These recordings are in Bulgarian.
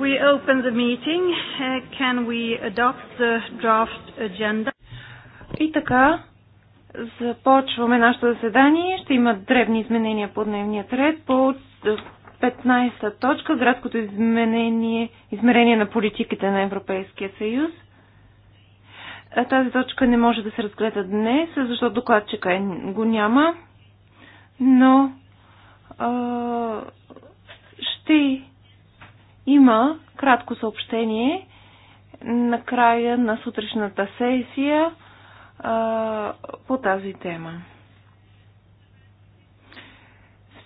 We open the meeting. Uh, can we adopt the draft agenda? И така, започваме нашето заседание. Ще има дребни изменения по дневния ред по 15-та е, точка градското изменение, измерение на политиките на Европейския съюз. Тази точка не може да се разгледа днес, защото докладчика е, го няма, но а, ще има кратко съобщение на края на сутрешната сесия а, по тази тема.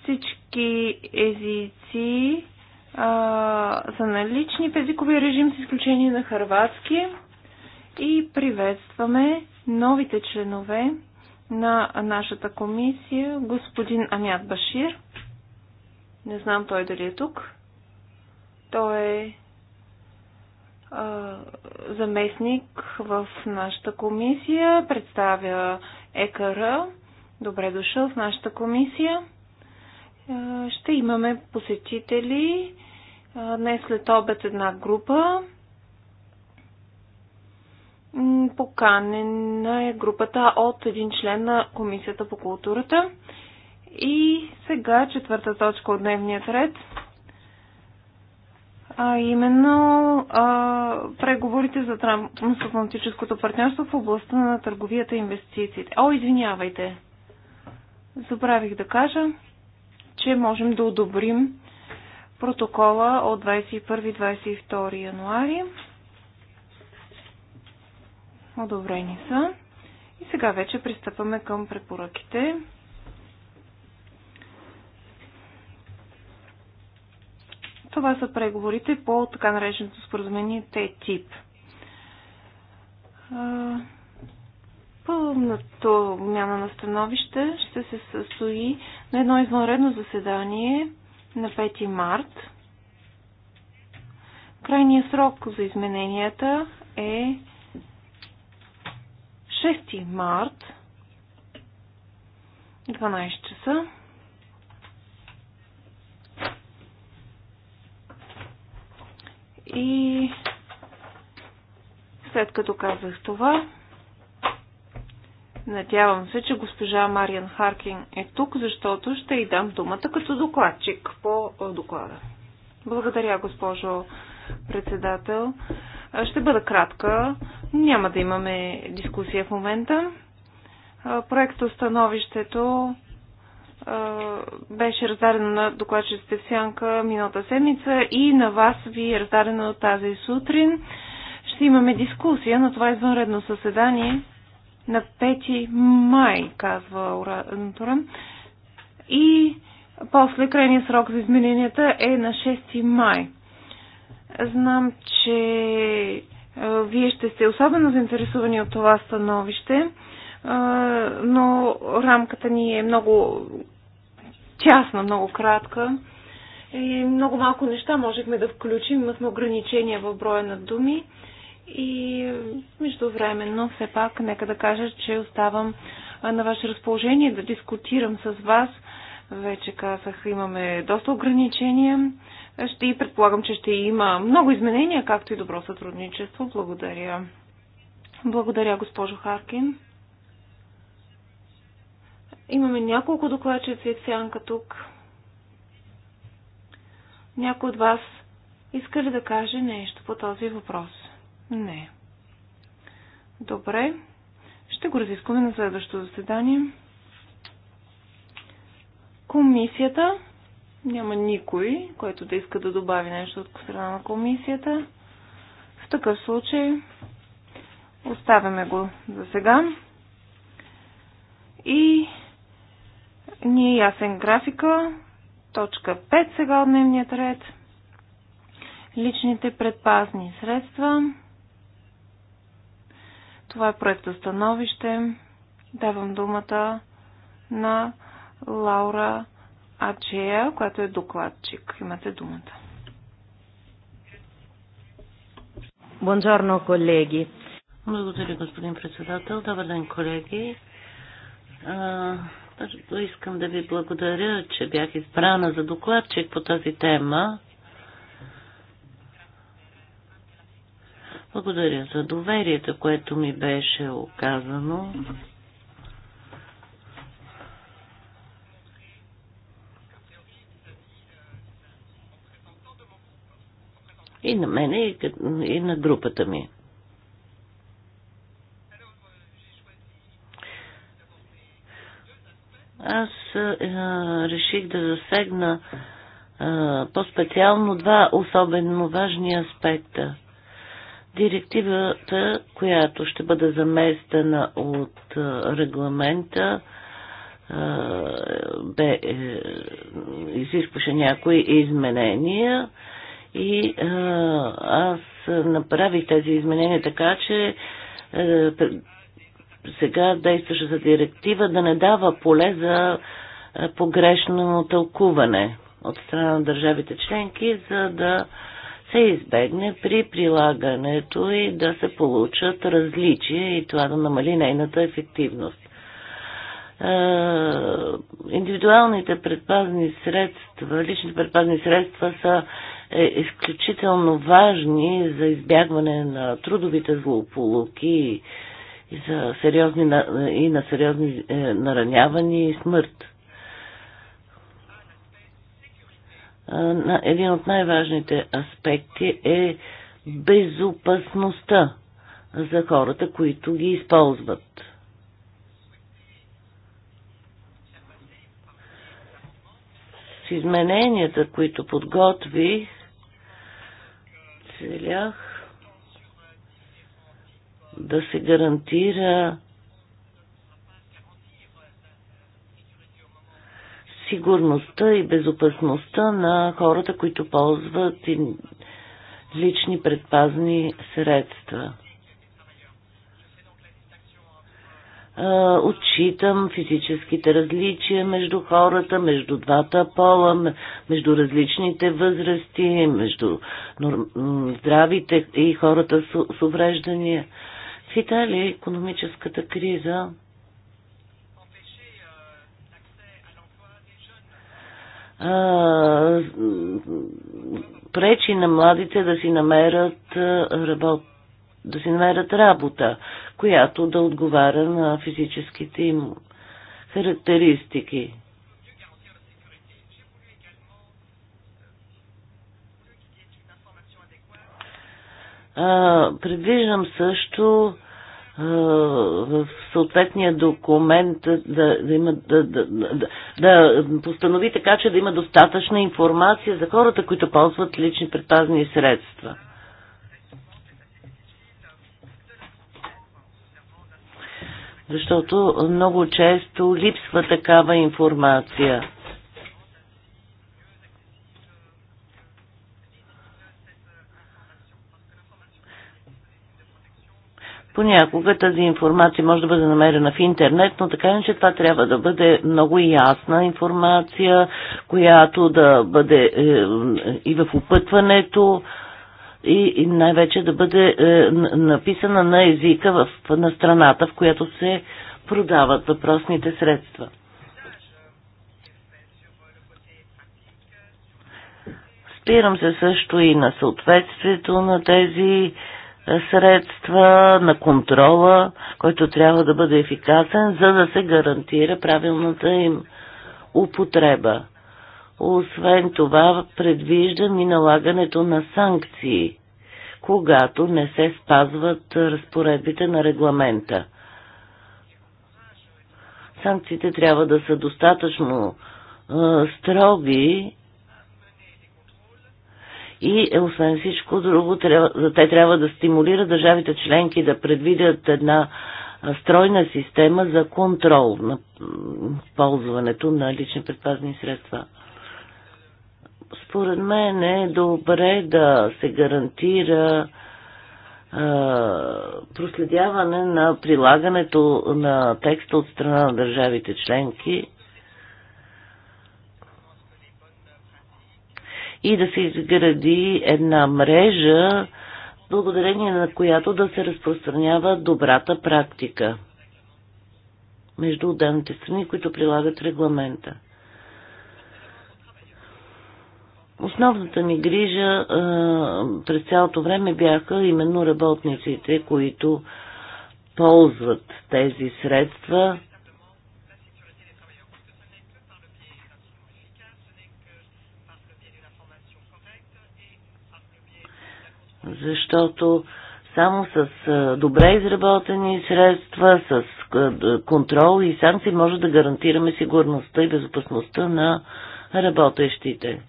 Всички езици а, са налични в езиковия режим с изключение на хърватски и приветстваме новите членове на нашата комисия, господин Амят Башир. Не знам той дали е тук. Той е а, заместник в нашата комисия, представя ЕКР. Добре дошъл в нашата комисия. А, ще имаме посетители. А, днес след обед една група. Поканена е групата от един член на Комисията по културата. И сега четвърта точка от дневния ред – а именно а, преговорите за трансатлантическото партньорство в областта на търговията и инвестициите. О, извинявайте. Забравих да кажа, че можем да одобрим протокола от 21-22 януари. Одобрени са. И сега вече пристъпваме към препоръките. Това са преговорите по така нареченото споразумение Т-тип. Пълната обмяна на становище ще се състои на едно извънредно заседание на 5 март. Крайният срок за измененията е 6 март 12 часа. И след като казах това, надявам се, че госпожа Мариан Харкин е тук, защото ще й дам думата като докладчик по доклада. Благодаря, госпожо председател. Ще бъда кратка. Няма да имаме дискусия в момента. Проектостановището беше раздадено на докладчиците в Сянка миналата седмица и на вас ви е раздадено тази сутрин. Ще имаме дискусия на това извънредно съседание на 5 май, казва Орантура. И после крайният срок за измененията е на 6 май. Знам, че вие ще сте особено заинтересувани от това становище но рамката ни е много тясна, много кратка и много малко неща можехме да включим. Имахме ограничения в броя на думи и междувременно все пак нека да кажа, че оставам на ваше разположение да дискутирам с вас. Вече казах, имаме доста ограничения. Ще и предполагам, че ще има много изменения, както и добро сътрудничество. Благодаря. Благодаря, госпожо Харкин. Имаме няколко докладчици в сянка тук. Някой от вас иска ли да каже нещо по този въпрос? Не. Добре. Ще го разискваме на следващото заседание. Комисията. Няма никой, който да иска да добави нещо от страна на комисията. В такъв случай оставяме го за сега. И ни е ясен графика. Точка 5 сега от дневният ред. Личните предпазни средства. Това е проекта становище. Давам думата на Лаура Ачея, която е докладчик. Имате думата. Бонжорно, колеги. Благодаря, господин председател. Добър ден, колеги. Първо искам да ви благодаря, че бях избрана за докладчик по тази тема. Благодаря за доверието, което ми беше оказано. И на мене, и на групата ми. Аз а, реших да засегна по-специално два особено важни аспекта. Директивата, която ще бъде заместена от регламента, бе, е, изискваше някои изменения и аз направих тези изменения така, че е, сега действащата директива да не дава поле за е, погрешно тълкуване от страна на държавите членки, за да се избегне при прилагането и да се получат различия и това да намали нейната ефективност. Е, индивидуалните предпазни средства, личните предпазни средства са е, изключително важни за избягване на трудовите злополуки и и, за сериозни, и на сериозни е, наранявания и смърт. Един от най-важните аспекти е безопасността за хората, които ги използват. С измененията, които подготвих, целях да се гарантира сигурността и безопасността на хората, които ползват лични предпазни средства. Отчитам физическите различия между хората, между двата пола, между различните възрасти, между здравите и хората с увреждания. В Италия економическата криза пречи на младите да си намерят работа да си намерят работа, която да отговаря на физическите им характеристики. А, предвиждам също в съответния документ да, да, има, да, да, да, да постанови така, че да има достатъчна информация за хората, които ползват лични предпазни средства. Защото много често липсва такава информация. Понякога тази информация може да бъде намерена в интернет, но така иначе това трябва да бъде много ясна информация, която да бъде е, и в опътването, и, най-вече да бъде е, написана на езика в, на страната, в която се продават въпросните средства. Спирам се също и на съответствието на тези средства, на контрола, който трябва да бъде ефикасен, за да се гарантира правилната им употреба. Освен това, предвиждам и налагането на санкции, когато не се спазват разпоредбите на регламента. Санкциите трябва да са достатъчно строги, и освен всичко друго, трябва, те трябва да стимулират държавите членки да предвидят една стройна система за контрол на ползването на лични предпазни средства. Според мен е добре да се гарантира проследяване на прилагането на текста от страна на държавите членки и да се изгради една мрежа, благодарение на която да се разпространява добрата практика между отделните страни, които прилагат регламента. Основната ми грижа а, през цялото време бяха именно работниците, които ползват тези средства защото само с добре изработени средства, с контрол и санкции може да гарантираме сигурността и безопасността на работещите.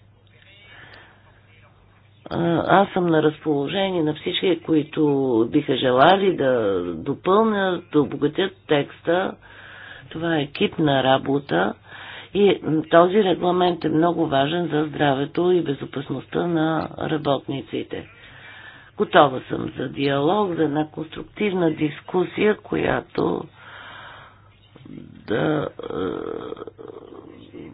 Аз съм на разположение на всички, които биха желали да допълнят, да обогатят текста. Това е екипна работа и този регламент е много важен за здравето и безопасността на работниците. Готова съм за диалог, за една конструктивна дискусия, която да е,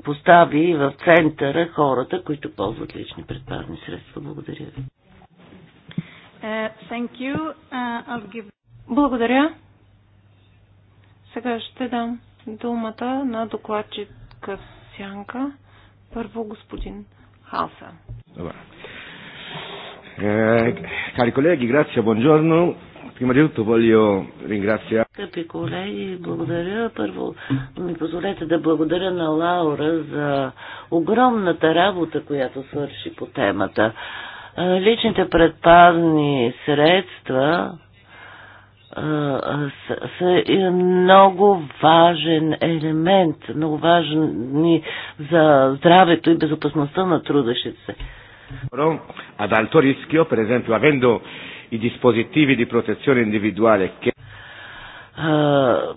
постави в центъра хората, които ползват лични предпазни средства. Благодаря ви. Е, е, Благодаря. Сега ще дам думата на докладчика Сянка. Първо господин Халса. Добре. Eh, cari colleghi, grazie, buongiorno. Prima di tutto voglio ringraziare. Скъпи колеги, благодаря. Първо ми позволете да благодаря на Лаура за огромната работа, която свърши по темата. Е, личните предпазни средства е, са много важен елемент, много важен за здравето и безопасността на трудещите се. Ad alto rischio, per esempio, avendo i dispositivi di protezione individuale che... Uh,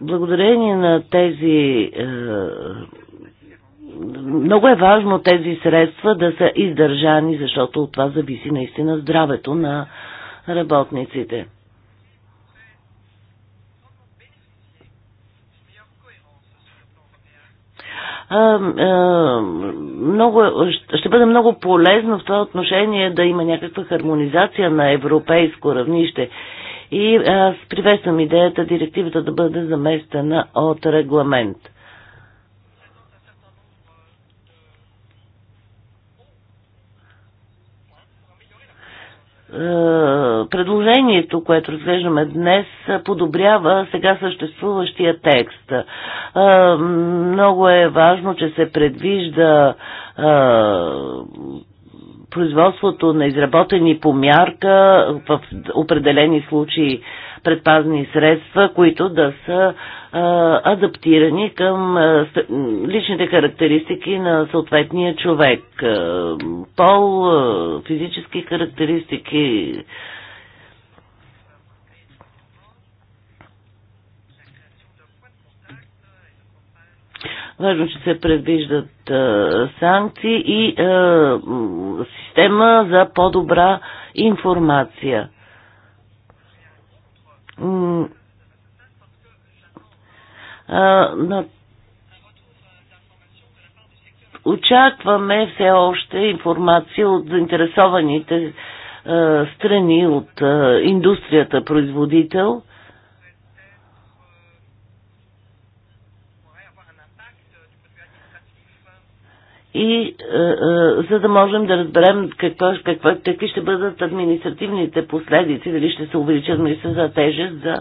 благодарение на тези uh, много е важно тези средства да са издържани, защото от това зависи наистина здравето на работниците. много, е, ще бъде много полезно в това отношение да има някаква хармонизация на европейско равнище. И аз приветствам идеята директивата да бъде заместена от регламент. Е, предложението, което разглеждаме днес, подобрява сега съществуващия текст. Е, много е важно, че се предвижда е, производството на изработени по мярка в определени случаи предпазни средства, които да са а, адаптирани към а, личните характеристики на съответния човек. А, пол, а, физически характеристики. Важно, че се предвиждат а, санкции и а, система за по-добра информация на очакваме все още информация от заинтересованите страни от индустрията производител и е, е, за да можем да разберем какво, какво, какви ще бъдат административните последици, дали ще се увеличат се за тежест за е,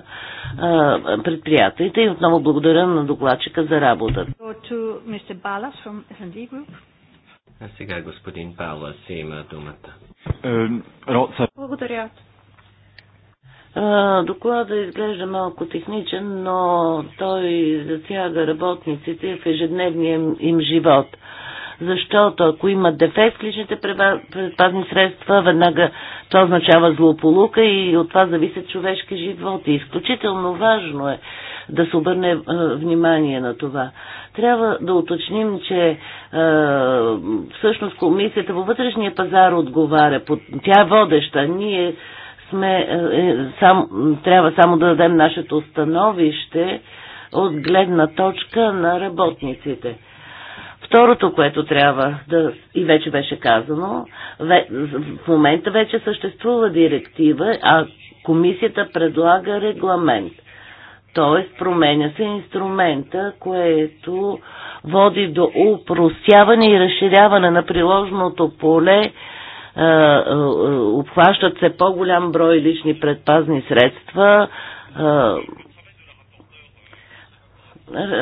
предприятията. И отново благодаря на докладчика за работата. А сега господин Палас има думата. Благодаря. Е, доклада изглежда малко техничен, но той засяга работниците в ежедневния им живот защото ако има дефект в личните предпазни средства, веднага това означава злополука и от това зависят човешки животи. Изключително важно е да се обърне е, внимание на това. Трябва да уточним, че е, всъщност комисията по вътрешния пазар отговаря. Тя е водеща. Ние сме, е, е, сам, трябва само да дадем нашето становище от гледна точка на работниците. Второто, което трябва да, и вече беше казано, в момента вече съществува директива, а комисията предлага регламент. Тоест променя се инструмента, което води до упростяване и разширяване на приложното поле е, е, обхващат се по-голям брой лични предпазни средства, е,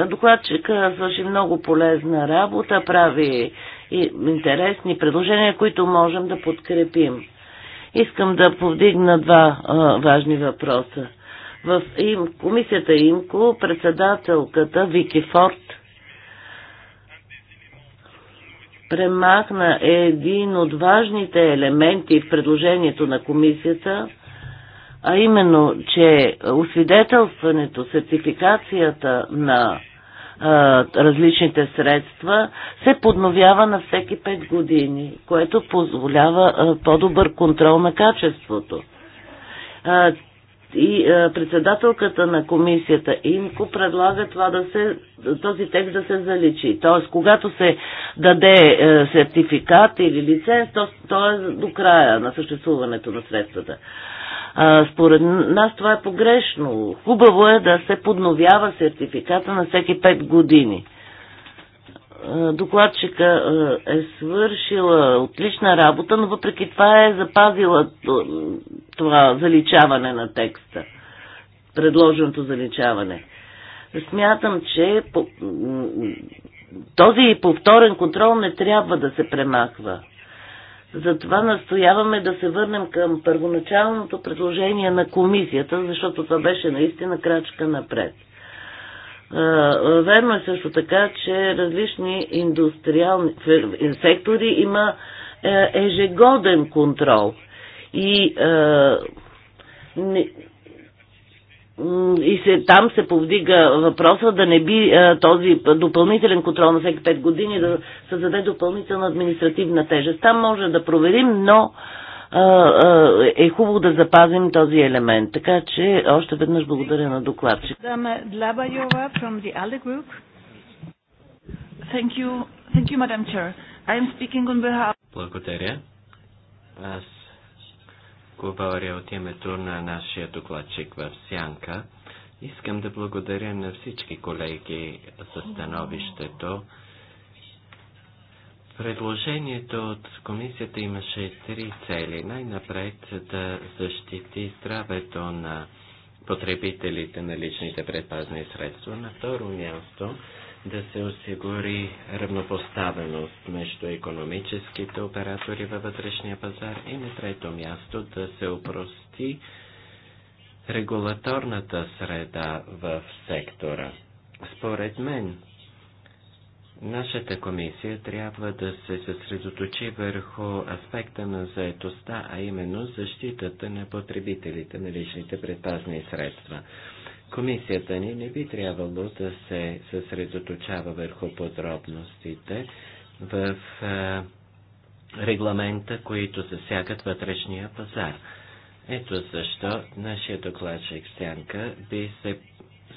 Докладчика свърши много полезна работа, прави и интересни предложения, които можем да подкрепим. Искам да повдигна два а, важни въпроса. В им, комисията ИМКО председателката Вики Форд премахна един от важните елементи в предложението на комисията а именно, че освидетелстването, сертификацията на а, различните средства се подновява на всеки 5 години, което позволява по-добър контрол на качеството. А, и а, председателката на комисията Инко предлага това да се, този текст да се заличи. Тоест, когато се даде е, сертификат или лиценз, то, то е до края на съществуването на средствата. Според нас това е погрешно. Хубаво е да се подновява сертификата на всеки 5 години. Докладчика е свършила отлична работа, но въпреки това е запазила това заличаване на текста. Предложеното заличаване. Смятам, че този повторен контрол не трябва да се премахва. Затова настояваме да се върнем към първоначалното предложение на комисията, защото това беше наистина крачка напред. Верно е също така, че различни индустриални сектори има е, ежегоден контрол. И не, и се, там се повдига въпроса да не би а, е, този допълнителен контрол на всеки 5 години да създаде допълнителна административна тежест. Там може да проверим, но а, е, а, е, е хубаво да запазим този елемент. Така че още веднъж благодаря на докладчик. Благодаря. Аз говоря от името на нашия докладчик в Сянка. Искам да благодаря на всички колеги за становището. Предложението от комисията имаше три цели. Най-напред да защити здравето на потребителите на личните предпазни средства. На второ място да се осигури равнопоставеност между економическите оператори във вътрешния пазар и на трето място да се опрости регулаторната среда в сектора. Според мен, Нашата комисия трябва да се съсредоточи върху аспекта на заетостта, а именно защитата на потребителите на личните предпазни средства. Комисията ни не би трябвало да се съсредоточава върху подробностите в а, регламента, които засягат вътрешния пазар. Ето защо нашия докладчик Сянка би се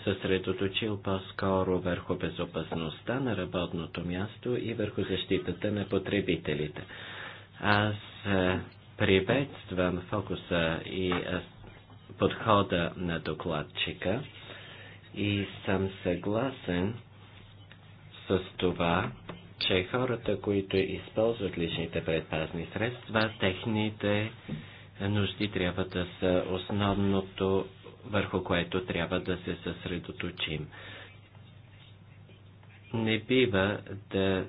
съсредоточил по-скоро върху безопасността на работното място и върху защитата на потребителите. Аз приветствам фокуса и подхода на докладчика и съм съгласен с това, че хората, които използват личните предпазни средства, техните нужди трябва да са основното, върху което трябва да се съсредоточим. Не бива да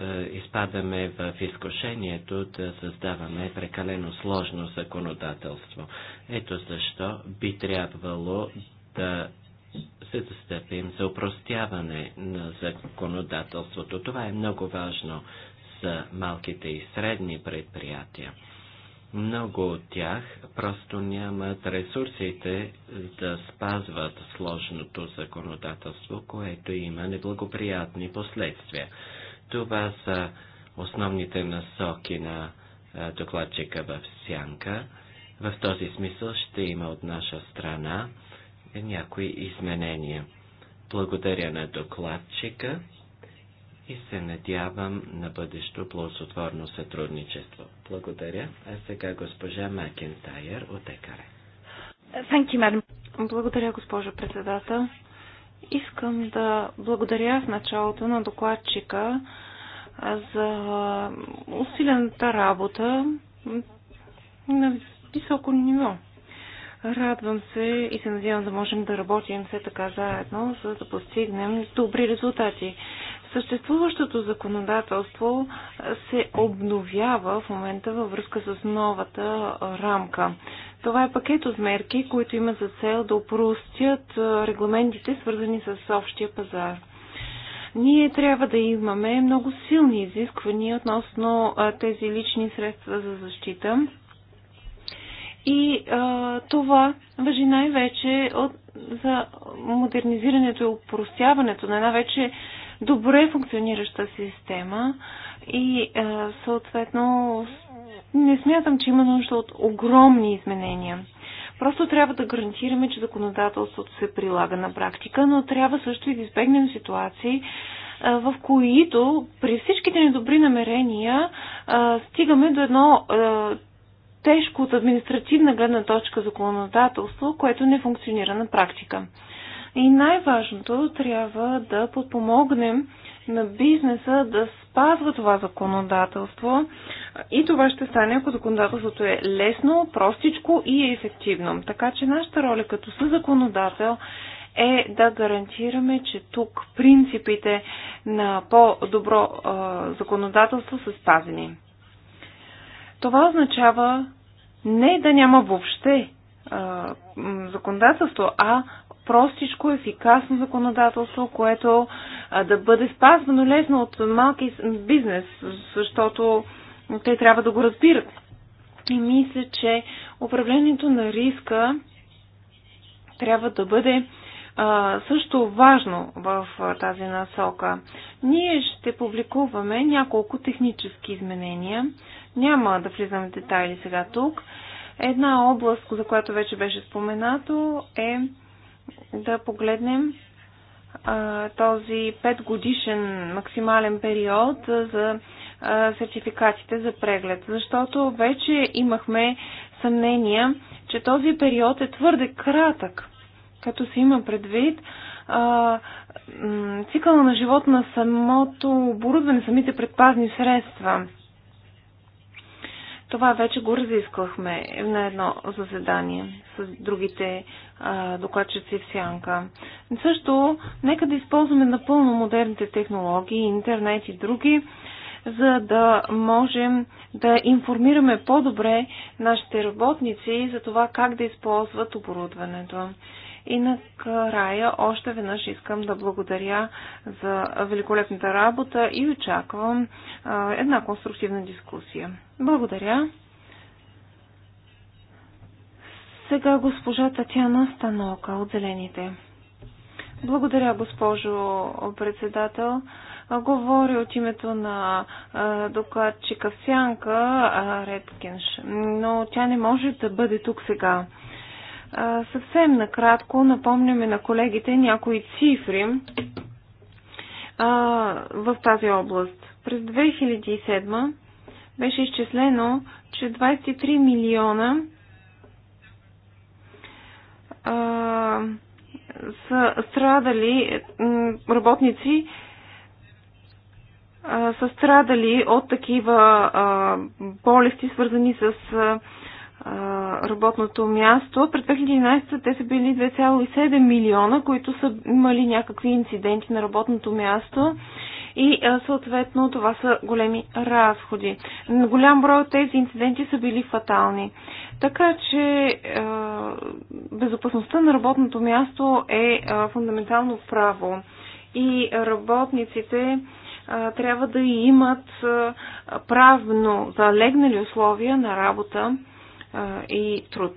е, изпадаме в изкушението да създаваме прекалено сложно законодателство. Ето защо би трябвало да се застъпим за упростяване на законодателството. Това е много важно за малките и средни предприятия. Много от тях просто нямат ресурсите да спазват сложното законодателство, което има неблагоприятни последствия. Това са основните насоки на докладчика в Сянка. В този смисъл ще има от наша страна някои изменения. Благодаря на докладчика и се надявам на бъдещо плодотворно сътрудничество. Благодаря. А сега госпожа Макентайер от ЕКАРЕ. Благодаря, госпожо председател. Искам да благодаря в началото на докладчика за усилената работа на високо ниво. Радвам се и се надявам да можем да работим все така заедно, за да постигнем добри резултати. Съществуващото законодателство се обновява в момента във връзка с новата рамка. Това е пакет от мерки, които има за цел да опростят регламентите, свързани с общия пазар. Ние трябва да имаме много силни изисквания относно тези лични средства за защита. И а, това въжи най-вече за модернизирането и упростяването на една вече добре функционираща система и а, съответно не смятам, че има нужда от огромни изменения. Просто трябва да гарантираме, че законодателството се прилага на практика, но трябва също и да избегнем ситуации, в които при всичките ни добри намерения стигаме до едно тежко от административна гледна точка законодателство, което не функционира на практика. И най-важното трябва да подпомогнем на бизнеса да спазва това законодателство, и това ще стане, ако законодателството е лесно, простичко и е ефективно. Така че нашата роля като съзаконодател е да гарантираме, че тук принципите на по-добро законодателство са спазени. Това означава не да няма въобще а, законодателство, а простичко, ефикасно законодателство, което а, да бъде спазвано лесно от малки бизнес, защото те трябва да го разбират. И мисля, че управлението на риска трябва да бъде а, също важно в а, тази насока. Ние ще публикуваме няколко технически изменения. Няма да влизам в детайли сега тук. Една област, за която вече беше споменато, е да погледнем а, този 5 годишен максимален период за сертификатите за преглед, защото вече имахме съмнения, че този период е твърде кратък, като се има предвид цикъла на живот на самото оборудване, самите предпазни средства. Това вече го разисквахме на едно заседание с другите а, докладчици в сянка. Също, нека да използваме напълно модерните технологии, интернет и други, за да можем да информираме по-добре нашите работници за това как да използват оборудването. И накрая още веднъж искам да благодаря за великолепната работа и очаквам една конструктивна дискусия. Благодаря. Сега госпожа Татьяна Станока от Зелените. Благодаря, госпожо председател говори от името на докладчика Сянка Редкинш, но тя не може да бъде тук сега. Съвсем накратко напомняме на колегите някои цифри в тази област. През 2007 беше изчислено, че 23 милиона са страдали работници са страдали от такива а, болести, свързани с а, работното място. През 2011 те са били 2,7 милиона, които са имали някакви инциденти на работното място и съответно това са големи разходи. Голям брой от тези инциденти са били фатални. Така че безопасността на работното място е фундаментално право и работниците трябва да имат правно залегнали условия на работа и труд.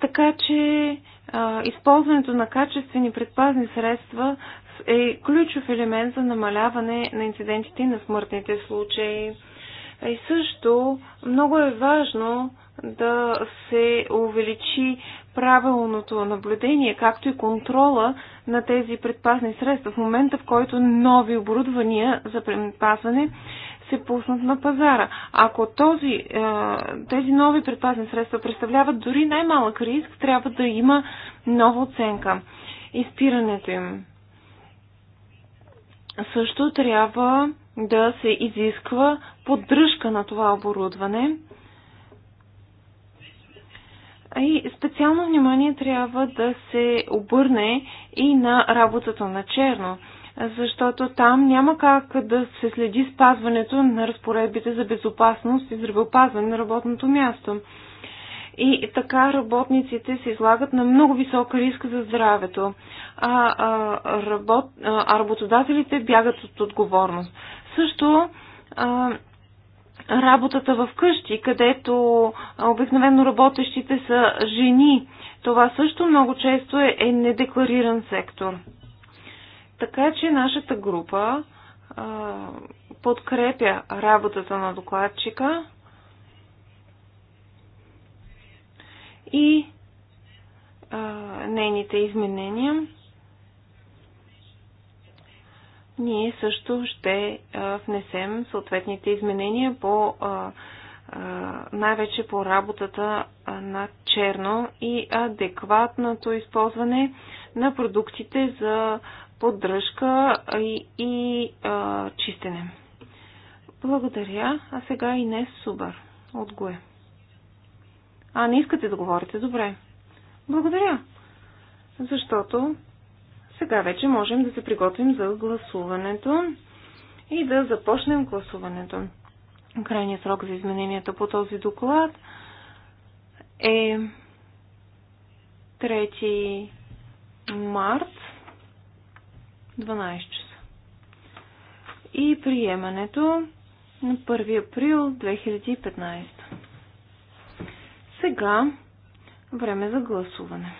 Така че използването на качествени предпазни средства е ключов елемент за намаляване на инцидентите и на смъртните случаи. И също много е важно да се увеличи правилното наблюдение, както и контрола на тези предпазни средства в момента, в който нови оборудвания за предпазване се пуснат на пазара. Ако този, е, тези нови предпазни средства представляват дори най-малък риск, трябва да има нова оценка. Изпирането им. Също трябва да се изисква поддръжка на това оборудване и специално внимание трябва да се обърне и на работата на черно, защото там няма как да се следи спазването на разпоредбите за безопасност и здравеопазване на работното място. И така работниците се излагат на много висок риск за здравето, а, а, работ, а работодателите бягат от отговорност. Също а, работата в къщи, където обикновено работещите са жени. Това също много често е, е недеклариран сектор. Така че нашата група а, подкрепя работата на докладчика и а, нейните изменения ние също ще внесем съответните изменения по най-вече по работата на черно и адекватното използване на продуктите за поддръжка и, и а, чистене. Благодаря. А сега не Субър от Гое. А, не искате да говорите? Добре. Благодаря. Защото сега вече можем да се приготвим за гласуването и да започнем гласуването. Крайният срок за измененията по този доклад е 3 март 12 часа. И приемането на 1 април 2015. Сега време за гласуване.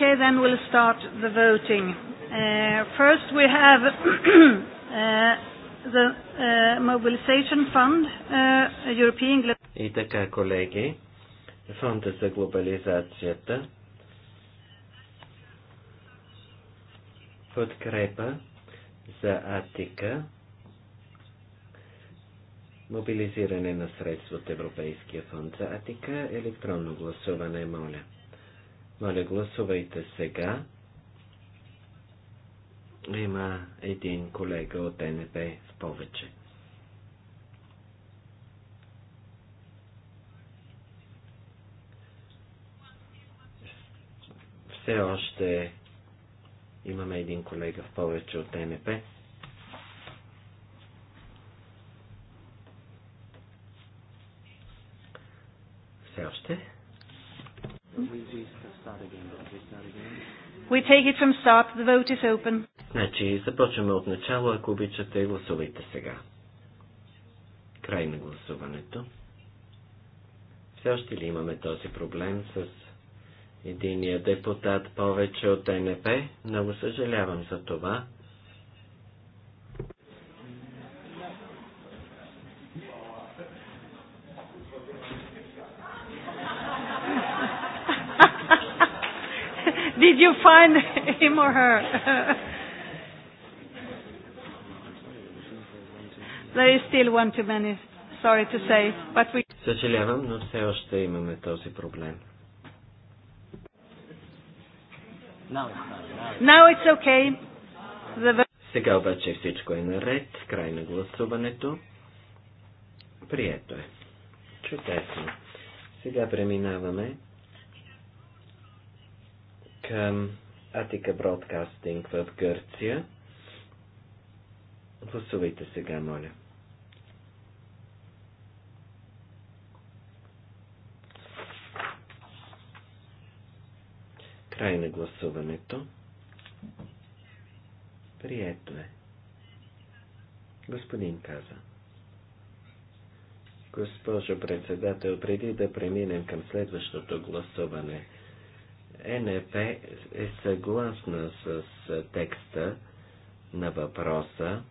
Okay, then we'll start the voting. Uh, first, we have uh, the uh, mobilization fund, uh, European. И така, колеги, фонда за глобализацията подкрепа за Атика, мобилизиране на средства от Европейския фонд за Атика, електронно гласуване, моля. Моля, гласувайте сега. Има един колега от НП в повече. Все още имаме един колега в повече от НП. Все още. We take it from start. The vote is open. Значи започваме от начало, ако обичате, гласувайте сега. Край на гласуването. Все още ли имаме този проблем с единия депутат повече от ДНП? Много съжалявам за това. Did you find him or her? There is still one too many, sorry to say, but we... Съжалявам, но все още имаме този проблем. Now it's okay. The... Сега обаче всичко е наред. Край на гласуването. Прието е. Чудесно. Сега преминаваме към Атика Бродкастинг в Гърция. Гласувайте сега, моля. Край на гласуването. Прието е. Господин каза. Госпожо председател, преди да преминем към следващото гласуване, НП е съгласна с текста на въпроса.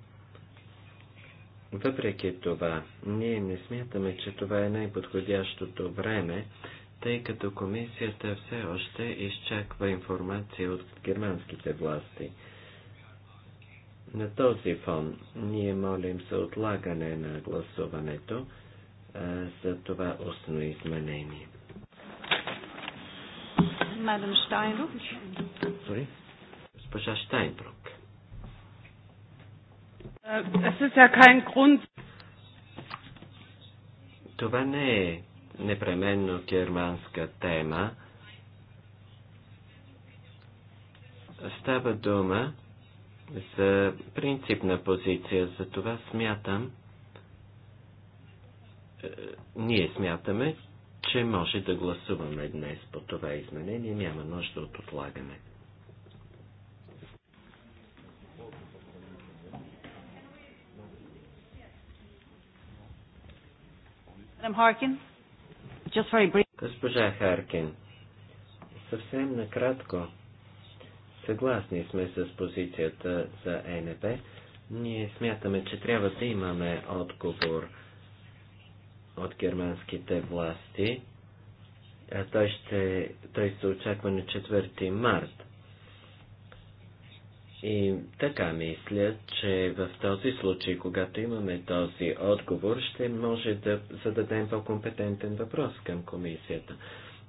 Въпреки това, ние не смятаме, че това е най-подходящото време, тъй като комисията все още изчаква информация от германските власти. На този фон ние молим за отлагане на гласуването а, за това устно изменение. Madam Steinruck. Sorry? Госпожа Штайнбрук. Es ist ja kein Grund. Това не е непременно германска тема. Става дума за принципна позиция. За това смятам, е, ние смятаме, че може да гласуваме днес по това изменение. Няма нужда от отлагане. Госпожа Харкин, съвсем накратко, съгласни сме с позицията за НП. Ние смятаме, че трябва да имаме отговор от германските власти. А той ще, той се очаква на 4 март. И така мисля, че в този случай, когато имаме този отговор, ще може да зададем по-компетентен въпрос към комисията.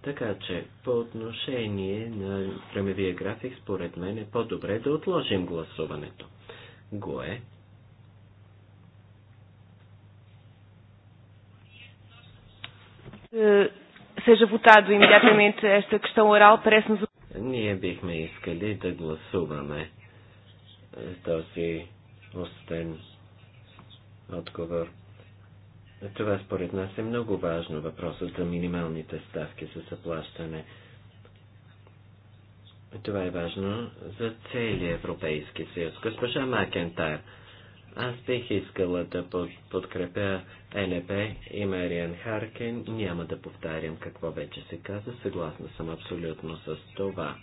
Така че, по отношение на времевия график, според мен е по-добре да отложим гласуването. Гое. Е, seja votado imediatamente esta questão oral, parece-nos... Ние бихме искали да гласуваме този устен отговор. Това според нас е много важно, въпросът за минималните ставки за заплащане. Това е важно за целия Европейски съюз. Госпожа Макентайр, аз бих искала да подкрепя НП и Мариан Харкен. Няма да повтарям какво вече се каза, съгласна съм абсолютно с това.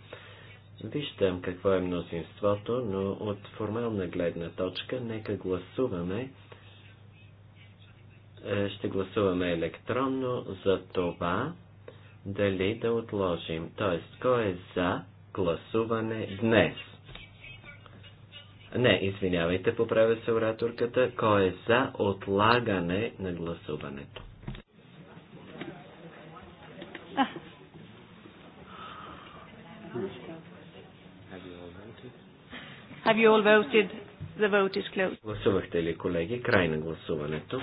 Виждам какво е мнозинството, но от формална гледна точка нека гласуваме. Е, ще гласуваме електронно за това дали да отложим. Тоест, кой е за гласуване днес? Не, извинявайте, поправя се ораторката. Кой е за отлагане на гласуването? Have you all voted? The vote is closed. Гласувахте ли, колеги? Край на гласуването.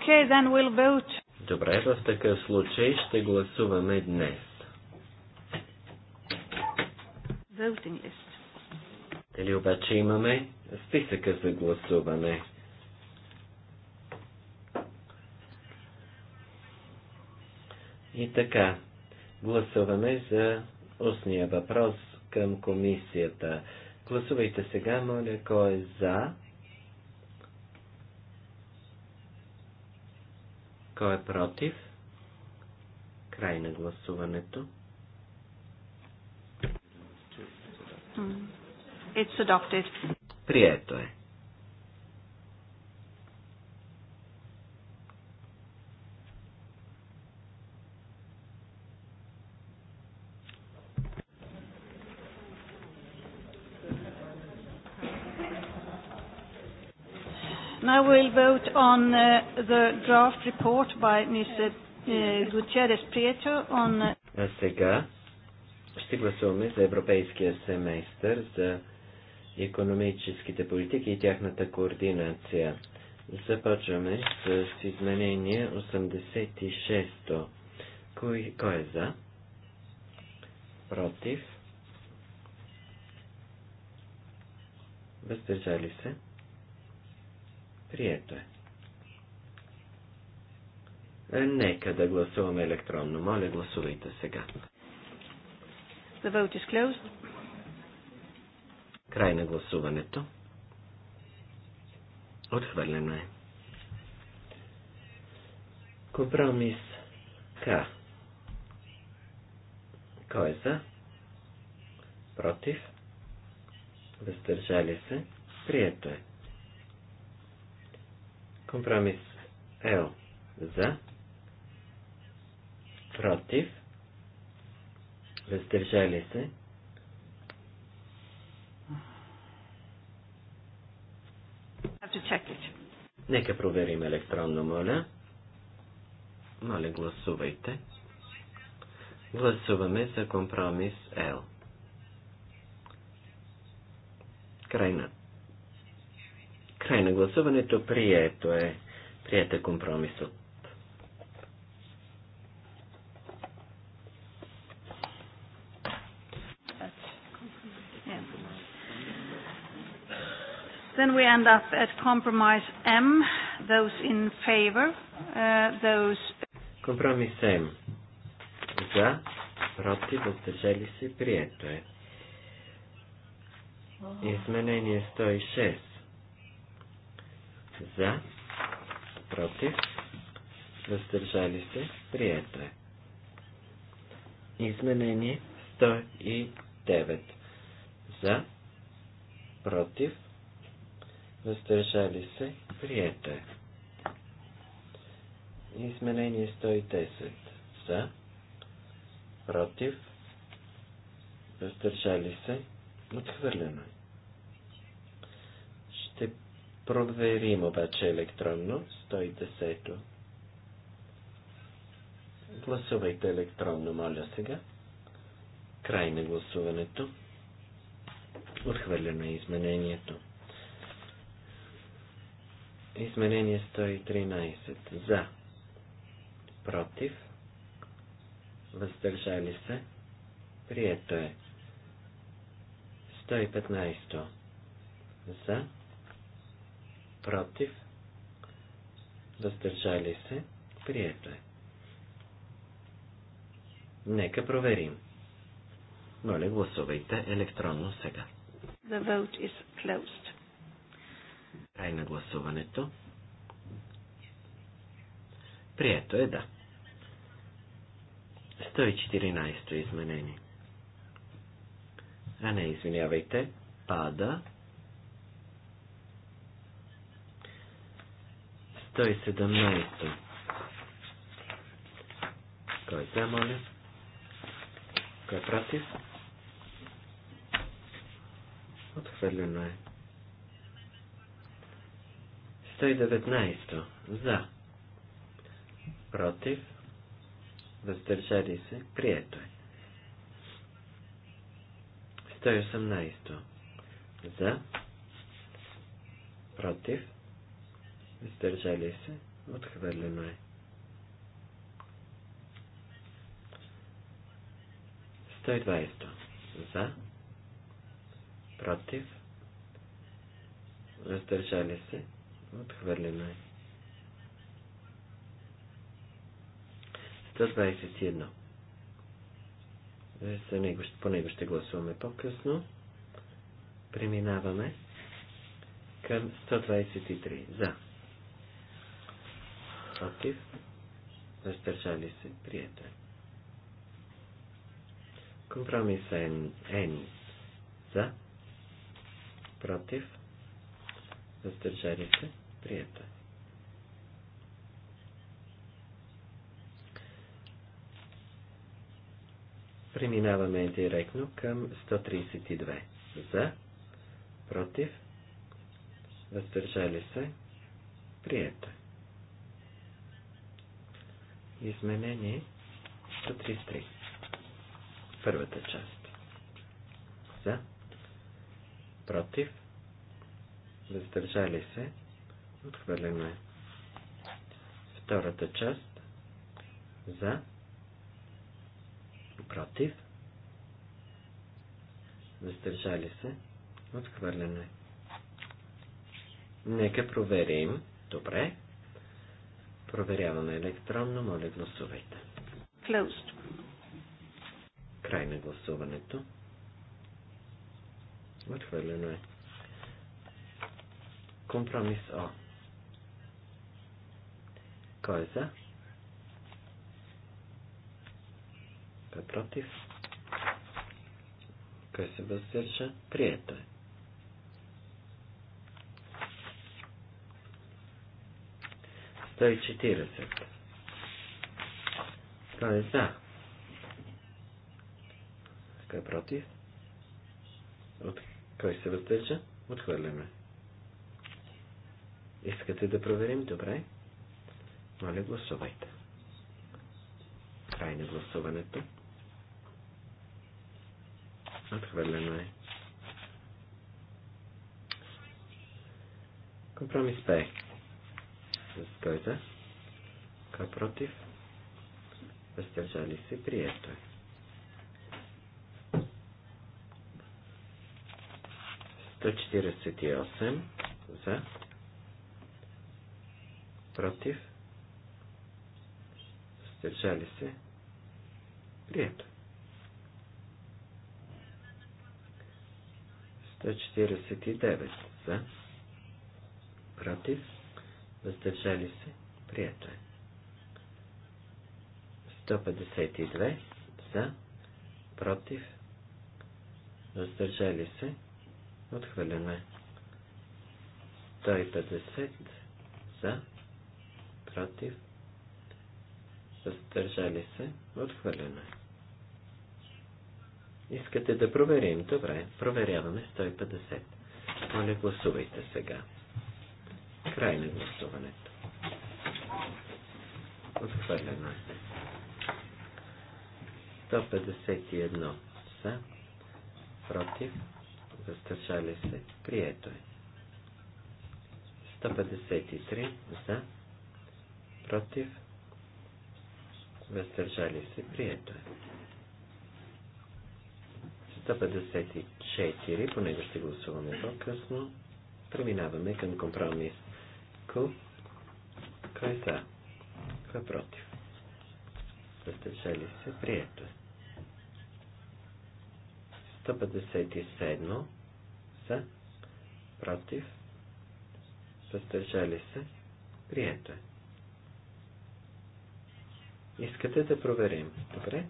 Okay, then we'll vote. Добре, в такъв случай ще гласуваме днес. Дали обаче имаме списъка за гласуване. И така, гласуваме за устния въпрос към комисията. Гласувайте сега, моля, кой е за. Кой е против? Край на гласуването. It's adopted. Прието е. Now we'll vote on uh, the draft report by Mr. Uh, Gutierrez Prieto on... Uh, а сега ще гласуваме за европейския семестър, за економическите политики и тяхната координация. Започваме с изменение 86-то. Кой, кой е за? Против? Въздържали се? Прието е. е. Нека да гласуваме електронно. Моля, гласувайте сега. The vote Клеус. Край на гласуването. Отхвърлено е. Компромис К. Кой е за? Против? Въздържали се? Прието е. Компромис L за, против, въздържали се. Нека проверим електронно, моля. Моля, гласувайте. Гласуваме за компромис L. Крайна. Край на гласуването. Прието е. Прият е компромисът. Then we end up at compromise M, those in favor, uh, those... Компромис М. За, против, въздържали се, прието е. Изменение 106. За. Против. Въздържали се. Прието е. Изменение 109. За. Против. Въздържали се. Прието е. Изменение 110. За. Против. Въздържали се. Отхвърлено е проверим обаче електронно 110-то. Гласувайте електронно, моля сега. Край на гласуването. Отхвърлено е изменението. Изменение 113. За. Против. Въздържали се. Прието е. 115. За против, въздържали се, прието е. Нека проверим. Моля, гласувайте електронно сега. The vote is closed. Край на гласуването. Прието е, да. 114 изменение. А не, извинявайте, пада 117. Кой се е, моля? Кой е против? Отхвърлено е. 119. За. Против. Въздържали се. Прието е. 118. За. Против. Въздържали се. Отхвърлено е. 120. За. Против. Въздържали се. Отхвърлено е. 121. За него, по него ще гласуваме по-късно. Преминаваме към 123. За против, въздържали се, приятели. Компромис е N за, против, въздържали се, приятели. Преминаваме директно към 132. За, против, въздържали се, приятели. Изменение 133. Първата част. За. Против. Въздържали се. Отхвърлено е. Втората част. За. Против. Въздържали се. Отхвърлено е. Нека проверим. Добре. Проверяваме електронно. Моля, гласувайте. Closed. Край на гласуването. Отхвърлено е. Компромис О. Кой е за? Кой е против? Кой се въздържа? Прието е. 140. Кой не са. Кой е против? От... Кой се въздържа? Отхвърляме. Искате да проверим? Добре. Моля, гласувайте. Край на гласуването. Отхвърлено е. Компромис П. 6. Кой е е е. за? против? Въздържали се. Прието е. за, против, въздържали се, прието. 149 за, против, въздържали се, прието е. 152 за, против, въздържали се, отхвърляме. е. 150 за, против, въздържали се, отхвърляме. е. Искате да проверим? Добре, проверяваме 150. Моля, гласувайте сега. Край на гласуването. Отхвърлено е. 151 за, против, въздържали се, прието е. 153 за, против, въздържали се, прието е. 154, понеже ще гласуваме по-късно, преминаваме към компромис Имко. Кой е за? Кой е против? Въздържали се. Прието е. 157 за. Против. Въздържали се. Прието е. Искате да проверим. Добре.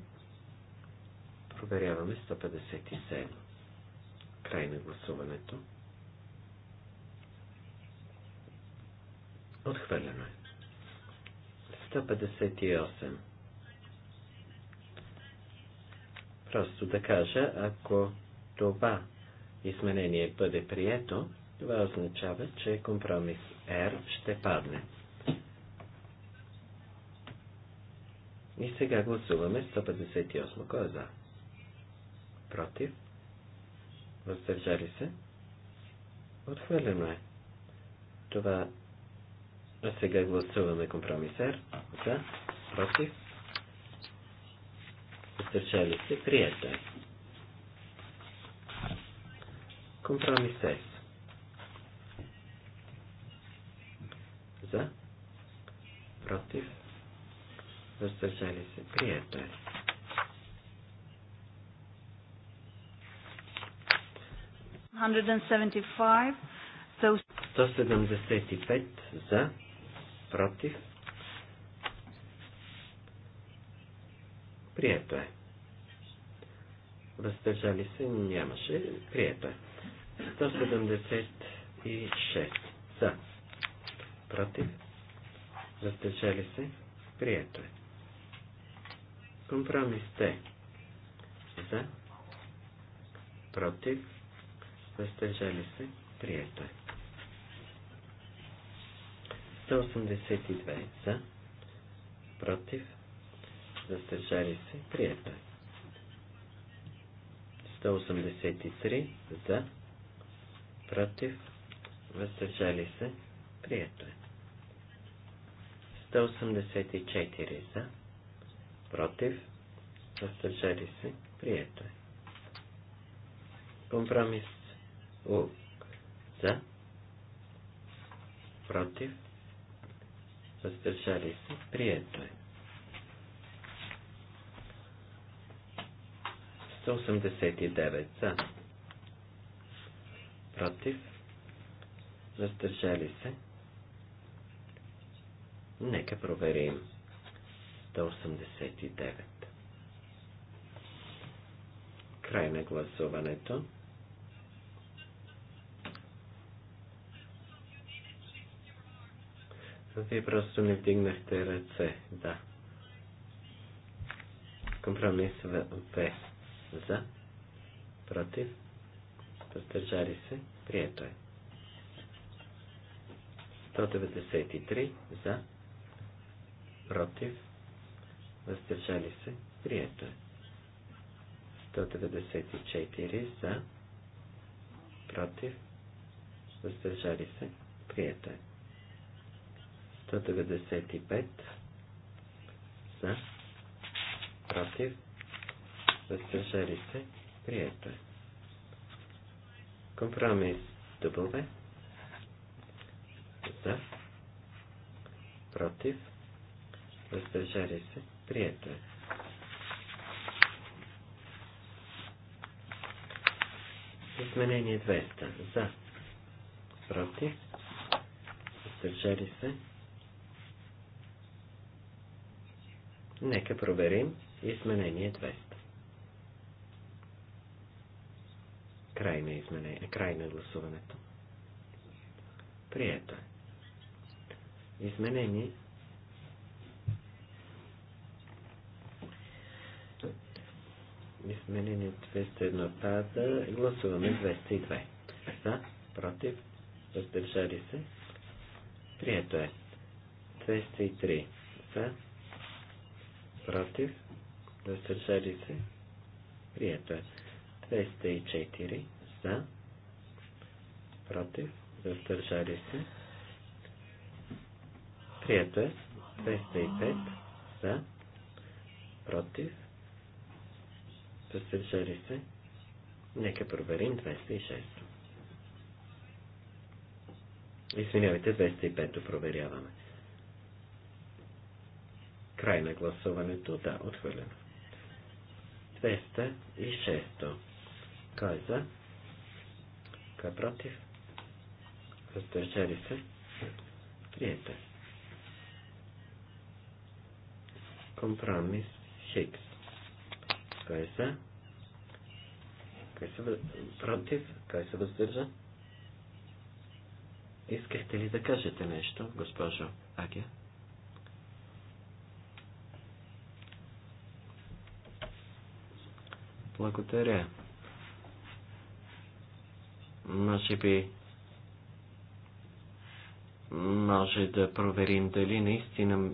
Проверяваме 157. Край на гласуването. Отхвърлено е. 158. Просто да кажа, ако това изменение бъде прието, това означава, че компромис R ще падне. И сега гласуваме 158. Кой е за? Против? Въздържали се? Отхвърлено е. Това а сега гласуваме компромисер. За, против, въздържали се, прието е. Компромис За, против, въздържали се, прието е. Hundred and 175 за, Против. Прието е. Въздържали се нямаше. Прието е. 176 за. Против. Въздържали се. Прието е. Компромис Т. За. Против. Въздържали се. Прието е. 182 за, против, въздържали се, прието е. 183 за, против, въздържали се, прието е. 184 за, против, въздържали се, прието е. Компромис У за, против, въздържали се, прието е. 189 за, против, въздържали се. Нека проверим. 189. Край на гласуването. Вие просто не вдигнахте ръце. Да. Компромис в Б. За. Против. Въздържали се. Прието е. 193. За. Против. Въздържали се. Прието е. 194. За. Против. Въздържали се. Прието е. 195 за, против, въздържали се, прието е. Компромис W за, против, въздържали се, прието е. Изменение 200 за, против, въздържали се, Нека проверим изменение 200. Край на, изменение, край на гласуването. Прието е. Изменение 200. Изменение 201 пада. Гласуваме 202. За, против, въздържали се. Прието е. 203. За, против, въздържали се, прието е. 204 за, против, въздържали се, прието е. 205 за, против, въздържали се, нека проверим 206. Извинявайте, 205 проверяваме. 206. Край на гласуването. Да, отхвърлено. 206. Кой е за? Кой е против? Въздържали се? Прието. Компромис Хикс. Кой е за? Кой се против? Кой се въздържа? Искахте ли да кажете нещо, госпожо Агия? Благодаря. Може би може да проверим дали наистина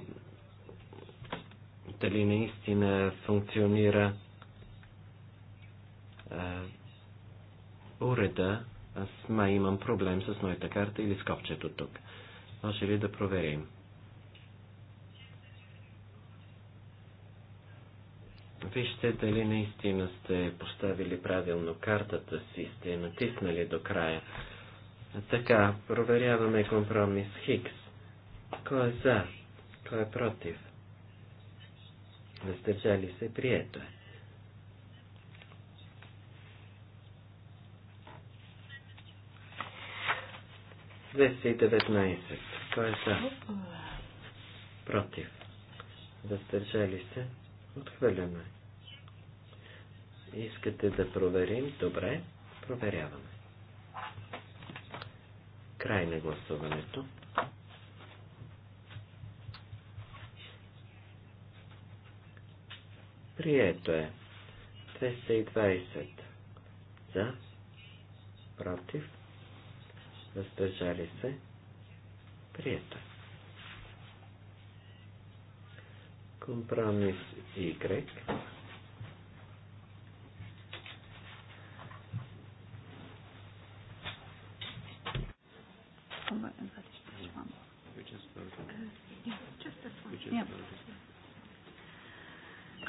дали наистина функционира уреда. Аз май имам проблем с моята карта или с копчето тук. Може ли да проверим? Вижте дали наистина сте поставили правилно картата си, сте натиснали до края. Така, проверяваме компромис Хикс. Кой е за? Кой е против? Въздържали се, прието е. Кой е за? Против. Въздържали се, Отхвърлено е. Искате да проверим? Добре, проверяваме. Край на гласуването. Прието е. 220 за, против, въздържали се, прието е. Компромис Y.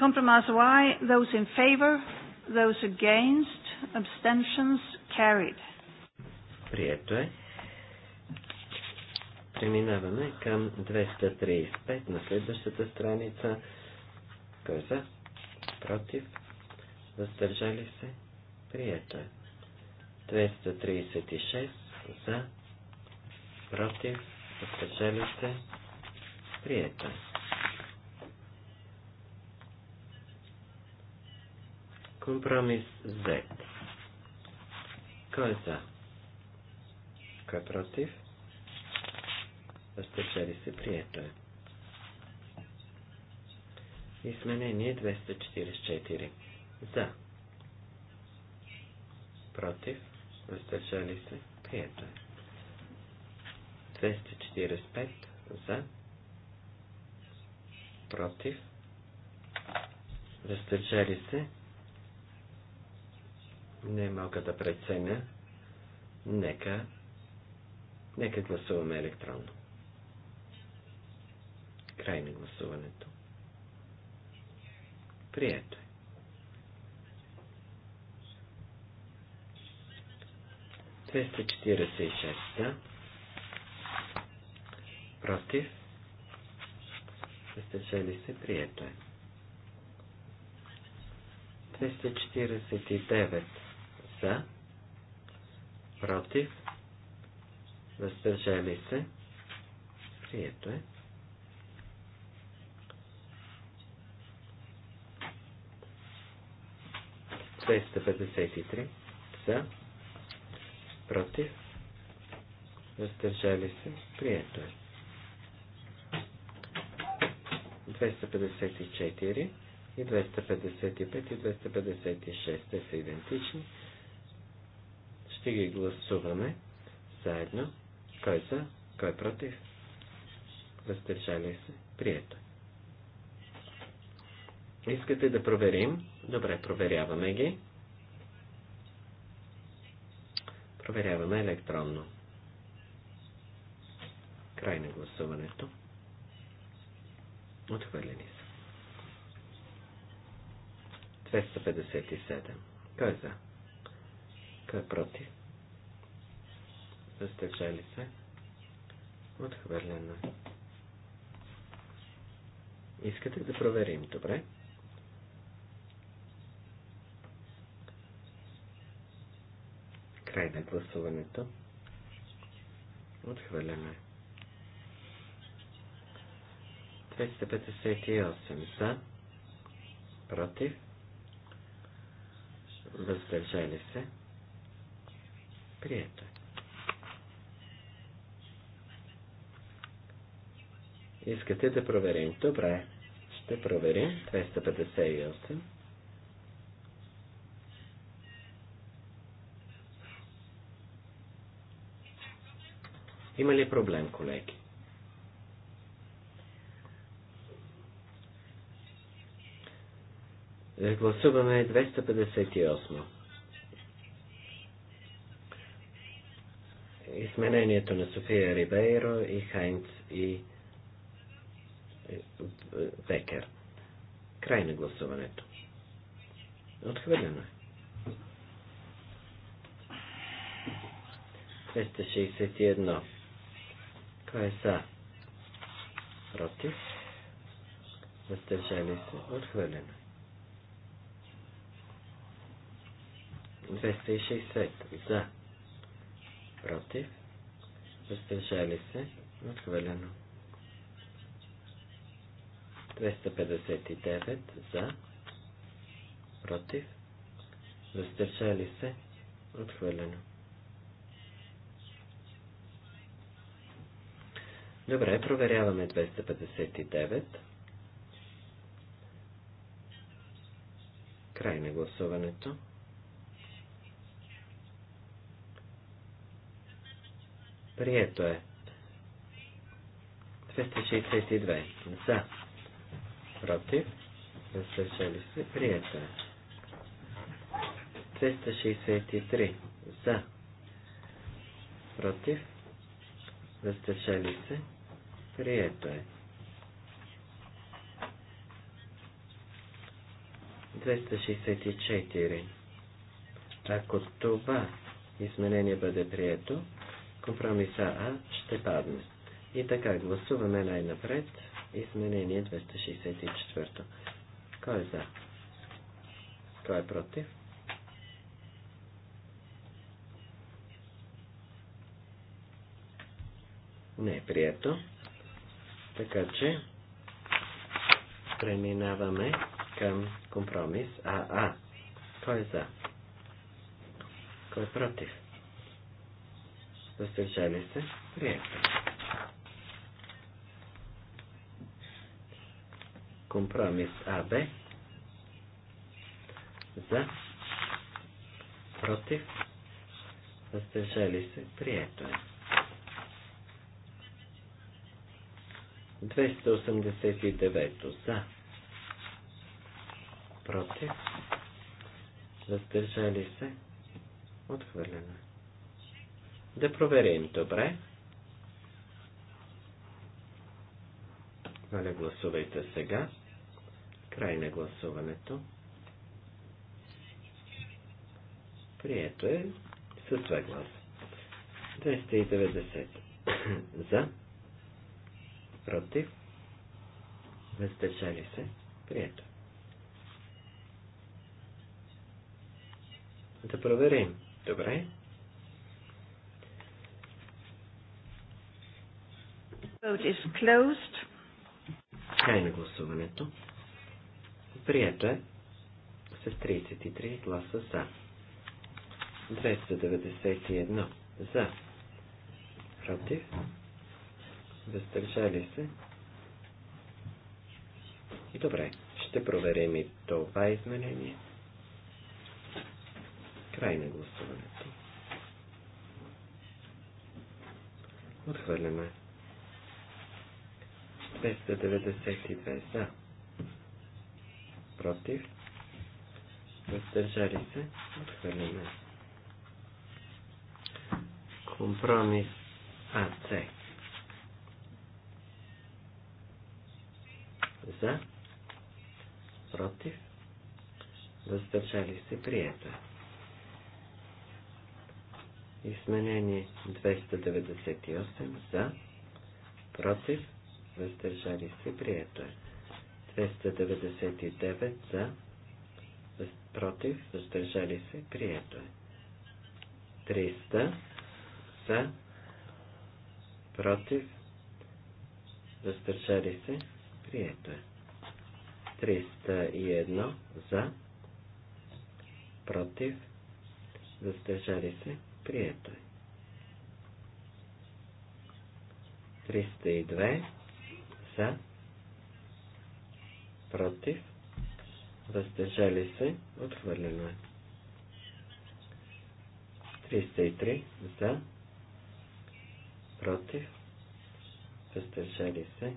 Compromise Y, those in favor, those against, abstentions carried. Prieto eh? Преминаваме към 235 на следващата страница. Кой е за? Против? Въздържали се? Прието е. 236 за? Против? Въздържали се? Прието е. Компромис Z. Кой е за? Кой е против? въздържали се, прието е. Изменение 244. За. Против. Въздържали се. Прието е. 245. За. Против. Въздържали се. Не мога да преценя. Нека. Нека гласуваме електронно. Край на гласуването. Прието е. Двеста четиридесет Против. шеста. Против. Въздържали се. Прието е. 249 за, против, въздържали се, прието е. 253 за, против, въздържали се, прието е. 254 и 255 и 256 те са идентични. Ще ги гласуваме заедно. Кой за, кой против, въздържали се, прието. е. Искате да проверим Добре, проверяваме ги. Проверяваме електронно. Край на гласуването. Отхвърлени са. 257. Кой е за? Кой е против? Въздържали се. Отхвърлено е. Искате да проверим, добре? 258. Край на гласуването. Отхвърляме. 258 за, против, въздържали се, прието. Е. Искате да проверим? Добре, ще проверим. 258. Има ли проблем, колеги? Гласуваме 258. Изменението на София Рибейро и Хайнц и е, Бекер. Край на гласуването. Отхвърлено е. 261. Кой е за? Против? Въздържали се? Отхвърлено. 260 за. Против? Въздържали се? Отхвърлено. 259 за. Против? Въздържали се? Отхвърлено. 260 Добре, проверяваме 259. Край на гласуването. Прието е. 262. За. Против. Въздържали се. Прието е. 263. За. Против. Въздържали се. Прието е. 264. Ако това изменение бъде прието, компромиса А ще падне. И така гласуваме най-напред изменение 264. Кой е за? Кой е против? Не е прието. Така че преминаваме към компромис АА. Кой е за? Кой е против? Въздържали се? Приятно. Компромис АБ. За. Против. Въздържали се? Приятно. е. 289 за. Против. Въздържали се. Отхвърлено. Да проверим. Добре. Моля, гласувайте сега. Край на гласуването. Прието е със 2 гласа. 290 за против, въздържали се, прието. Да проверим. Добре. Vote is closed. Край на гласуването. Прието е с 33 гласа за. 291 за. Против въздържали се. И добре, ще проверим и това изменение. Край на гласуването. Отхвърляме. 292 за. Против. Въздържали се. Отхвърляме. Компромис АЦ. За. Против. Въздържали се. Прието. Изменение 298. За. Против. Въздържали се. Прието е. 299. За. Против. Въздържали се. Прието е. 300. За. Против. Въздържали се. Прието е. 301 за. Против. Въздържали се. Прието е. 302 за. Против. Въздържали се. Отхвърлено е. 303 за. Против. Въздържали се.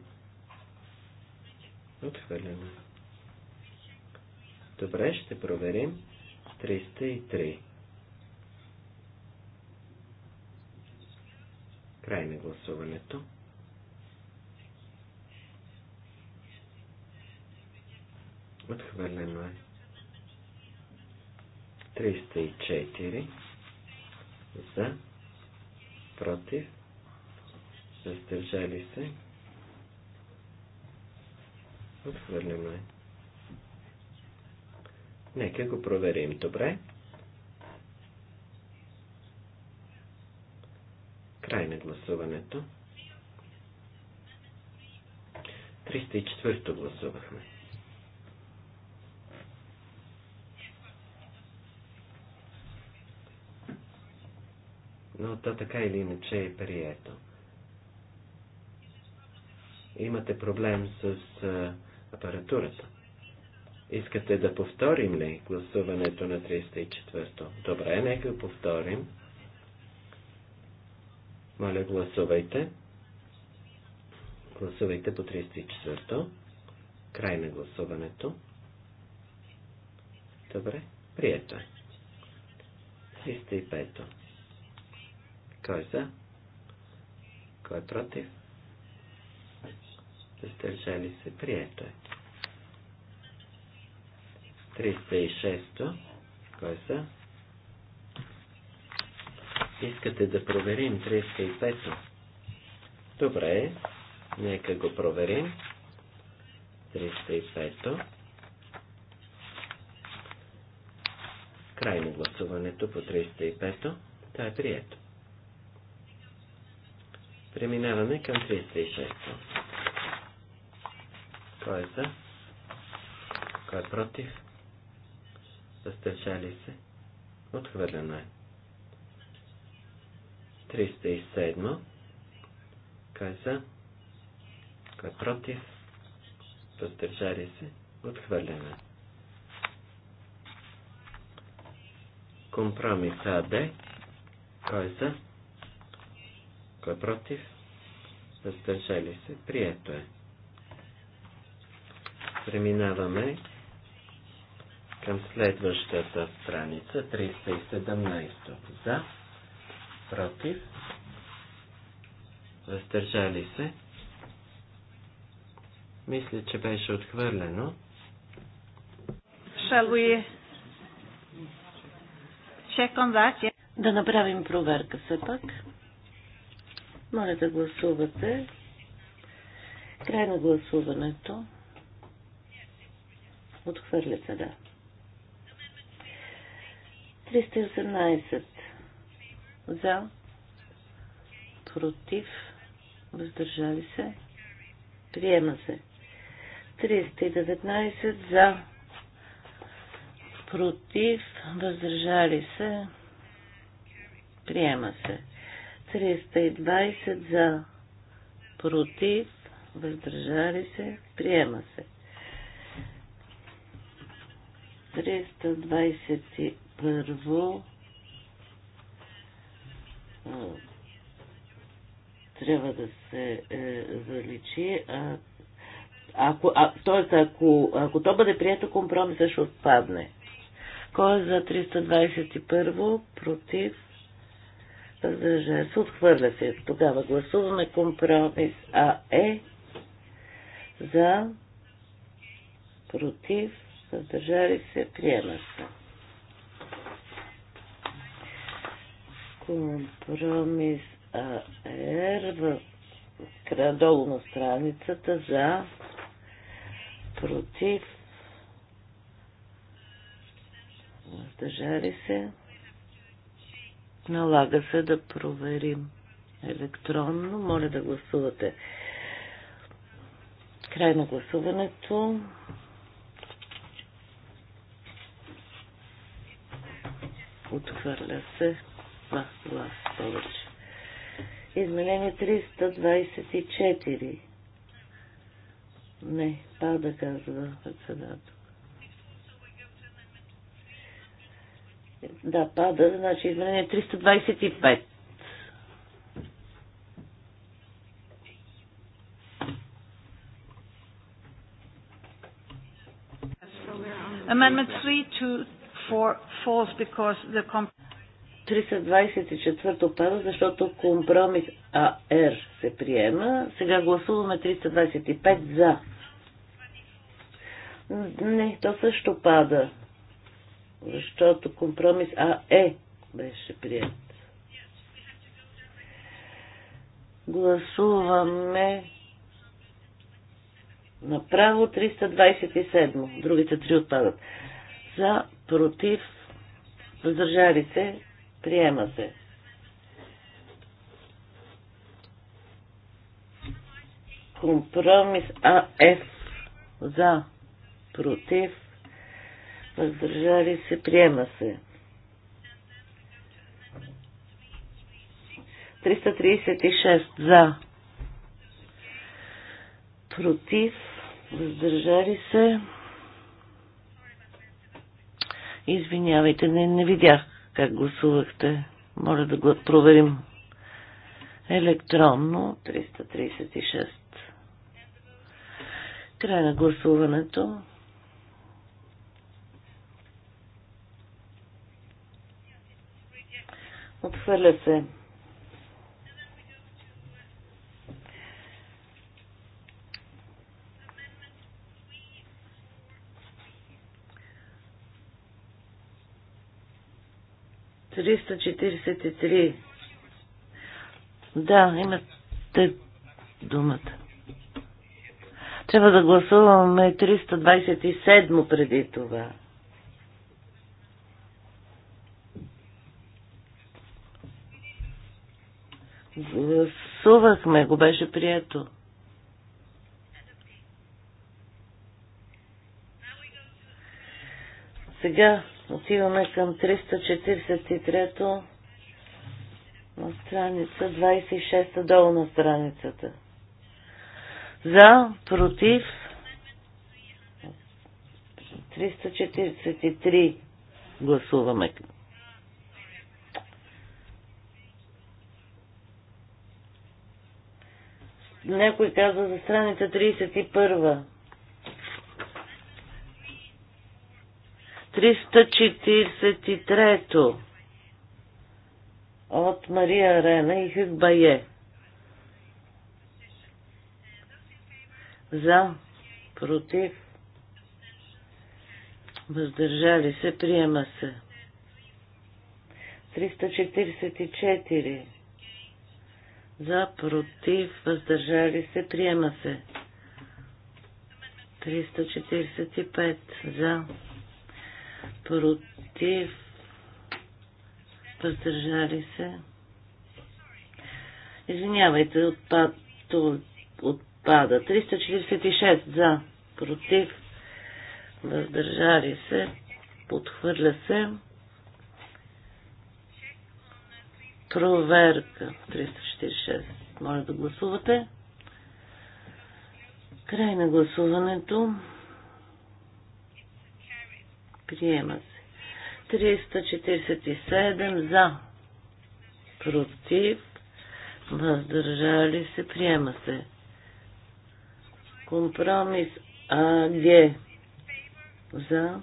Отхвърлено. Добре, ще проверим. 303. Край на гласуването. Отхвърлено е. 304 за, против, въздържали се. Отхвърляме. Нека го проверим. Добре. Край на гласуването. 304 гласувахме. Но то така или иначе е прието. Имате проблем с апаратурата. Искате да повторим ли гласуването на 304-то? Добре, нека повторим. Моля, гласувайте. Гласувайте по 304-то. Край на гласуването. Добре, прието е. 305-то. Кой е за? Кой е против? въздържали се, прието е. 306. Кой са? Е Искате да проверим 305. то Добре, нека го проверим. 305. Край на гласуването по 305. то Това е прието. Преминаваме към 306. то кой е за? Кой е против? Въздържали се? Отхвърлено е. 307. Кой е за? Кой е против? Въздържали се? Отхвърлено е. компромис АД. Кой е за? Кой е против? Въздържали се? Прието е. Преминаваме към следващата страница, 317. За, против, въздържали се. Мисля, че беше отхвърлено. Shall we check on that? Yeah. Да направим проверка все пак. Моля да гласувате. Край на гласуването. Отхвърля се, да. 318 за, против, въздържали се, приема се. 319 за, против, въздържали се, приема се. 320 за, против, въздържали се, приема се. 321 трябва да се е, заличи. А, ако, а, тоест, ако, ако то бъде прието, компромиса ще отпадне. Кой е за 321? Против? Въздържа се. Отхвърля се. Тогава гласуваме компромис А е за против Съдържали се, приема се. Компромис АР в долу на страницата за против въздържали се. Налага се да проверим електронно. Моля да гласувате. Край на гласуването. Отхвърля се. Два глас повече. Изменение 324. Не, пада казва председател. Да, пада, значи изменение 325. Amendment 3 to 324 отпада, защото компромис АР се приема. Сега гласуваме 325 за. Не, то също пада, защото компромис АЕ беше прият. Гласуваме направо 327. Другите три отпадат. За, против, въздържали се, приема се. Компромис АФ за, против, въздържали се, приема се. 336 за, против, въздържали се, Извинявайте, не, не видях как гласувахте. Моля да го проверим. Електронно 336. Край на гласуването. Отхвърля се. 343. Да, имате думата. Трябва да гласуваме 327 преди това. Гласувахме, го беше прието. Сега Отиваме към 343-то на страница, 26-та долу на страницата. За, против, 343 гласуваме. Някой каза за страница 31. 343-то от Мария Рена и Хикбае. За, против, въздържали се, приема се. 344. За, против, въздържали се, приема се. 345. За против, въздържали се. Извинявайте, отпад, отпада. 346 за, против, въздържали се, подхвърля се. Проверка 346. Моля да гласувате. Край на гласуването. Приема се. 347 за. Против. Въздържали се. Приема се. Компромис АГ. За.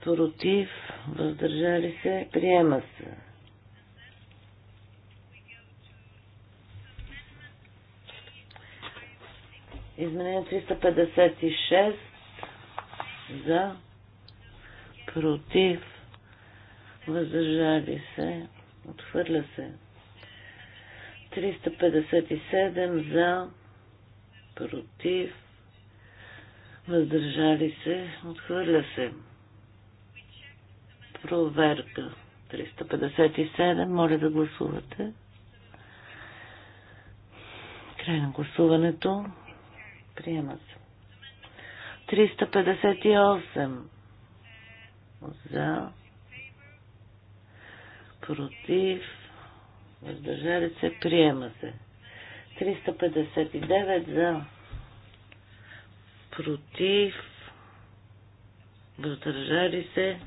Против. Въздържали се. Приема се. Изменение 356 за против, въздържали се, отхвърля се. 357 за, против, въздържали се, отхвърля се. Проверка. 357, моля да гласувате. Край на гласуването. Приема се. 358 за против въздържали се приема се 359 за против въздържали се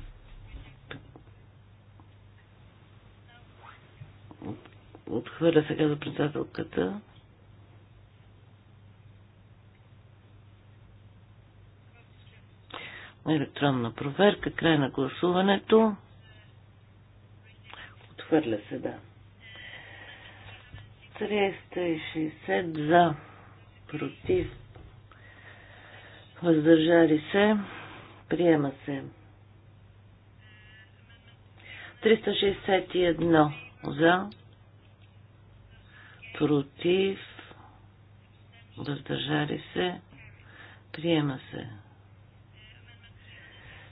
отхвърля сега за председателката Електронна проверка, край на гласуването. Отхвърля се, да. 360 за, против, въздържали се, приема се. 361 за, против, въздържали се, приема се.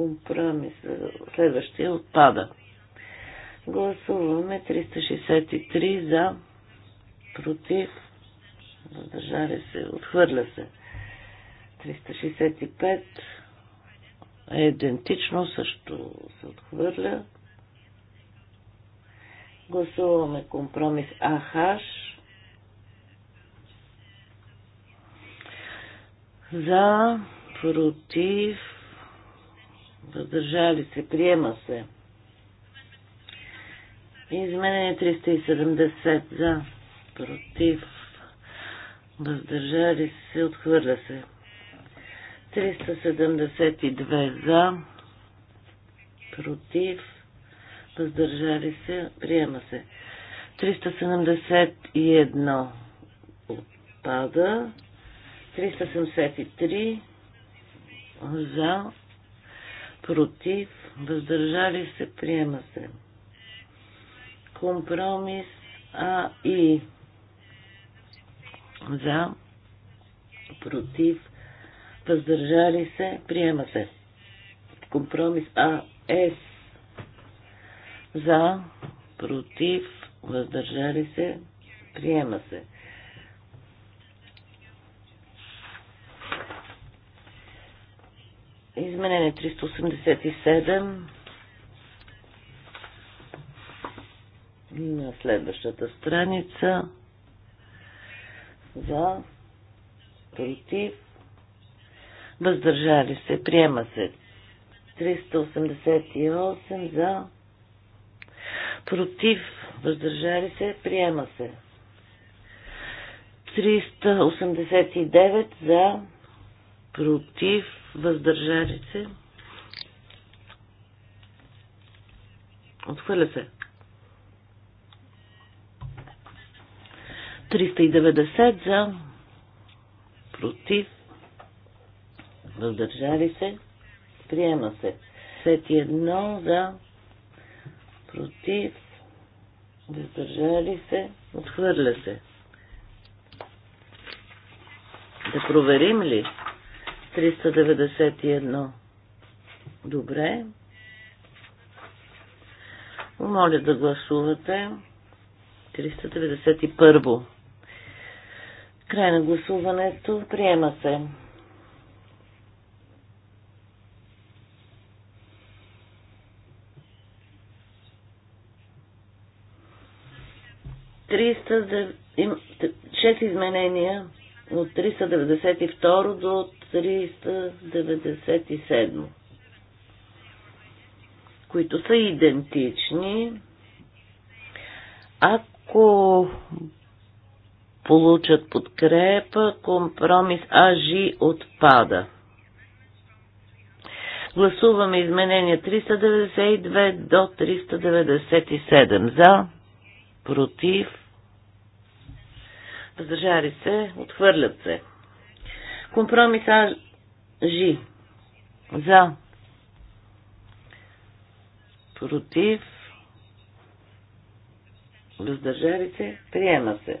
компромис. Следващия отпада. Гласуваме 363 за, против, въздържали се, отхвърля се. 365 е идентично, също се отхвърля. Гласуваме компромис АХ. За, против, Въздържали се. Приема се. Изменение 370 за. Против. Въздържали се. Отхвърля се. 372 за. Против. Въздържали се. Приема се. 371 отпада. 373 за против, въздържали се, приема се. Компромис А и за, против, въздържали се, приема се. Компромис А С за, против, въздържали се, приема се. Изменение 387 на следващата страница за против въздържали се. Приема се 388 за против въздържали се. Приема се 389 за против въздържали се, отхвърля се. 390 за, против, въздържали се, приема се. 51 за, против, въздържали се, отхвърля се. Да проверим ли? 391. Добре. Моля да гласувате. 391. Край на гласуването. Приема се. Триста 6 изменения от 392 до 397, които са идентични. Ако получат подкрепа, компромис АЖИ отпада. Гласуваме изменения 392 до 397 за, против, зажари се, отхвърлят се. Компромис Жи. за, против, въздържали се, приема се.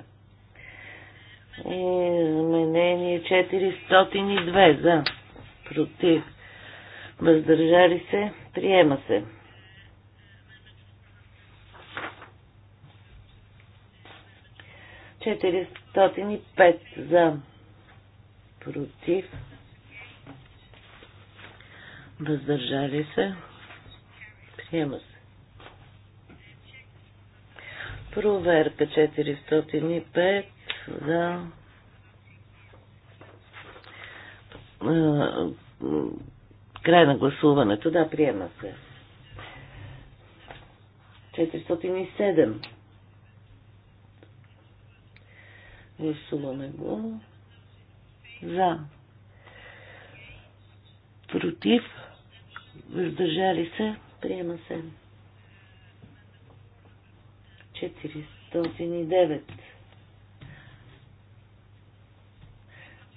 Изменение 402 за, против, въздържали се, приема се. 405 за против. Въздържали се. Приема се. Проверка 405 за край на гласуването. Да, приема се. 407 Гласуваме го. За. Против. Въздържали се. Приема се. 409.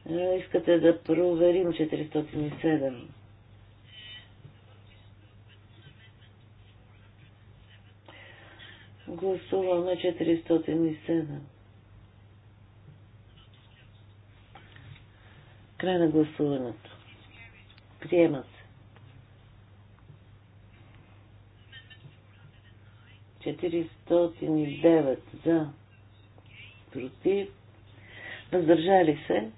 Е, искате да проверим 407. Гласуваме 407. Край на гласуването. Приемат се. 409 за. Против. Въздържали се.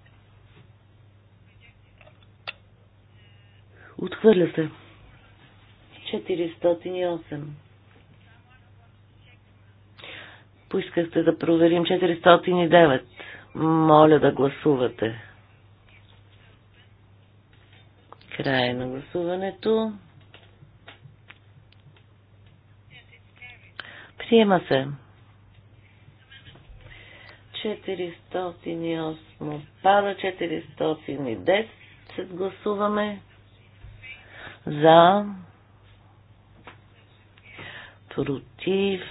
Отхвърля се. 408. Поискахте да проверим 409. Моля да гласувате. Край на гласуването. Приема се. 408 пада, 410 гласуваме. За. Против.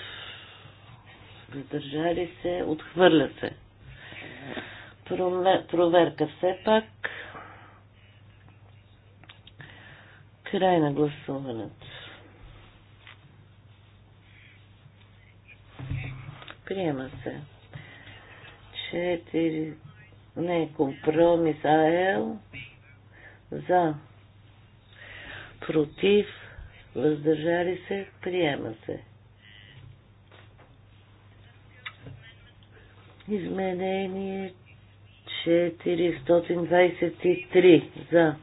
Задържали се. Отхвърля се. Проверка все пак. Край на гласуването. Приема се. Четири... Не, компромис АЛ. За. Против. Въздържали се. Приема се. Изменение 423. За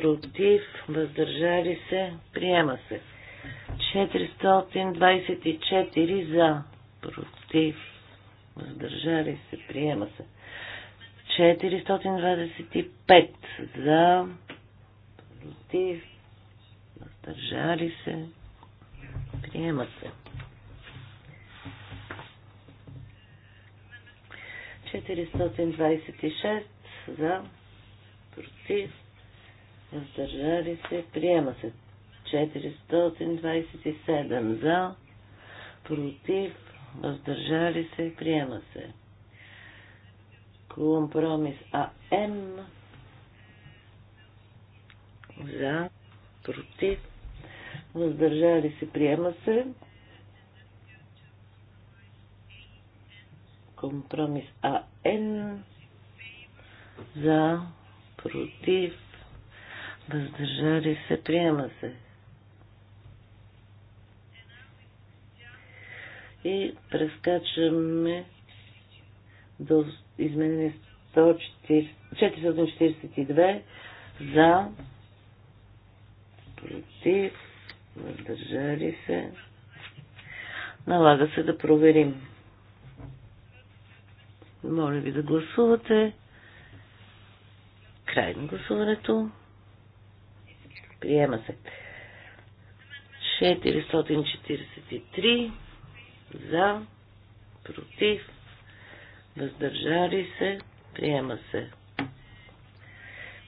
против, въздържали се, приема се. 424 за, против, въздържали се, приема се. 425 за, против, въздържали се, приема се. 426 за, против, въздържали се, приема се 427 за, против, въздържали се, приема се. Компромис АМ за, против, въздържали се, приема се. Компромис АН за, против, въздържали се, приема се. И прескачаме до изменение 442 за против, въздържали се. Налага се да проверим. Моля ви да гласувате. Край на гласуването. Приема се. 443 за, против, въздържали се, приема се.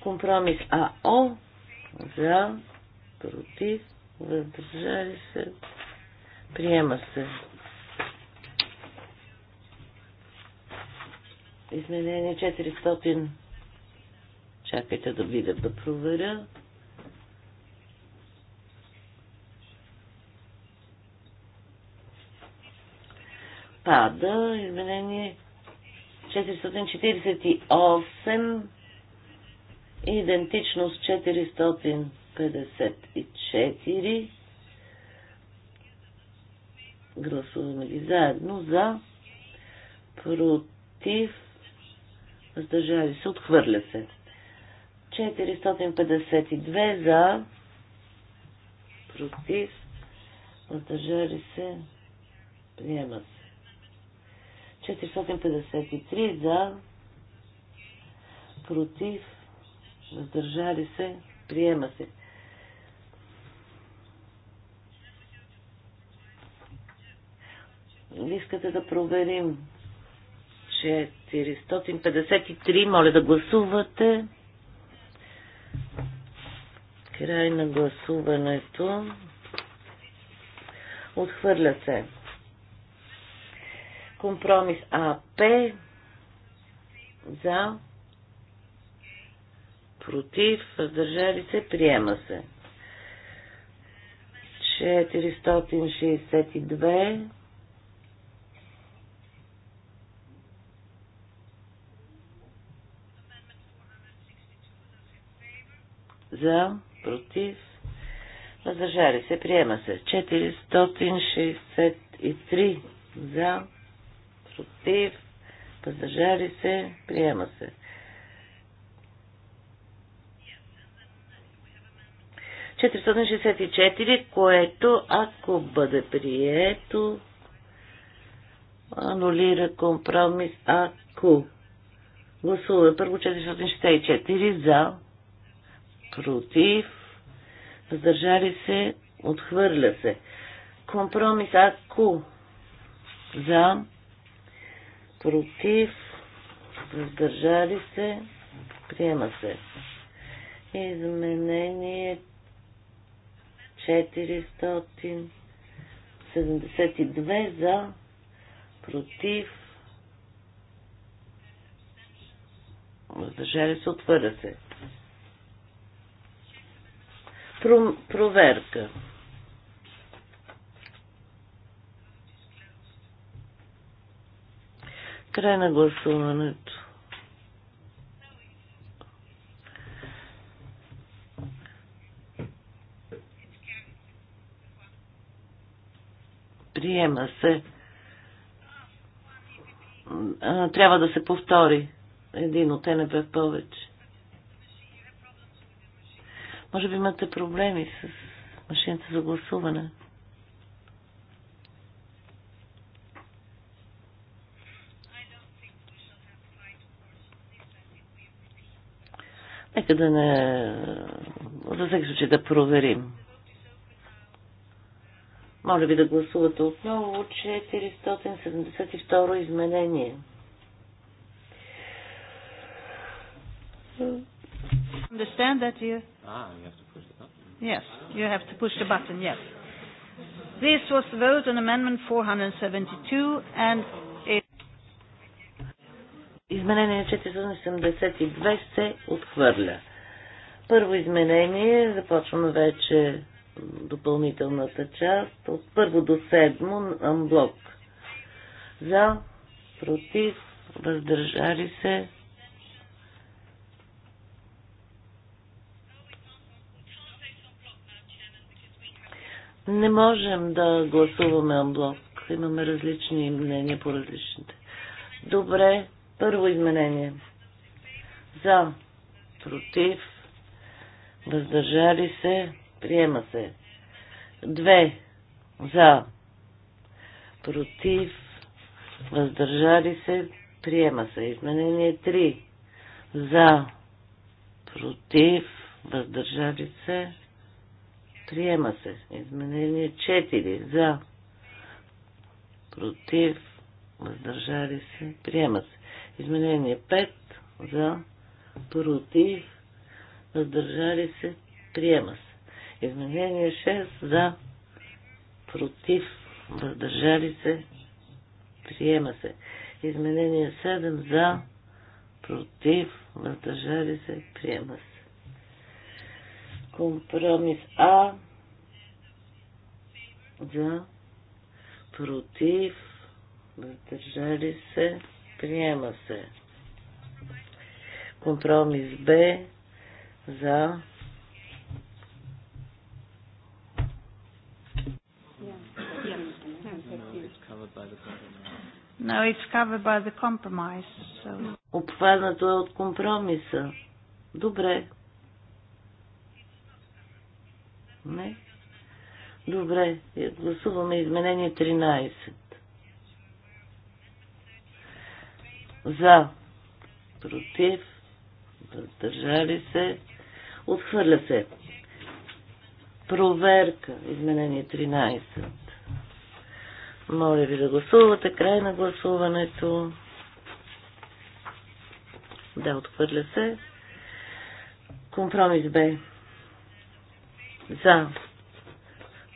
Компромис АО за, против, въздържали се, приема се. Изменение 400. Чакайте да видя да проверя. Пада, изменение 448 идентично с 454. Гласуваме ли заедно за, против, въздържали се, отхвърля се. 452 за, против, въздържали се, приемат се. 453 за, против, въздържали се, приема се. Искате да проверим 453, моля да гласувате. Край на гласуването. Отхвърля се. Компромис АП за против, въздържали се, приема се. 462 за, против, въздържали се, приема се. 463 за, против, въздържали се, приема се. 464, което ако бъде прието, анулира компромис, ако гласува първо 464 за, против, въздържали се, отхвърля се. Компромис, ако за, против, въздържали се, приема се. Изменение 472 за, против, въздържали се, отвърля се. Про, проверка. Край на гласуването. Приема се. Трябва да се повтори. Един от НП повече. Може би имате проблеми с машината за гласуване. Нека да не... За всеки случай да проверим. Моля ви да гласувате отново 472 изменение. Understand that you... Ah, you have to push the button. Yes, you have to push the button, yes. This was the vote on amendment 472 and Изменение 482 се отхвърля. Първо изменение, започваме вече допълнителната част, от първо до седмо амблок. За, против, въздържали се. Не можем да гласуваме амблок. Имаме различни мнения по различните. Добре, първо изменение. За, против, въздържали се, приема се. Две, за, против, въздържали се, приема се. Изменение 3. За, против, въздържали се, приема се. Изменение 4. За, против, въздържали се, приема се. Изменение 5 за против, въздържали се, приема се. Изменение 6 за против, въздържали се, приема се. Изменение 7 за против, въздържали се, приема се. Компромис А за против, въздържали се, Приема се. Компромис Б за No, it's covered by the compromise. So... Обхванато е от компромиса. Добре. Не? Добре. Гласуваме изменение 13. За. Против. Въздържали се. Отхвърля се. Проверка. Изменение 13. Моля ви да гласувате. Край на гласуването. Да, отхвърля се. Компромис Б. За.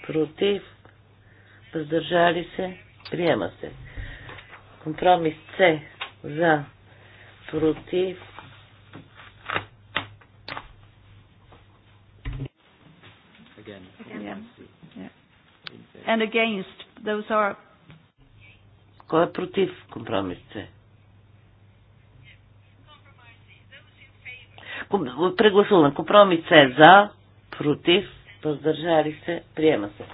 Против. Въздържали се. Приема се. Компромис С за, против, And against, those are... Кой е против компромисите? Прегласувам. Компромис е за, против, въздържали се, приема се.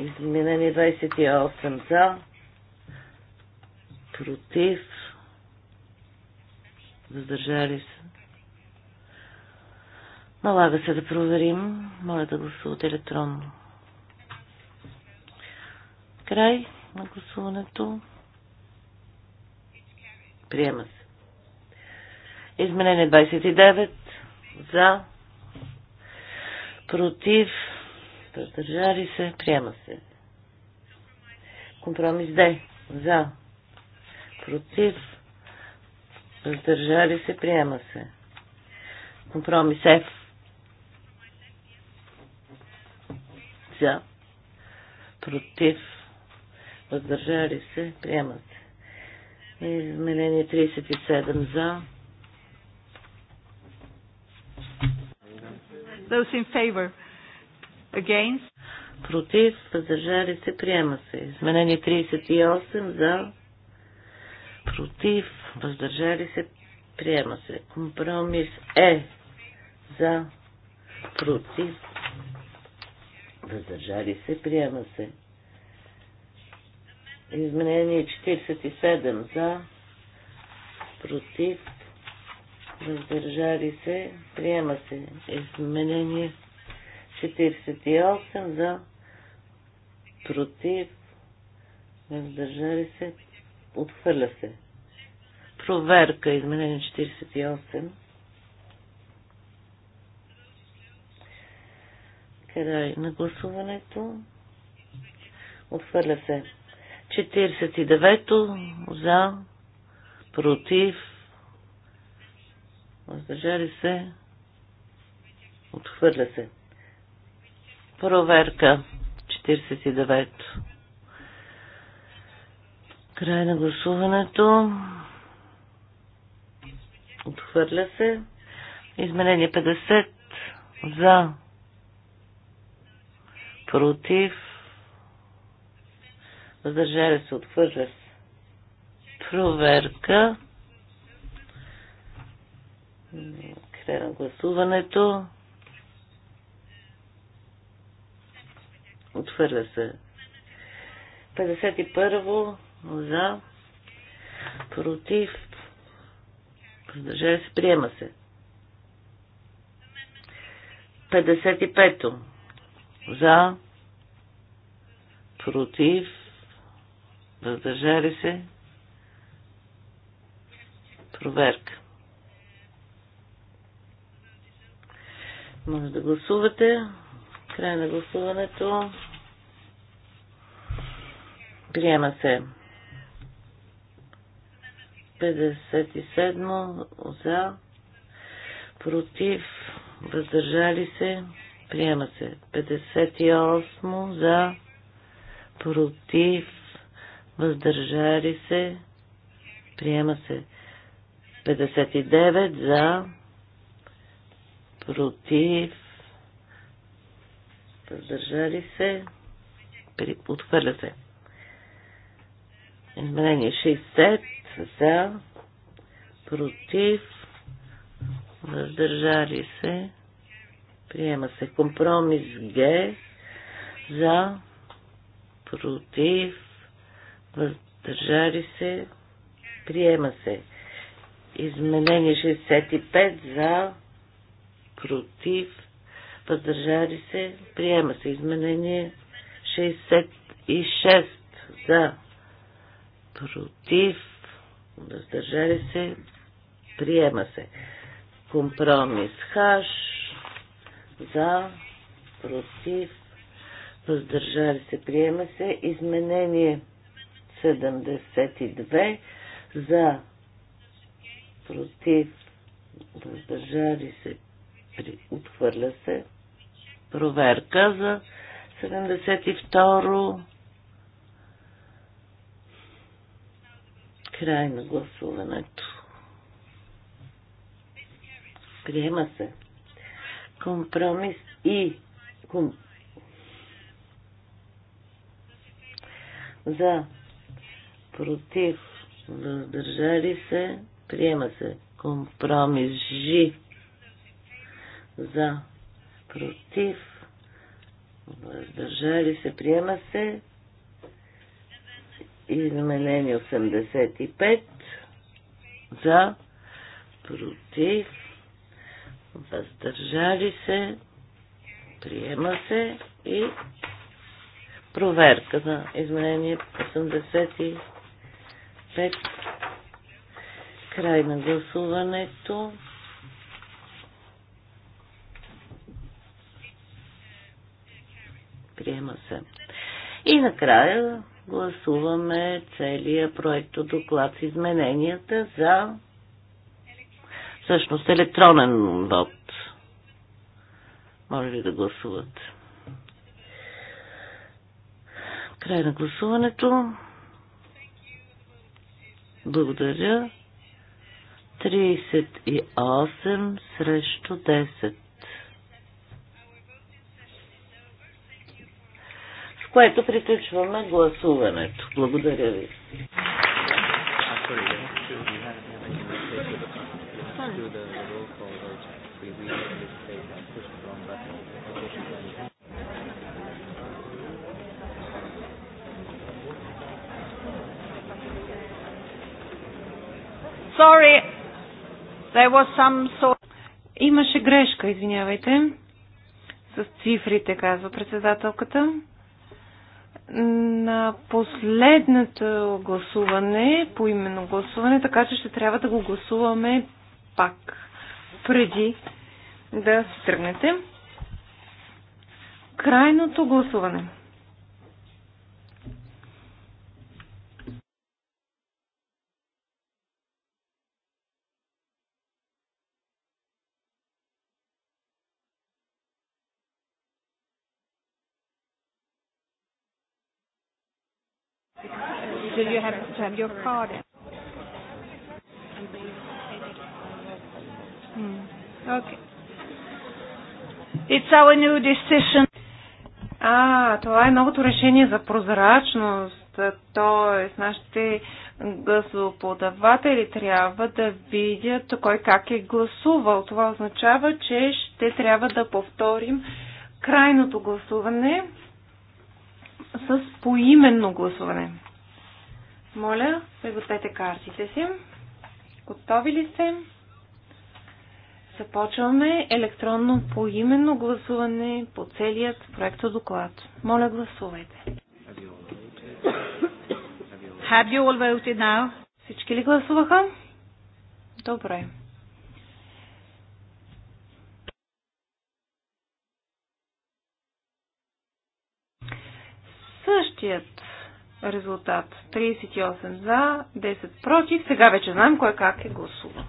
Изменени 28 за, против, въздържали се. Налага се да проверим. Моля да гласувате електронно. Край на гласуването. Приема се. Изменение 29. За. Против. Въздържали се. Приема се. Компромис Д. За против, въздържали се, приема се. Компромис Ф. За, против, въздържали се, приема се. Изменение 37 за. Those in favor. Against. Против, въздържали се, приема се. Изменение 38 за против, въздържали се, приема се. Компромис е за, против, въздържали се, приема се. Изменение 47 за, против, въздържали се, приема се. Изменение 48 за, против, въздържали се, отхвърля се. Проверка, изменение 48. Край на гласуването. Отхвърля се. 49-то за, против, въздържали се, отхвърля се. Проверка 49-то. Край на гласуването. Отхвърля се. Изменение 50 за против въздържали се, отхвърля се. Проверка. Край на гласуването. Отхвърля се. 51 за против Въздържали се, приема се. 55-то. За. Против. Въздържали се. Проверка. Може да гласувате. Край на гласуването. Приема се. 57 за, против, въздържали се, приема се. 58 за, против, въздържали се, приема се. 59 за, против, въздържали се, отхвърля се. Измерение 60 за, против, въздържали се, приема се компромис Г, за, против, въздържали се, приема се. Изменение 65 за, против, въздържали се, приема се. Изменение 66 за, против, въздържали се, приема се. Компромис хаш, за, против, въздържали се, приема се. Изменение 72 за, против, въздържали се, при, отхвърля се. Проверка за 72 Край на гласуването. Приема се. Компромис и ком... за против въздържали се. Приема се. Компромис жи за против въздържали се. Приема се. Изменение 85 за, против, въздържали се, приема се и проверка на изменение 85. Край на гласуването. Приема се. И накрая гласуваме целият проект от доклад с измененията за всъщност електронен вод. Може ли да гласуват? Край на гласуването. Благодаря. 38 срещу 10. което приключваме гласуването. Благодаря ви. Sorry, there was some sort... Имаше грешка, извинявайте. С цифрите, казва председателката на последното гласуване, по именно гласуване, така че ще трябва да го гласуваме пак, преди да си тръгнете. Крайното гласуване. so you have to have your card in. Hmm. Okay. It's our new decision. А, това е новото решение за прозрачност. Тоест, нашите гласоподаватели трябва да видят кой как е гласувал. Това означава, че ще трябва да повторим крайното гласуване с поименно гласуване. Моля, пригответе картите си. Готови ли сте? Започваме електронно поименно гласуване по целият проекто доклад. Моля, гласувайте. Have you all voted now? Всички ли гласуваха? Добре. Същият Резултат 38 за, 10 против. Сега вече знаем кой как е гласувал.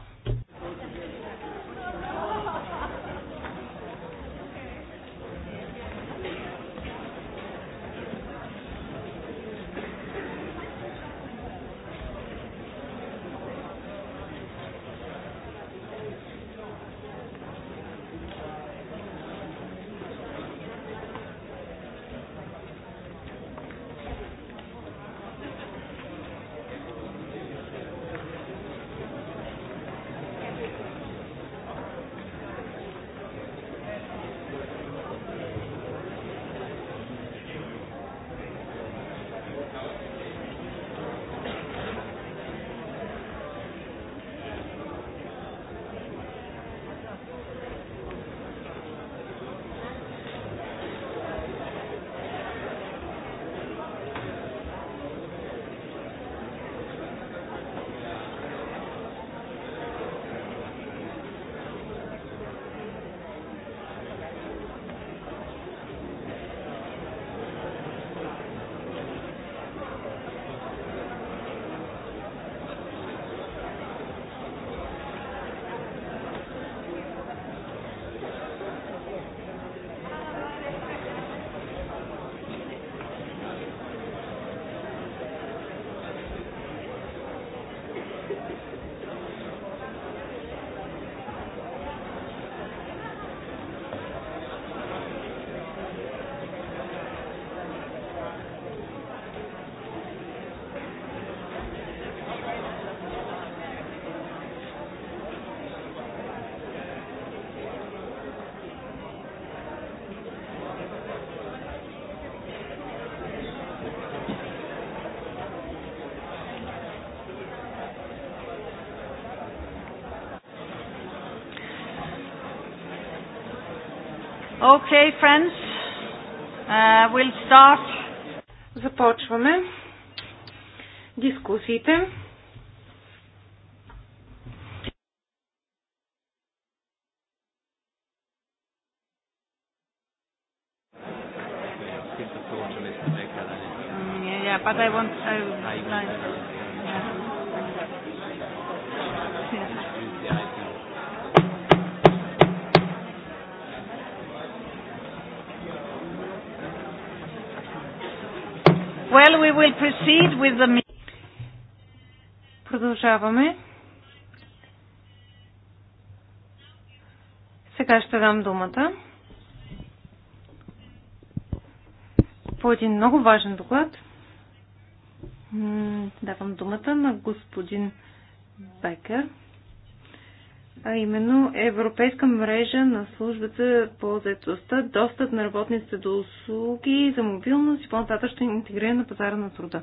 Okay, friends, uh, we'll start. Започваме дискусиите. proceed with the... Продължаваме. Сега ще дам думата по един много важен доклад. Давам думата на господин Бекер а именно Европейска мрежа на службата по заедостта, достъп на работниците до услуги за мобилност и по-нататъчно интегриране на пазара на труда.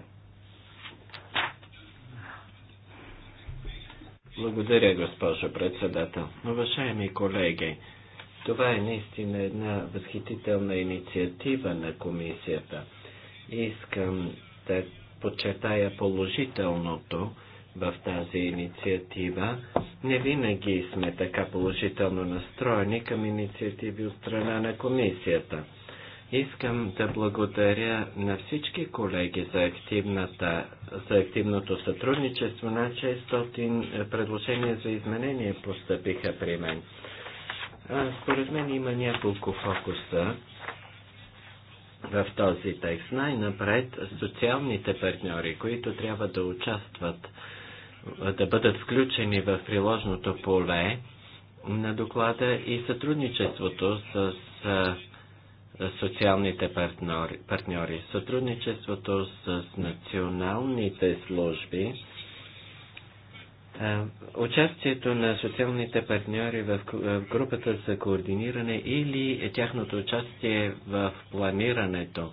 Благодаря, госпожо председател. Уважаеми колеги, това е наистина една възхитителна инициатива на комисията. Искам да подчертая положителното, в тази инициатива. Не винаги сме така положително настроени към инициативи от страна на комисията. Искам да благодаря на всички колеги за, активната, за активното сътрудничество. На 600 е, предложения за изменение поступиха при мен. А, според мен има няколко фокуса в този текст. Най-напред социалните партньори, които трябва да участват да бъдат включени в приложното поле на доклада и сътрудничеството с социалните партньори, партньори. Сътрудничеството с националните служби, участието на социалните партньори в групата за координиране или тяхното участие в планирането.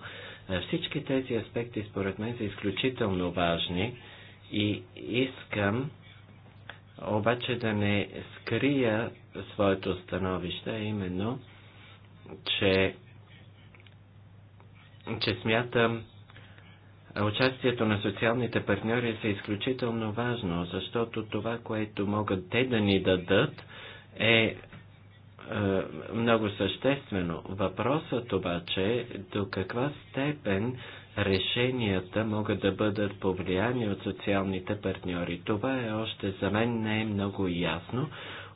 Всички тези аспекти, според мен, са изключително важни и искам обаче да не скрия своето становище, именно, че, че смятам, Участието на социалните партньори е изключително важно, защото това, което могат те да ни дадат, е, е много съществено. Въпросът обаче е до каква степен решенията могат да бъдат повлияни от социалните партньори. Това е още за мен не е много ясно,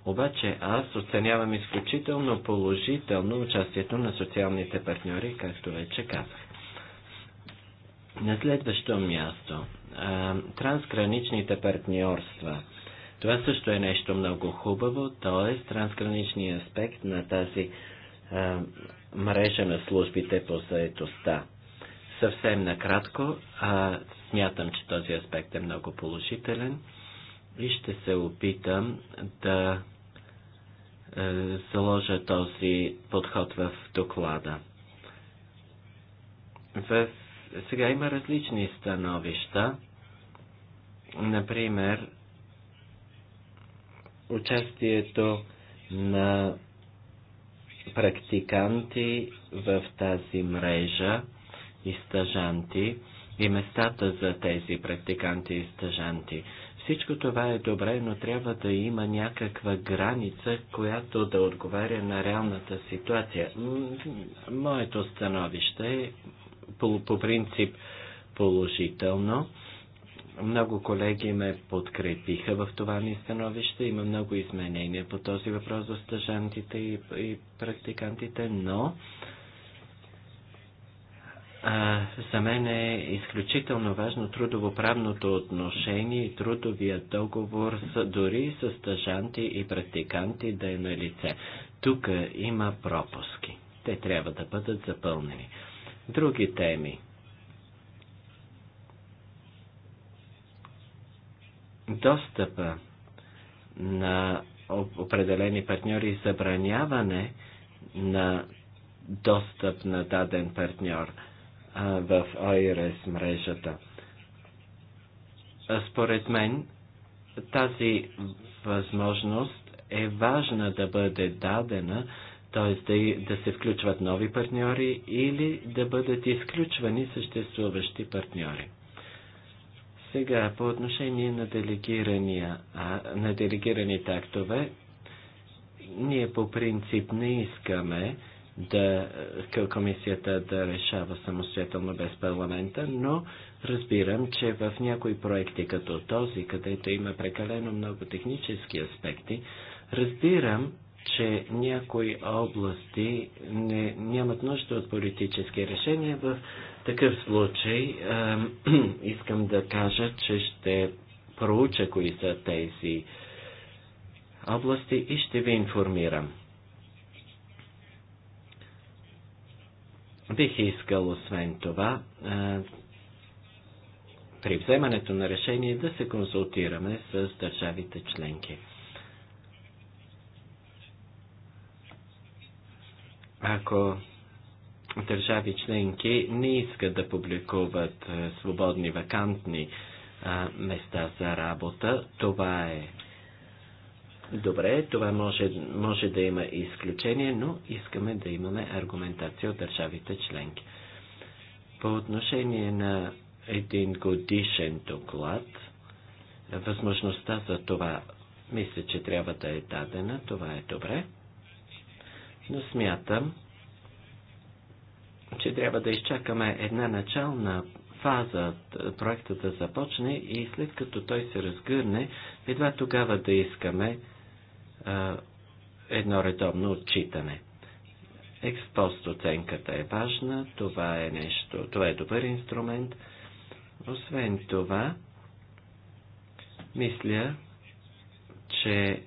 обаче аз оценявам изключително положително участието на социалните партньори, както вече казах. На следващо място, трансграничните партньорства. Това също е нещо много хубаво, т.е. трансграничния аспект на тази мрежа на службите по заедостта. Съвсем накратко, а, смятам, че този аспект е много положителен и ще се опитам да е, заложа този подход в доклада. В, сега има различни становища. Например, участието на практиканти в тази мрежа – и стъжанти и местата за тези практиканти и стъжанти. Всичко това е добре, но трябва да има някаква граница, която да отговаря на реалната ситуация. Моето становище е по, по принцип положително. Много колеги ме подкрепиха в това ми становище. Има много изменения по този въпрос за стъжантите и, и практикантите, но за мен е изключително важно трудовоправното отношение и трудовия договор с, дори с стажанти и практиканти да е на лице. Тук има пропуски. Те трябва да бъдат запълнени. Други теми. Достъпа на определени партньори забраняване на достъп на даден партньор – в IRS мрежата. Според мен тази възможност е важна да бъде дадена, т.е. Да, да се включват нови партньори или да бъдат изключвани съществуващи партньори. Сега, по отношение на, делегирания, а, на делегираните актове, ние по принцип не искаме да, комисията да решава самостоятелно без парламента, но разбирам, че в някои проекти като този, където има прекалено много технически аспекти, разбирам, че някои области не, нямат нужда от политически решения. В такъв случай э, искам да кажа, че ще проуча кои са тези области и ще ви информирам. Бих искал, освен това, е, при вземането на решение да се консултираме с държавите членки. Ако държави членки не искат да публикуват е, свободни вакантни е, места за работа, това е Добре, това може, може да има изключение, но искаме да имаме аргументация от държавите членки. По отношение на един годишен доклад, възможността за това мисля, че трябва да е дадена, това е добре, но смятам, че трябва да изчакаме една начална фаза проекта да започне и след като той се разгърне, едва тогава да искаме едно редовно отчитане. Експост оценката е важна, това е нещо, това е добър инструмент. Освен това, мисля, че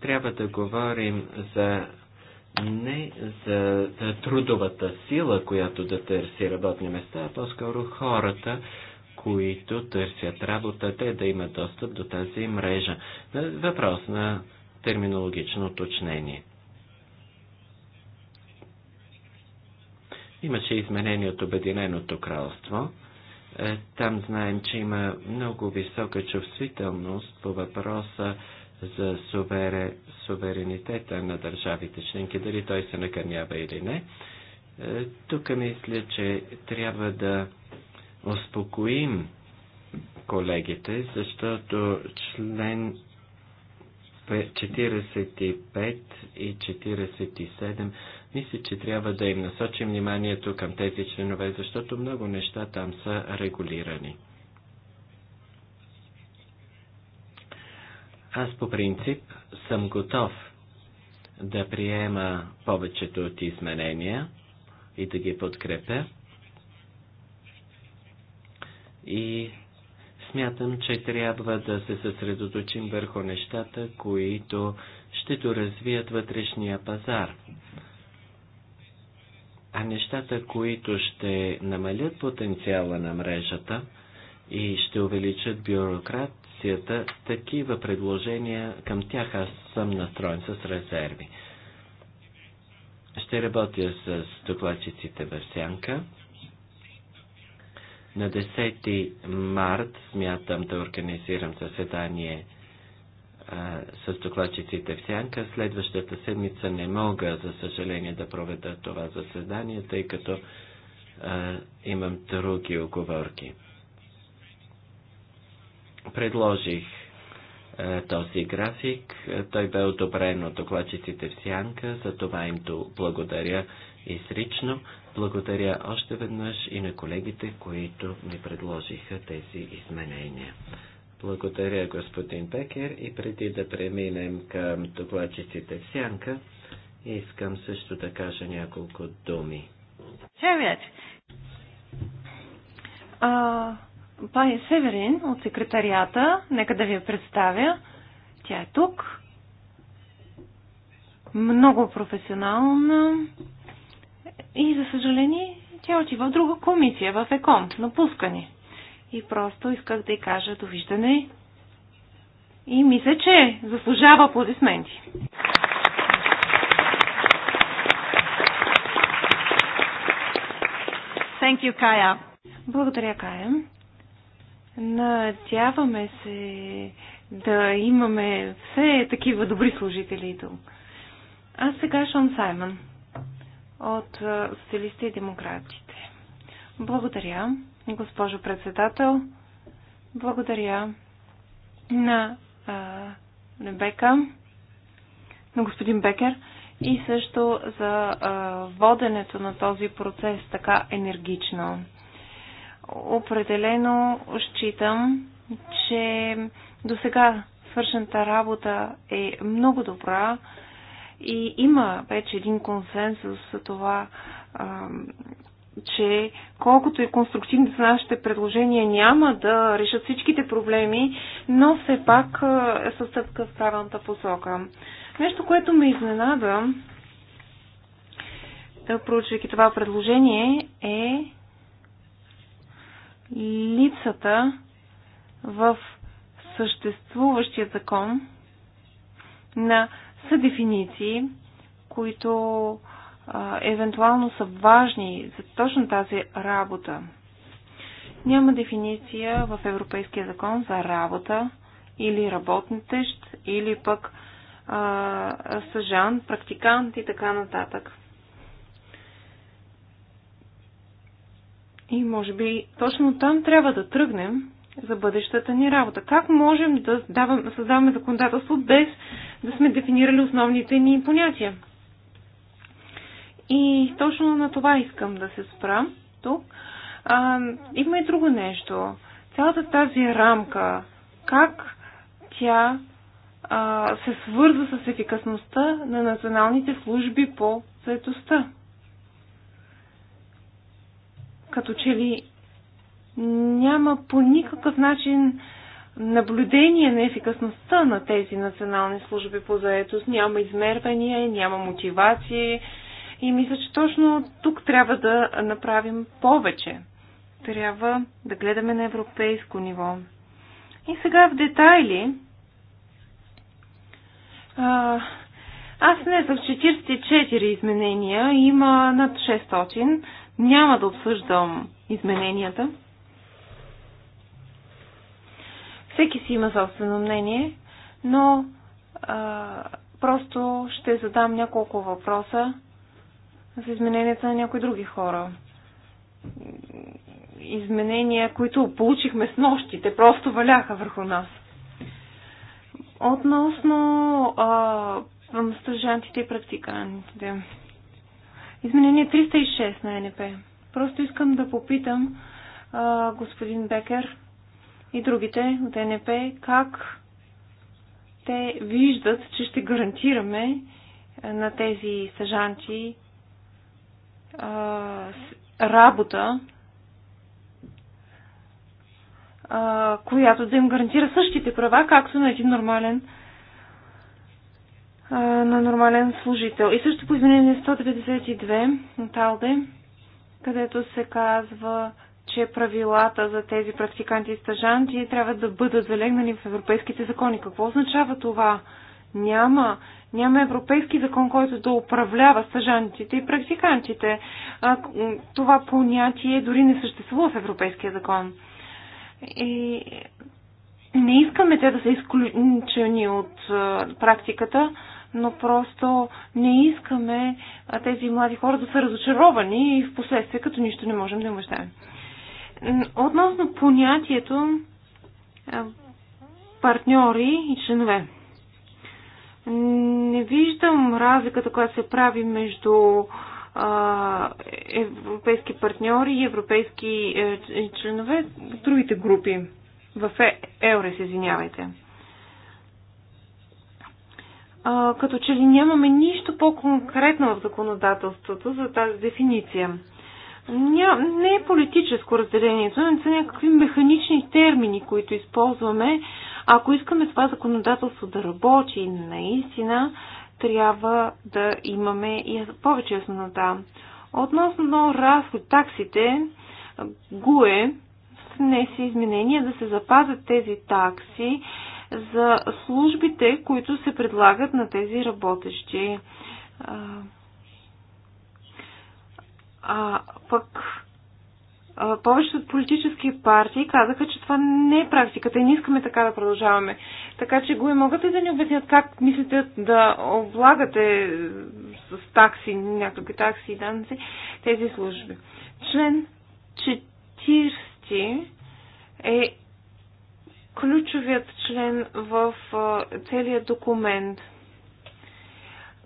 трябва да говорим за не за, за трудовата сила, която да търси работни места, а по-скоро хората, които търсят работа, те да имат достъп до тази мрежа. Въпрос на терминологично уточнение. Имаше изменение от Обединеното кралство. Е, там знаем, че има много висока чувствителност по въпроса за сувере, суверенитета на държавите членки, дали той се накърнява или не. Е, тук мисля, че трябва да успокоим колегите, защото член 45 и 47 мисля, че трябва да им насочим вниманието към тези членове, защото много неща там са регулирани. Аз по принцип съм готов да приема повечето от изменения и да ги подкрепя и смятам, че трябва да се съсредоточим върху нещата, които ще доразвият вътрешния пазар. А нещата, които ще намалят потенциала на мрежата и ще увеличат бюрокрацията, такива предложения към тях аз съм настроен с резерви. Ще работя с докладчиците в сянка на 10 март смятам да организирам заседание а, с докладчиците в Сянка. Следващата седмица не мога, за съжаление, да проведа това заседание, тъй като а, имам други оговорки. Предложих а, този график. Той бе одобрен от докладчиците в Сянка, за това им благодаря изрично. Благодаря още веднъж и на колегите, които ми предложиха тези изменения. Благодаря, господин Пекер, И преди да преминем към докладчиците в сянка, искам също да кажа няколко думи. Северет. Пани Северин от секретарията, нека да ви я представя. Тя е тук. Много професионална, и, за съжаление, тя отива в друга комисия, в ЕКОН, напускане. И просто исках да й кажа довиждане. И мисля, че заслужава аплодисменти. Thank you, Kaya. Благодаря, Кая. Надяваме се да имаме все такива добри служители тук. А сега Шон Саймън от социалисти и демократите. Благодаря, госпожо председател. Благодаря на а, Ребека, на господин Бекер и също за а, воденето на този процес така енергично. Определено считам, че до сега свършената работа е много добра и има вече един консенсус за това, че колкото и конструктивни са нашите предложения, няма да решат всичките проблеми, но все пак е със стъпка в правилната посока. Нещо, което ме изненада, е, проучвайки това предложение, е липсата в съществуващия закон на редица дефиниции, които а, евентуално са важни за точно тази работа. Няма дефиниция в Европейския закон за работа или работнитещ, или пък съжан, практикант и така нататък. И може би точно там трябва да тръгнем, за бъдещата ни работа. Как можем да създаваме законодателство без да сме дефинирали основните ни понятия? И точно на това искам да се спра тук. А, има и друго нещо. Цялата тази рамка, как тя а, се свързва с ефикасността на националните служби по заедостта. Като че ли няма по никакъв начин наблюдение на ефикасността на тези национални служби по заетост. Няма измервания, няма мотивации и мисля, че точно тук трябва да направим повече. Трябва да гледаме на европейско ниво. И сега в детайли. А, аз внесах 44 изменения, има над 600. Няма да обсъждам измененията. Всеки си има собствено мнение, но а, просто ще задам няколко въпроса за измененията на някои други хора. Изменения, които получихме с нощи, те просто валяха върху нас. Относно а, стъжантите и практикантите. Изменение 306 на НП. Просто искам да попитам а, господин Бекер и другите от НП, как те виждат, че ще гарантираме на тези съжанти работа, която да им гарантира същите права, както на един нормален на нормален служител. И също по изменение 192 от АЛДЕ, където се казва, че правилата за тези практиканти и стажанти трябва да бъдат залегнали в европейските закони. Какво означава това? Няма. Няма европейски закон, който да управлява стажантите и практикантите. А, това понятие дори не съществува в европейския закон. И не искаме те да са изключени от практиката, но просто не искаме тези млади хора да са разочаровани и в последствие като нищо не можем да им обещаем. Относно понятието партньори и членове. Не виждам разликата, която се прави между европейски партньори и европейски е, членове в другите групи. В е, Еурес, извинявайте. Като че ли нямаме нищо по-конкретно в законодателството за тази дефиниция. Ня, не е политическо разделението, не са някакви механични термини, които използваме. Ако искаме това законодателство да работи наистина, трябва да имаме и повече яснота. Относно разход таксите, ГУЕ внесе изменения да се запазят тези такси за службите, които се предлагат на тези работещи. А, пък а, повечето от политически партии казаха, че това не е практиката и не искаме така да продължаваме. Така че го и могат ли да ни обяснят как мислите да облагате с такси, някакви такси и данци тези служби? Член 40 е ключовият член в целият документ,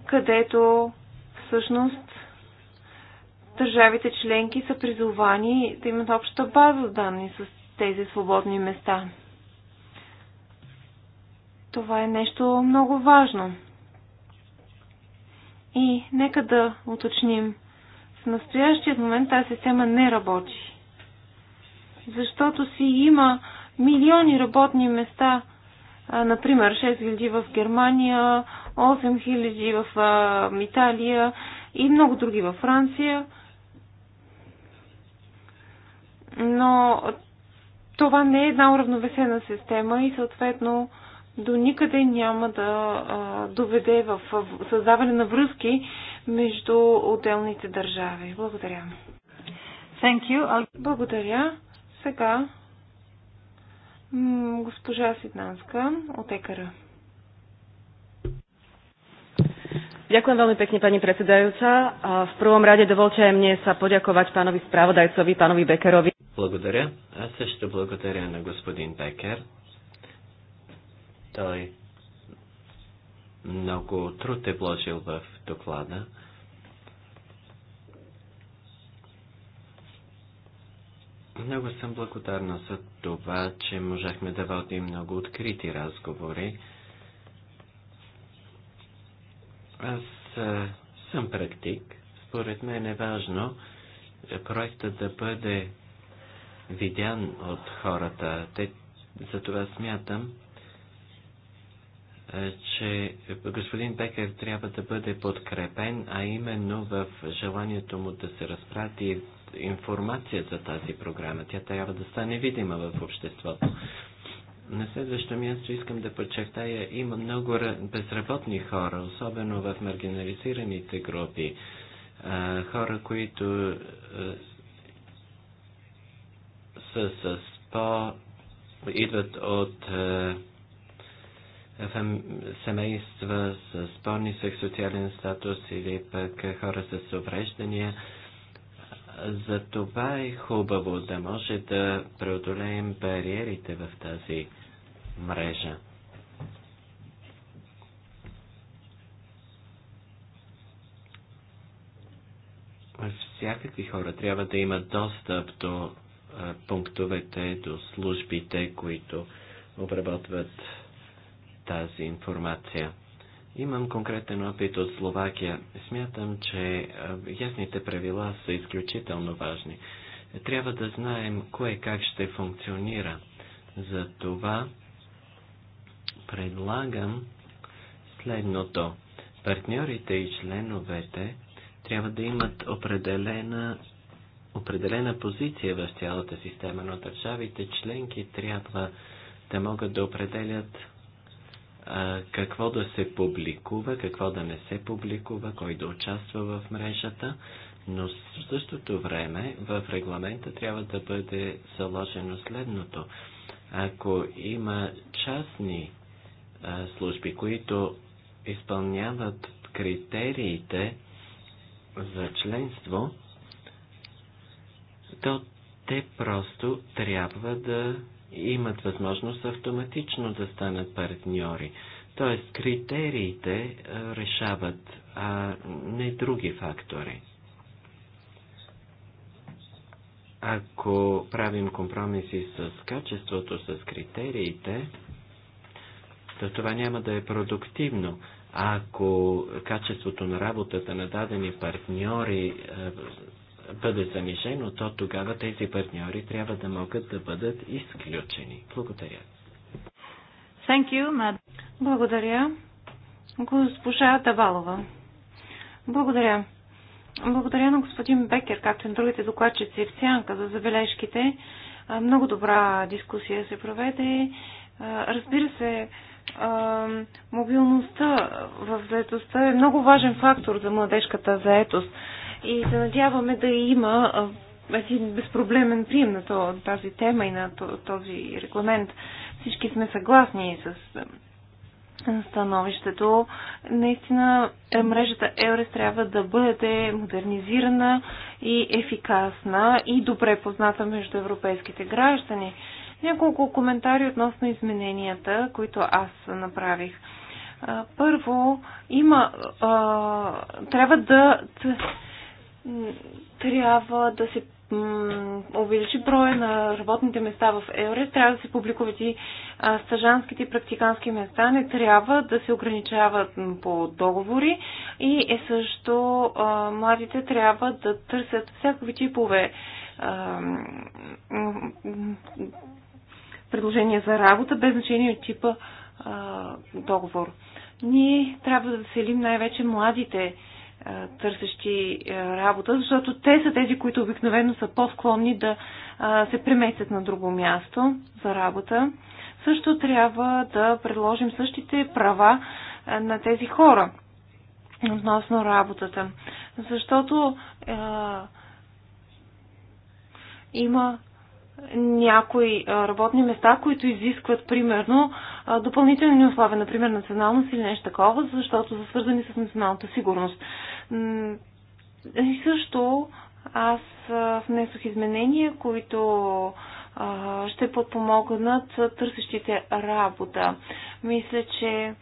където всъщност държавите членки са призовани да имат обща база данни с тези свободни места. Това е нещо много важно. И нека да уточним. В настоящия момент тази система не работи. Защото си има милиони работни места, например 6000 в Германия, 8000 в Италия и много други във Франция – но това не е една уравновесена система и съответно до никъде няма да а, доведе в създаване на връзки между отделните държави. Благодаря. Thank you. I'll... Благодаря. Сега госпожа Сиднанска от ЕКАРА. Ďakujem veľmi pekne, pani predsedajúca. v prvom rade dovolte aj mne sa poďakovať pánovi spravodajcovi, pánovi Bekerovi. Благодаря. Аз също благодаря на господин Бекер. Той много труд е вложил в доклада. Много съм благодарна за това, че можахме да водим много открити разговори. Аз съм практик. Според мен е важно проектът да бъде видян от хората. Те, затова смятам, е, че господин Бекер трябва да бъде подкрепен, а именно в желанието му да се разпрати информация за тази програма. Тя трябва да стане видима в обществото. На следващо място искам да подчертая, има много безработни хора, особено в маргинализираните групи. Е, хора, които е, с по... идват от е, семейства с спорни сексуален социален статус или пък хора с увреждания. За това е хубаво да може да преодолеем бариерите в тази мрежа. Всякакви хора трябва да имат достъп до пунктовете, до службите, които обработват тази информация. Имам конкретен опит от Словакия. Смятам, че ясните правила са изключително важни. Трябва да знаем кое как ще функционира. За това предлагам следното. Партньорите и членовете трябва да имат определена определена позиция в цялата система, но държавите членки трябва да могат да определят а, какво да се публикува, какво да не се публикува, кой да участва в мрежата, но в същото време в регламента трябва да бъде заложено следното. Ако има частни а, служби, които изпълняват критериите за членство, то те просто трябва да имат възможност автоматично да станат партньори. Тоест критериите решават, а не други фактори. Ако правим компромиси с качеството, с критериите, то това няма да е продуктивно. Ако качеството на работата на дадени партньори бъде занижено, то тогава тези партньори трябва да могат да бъдат изключени. Благодаря. Thank you, Mad. Благодаря. Госпожа Давалова. Благодаря. Благодаря на господин Бекер, както и на другите докладчици в Сянка за забележките. Много добра дискусия се проведе. Разбира се, мобилността в заетостта е много важен фактор за младежката заетост и се надяваме да има един безпроблемен прием на тази тема и на този регламент. Всички сме съгласни с становището. Наистина е, мрежата Еврес трябва да бъде модернизирана и ефикасна и добре позната между европейските граждани. Няколко коментари относно измененията, които аз направих. Първо, има, трябва да трябва да се увеличи броя на работните места в Еврес, трябва да се публикуват и стажанските и практикански места, не трябва да се ограничават по договори и е също а, младите трябва да търсят всякакви типове а, предложения за работа, без значение от типа а, договор. Ние трябва да заселим най-вече младите търсещи работа, защото те са тези, които обикновено са по-склонни да се преместят на друго място за работа. Също трябва да предложим същите права на тези хора относно работата. Защото е, има някои работни места, които изискват, примерно, допълнителни условия, например, националност или нещо такова, защото са свързани с националната сигурност. И също аз внесох изменения, които ще подпомогнат търсещите работа. Мисля, че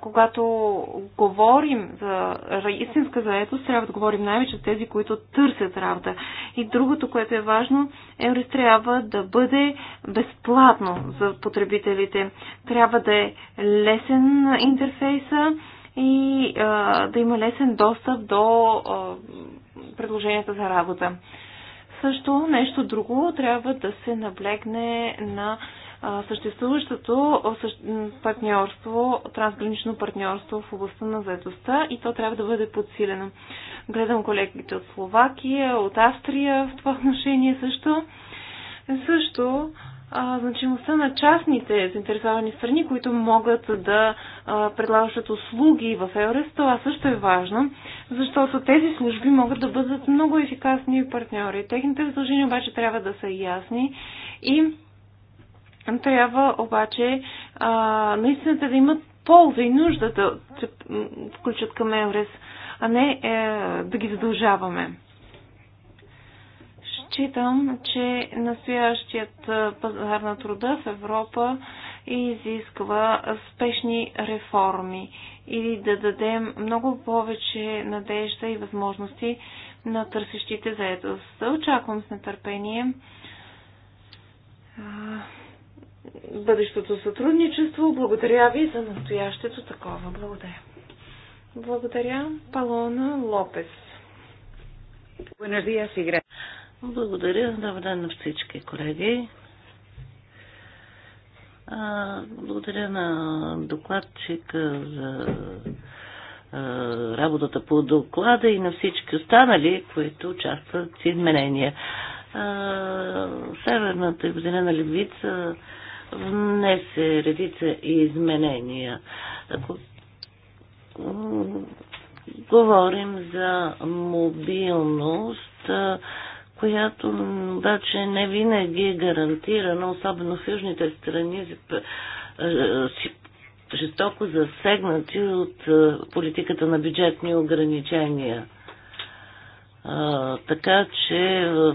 когато говорим за истинска заетост, трябва да говорим най-вече за тези, които търсят работа. И другото, което е важно, Еврис трябва да бъде безплатно за потребителите. Трябва да е лесен интерфейса, и а, да има лесен достъп до а, предложенията за работа. Също нещо друго трябва да се наблегне на съществуващото партньорство, трансгранично партньорство в областта на заедостта и то трябва да бъде подсилено. Гледам колегите от Словакия, от Австрия в това отношение също. Също а, значимостта на частните заинтересовани страни, които могат да а, предлагат услуги в Еврес, това също е важно, защото тези служби могат да бъдат много ефикасни партньори. Техните задължения обаче трябва да са ясни и трябва обаче а, наистина да имат полза и нужда да се включат към Еврес, а не е, да ги задължаваме. Читам, че настоящият пазар на труда в Европа изисква спешни реформи или да дадем много повече надежда и възможности на търсещите заедост. Очаквам с нетърпение бъдещото сътрудничество. Благодаря ви за настоящето такова. Благодаря. Благодаря. Палона Лопес. Благодаря. Добър ден на всички колеги. Благодаря на докладчика за работата по доклада и на всички останали, които участват в изменения. Северната и Обединена левица внесе редица изменения. Ако Говорим за мобилност която обаче не винаги е гарантирана, особено в южните страни, е, е, жестоко засегнати от е, политиката на бюджетни ограничения. Така че в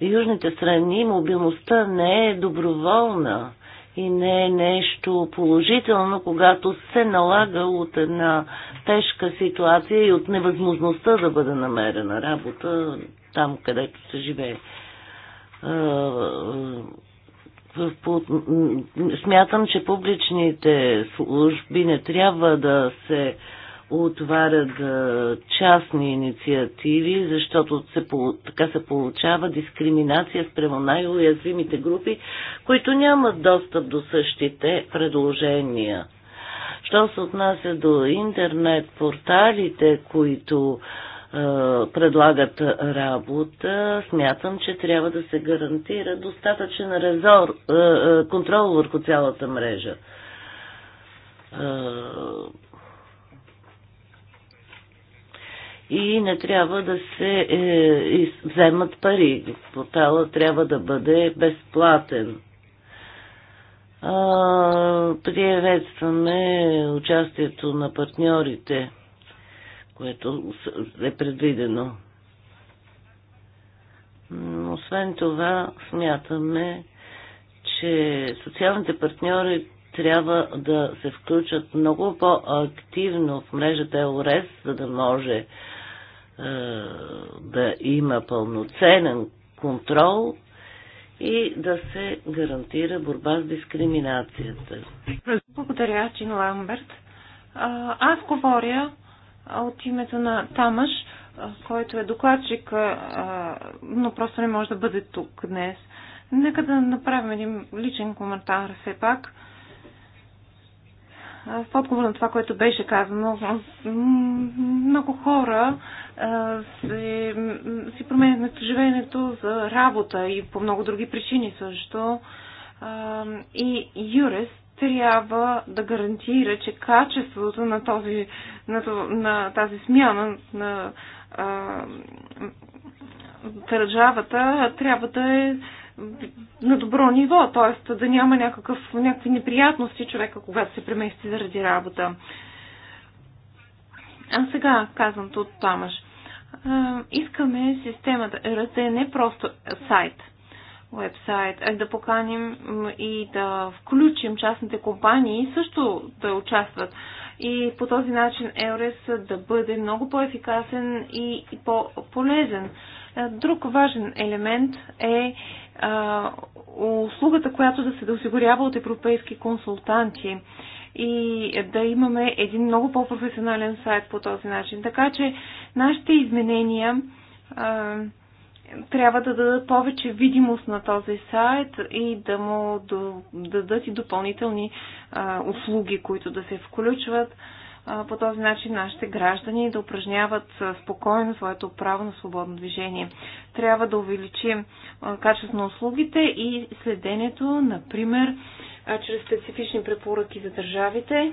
южните страни мобилността не е доброволна и не е нещо положително, когато се налага от една тежка ситуация и от невъзможността да бъде намерена работа там, където се живее. Смятам, че публичните служби не трябва да се отварят частни инициативи, защото се, така се получава дискриминация спрямо най-уязвимите групи, които нямат достъп до същите предложения. Що се отнася до интернет порталите, които а, предлагат работа, смятам, че трябва да се гарантира достатъчен резор, а, контрол върху цялата мрежа. и не трябва да се е, вземат пари. Портала трябва да бъде безплатен. А, приветстваме участието на партньорите, което е предвидено. Освен това, смятаме, че социалните партньори трябва да се включат много по-активно в мрежата ЕОРЕС, за да може да има пълноценен контрол и да се гарантира борба с дискриминацията. Благодаря, Чин Ламберт. Аз говоря от името на Тамаш, който е докладчик, но просто не може да бъде тук днес. Нека да направим един личен коментар все пак в отговор на това, което беше казано, много хора си, си променят местоживеенето за работа и по много други причини също. И юрист трябва да гарантира, че качеството на, този, на, на тази смяна на държавата трябва да е на добро ниво, т.е. да няма някакъв, някакви неприятности човека, когато се премести заради работа. А сега казвам от тамаш. Искаме системата да е не просто сайт, вебсайт, а да поканим и да включим частните компании също да участват. И по този начин Еурес да бъде много по-ефикасен и по-полезен. Е, друг важен елемент е а, е, услугата, която да се да осигурява от европейски консултанти и да имаме един много по-професионален сайт по този начин. Така че нашите изменения а, е, трябва да дадат повече видимост на този сайт и да му дадат и допълнителни а, услуги, които да се включват. А, по този начин нашите граждани да упражняват спокойно своето право на свободно движение. Трябва да увеличим качеството на услугите и следението, например, чрез специфични препоръки за държавите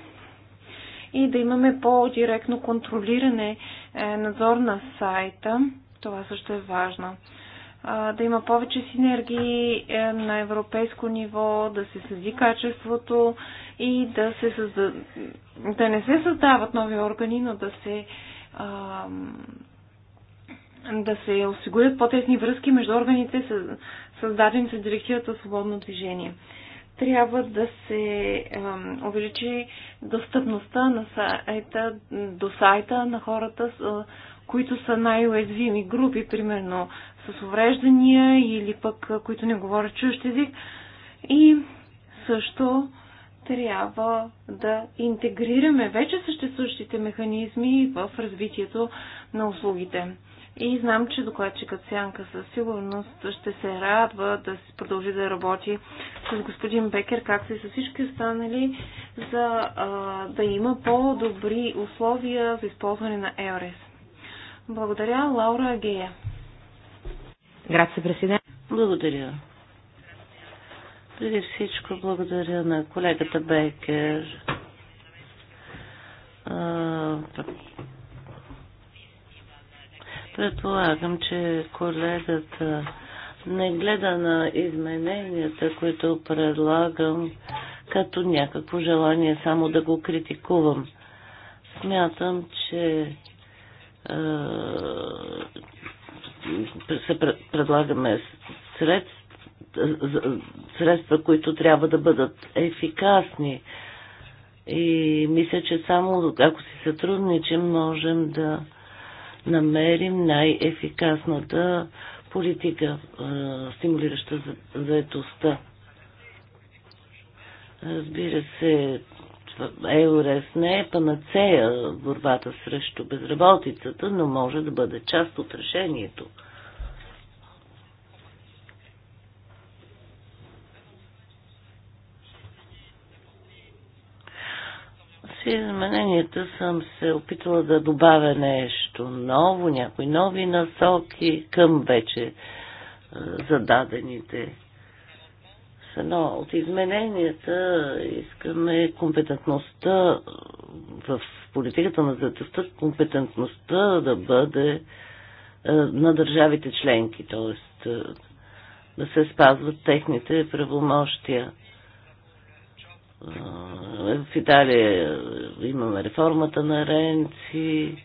и да имаме по-директно контролиране, е, надзор на сайта. Това също е важно да има повече синергии е, на европейско ниво, да се съди качеството и да, се създа... да не се създават нови органи, но да се, а, да се осигурят по-тесни връзки между органите, създадени с директивата свободно движение. Трябва да се а, увеличи достъпността на сайта, до сайта на хората, които са най-уязвими групи, примерно с увреждания или пък които не говорят чужд език. И също трябва да интегрираме вече съществуващите механизми в развитието на услугите. И знам, че докладчикът Сянка със сигурност ще се радва да се продължи да работи с господин Бекер, както и с всички останали, за а, да има по-добри условия за използване на ЕОРЕС. Благодаря, Лаура Агея. Грация, президент. Благодаря. Преди всичко благодаря на колегата Бекер. Предполагам, че колегата не гледа на измененията, които предлагам, като някакво желание само да го критикувам. Смятам, че се предлагаме средства, средства, които трябва да бъдат ефикасни. И мисля, че само ако си сътрудничим, можем да намерим най-ефикасната политика, стимулираща заедостта. Разбира се, Еурес не е панацея борбата срещу безработицата, но може да бъде част от решението. С измененията съм се опитала да добавя нещо ново, някои нови насоки към вече е, зададените едно от измененията искаме компетентността в политиката на заедостта, компетентността да бъде е, на държавите членки, т.е. Е, да се спазват техните правомощия. Е, в Италия имаме реформата на Ренци,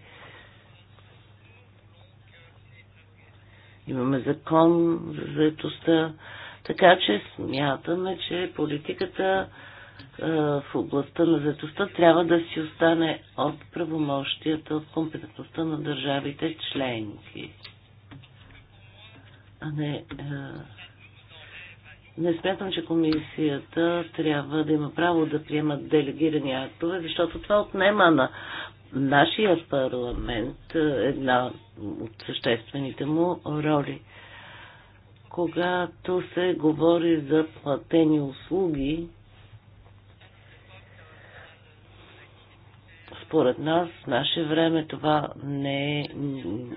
имаме закон за заедостта. Така че смятаме, че политиката в областта на заедостта трябва да си остане от правомощията, от компетентността на държавите членки. А не. Не смятам, че комисията трябва да има право да приема делегирани актове, защото това отнема на нашия парламент една от съществените му роли когато се говори за платени услуги, според нас, в наше време това не е,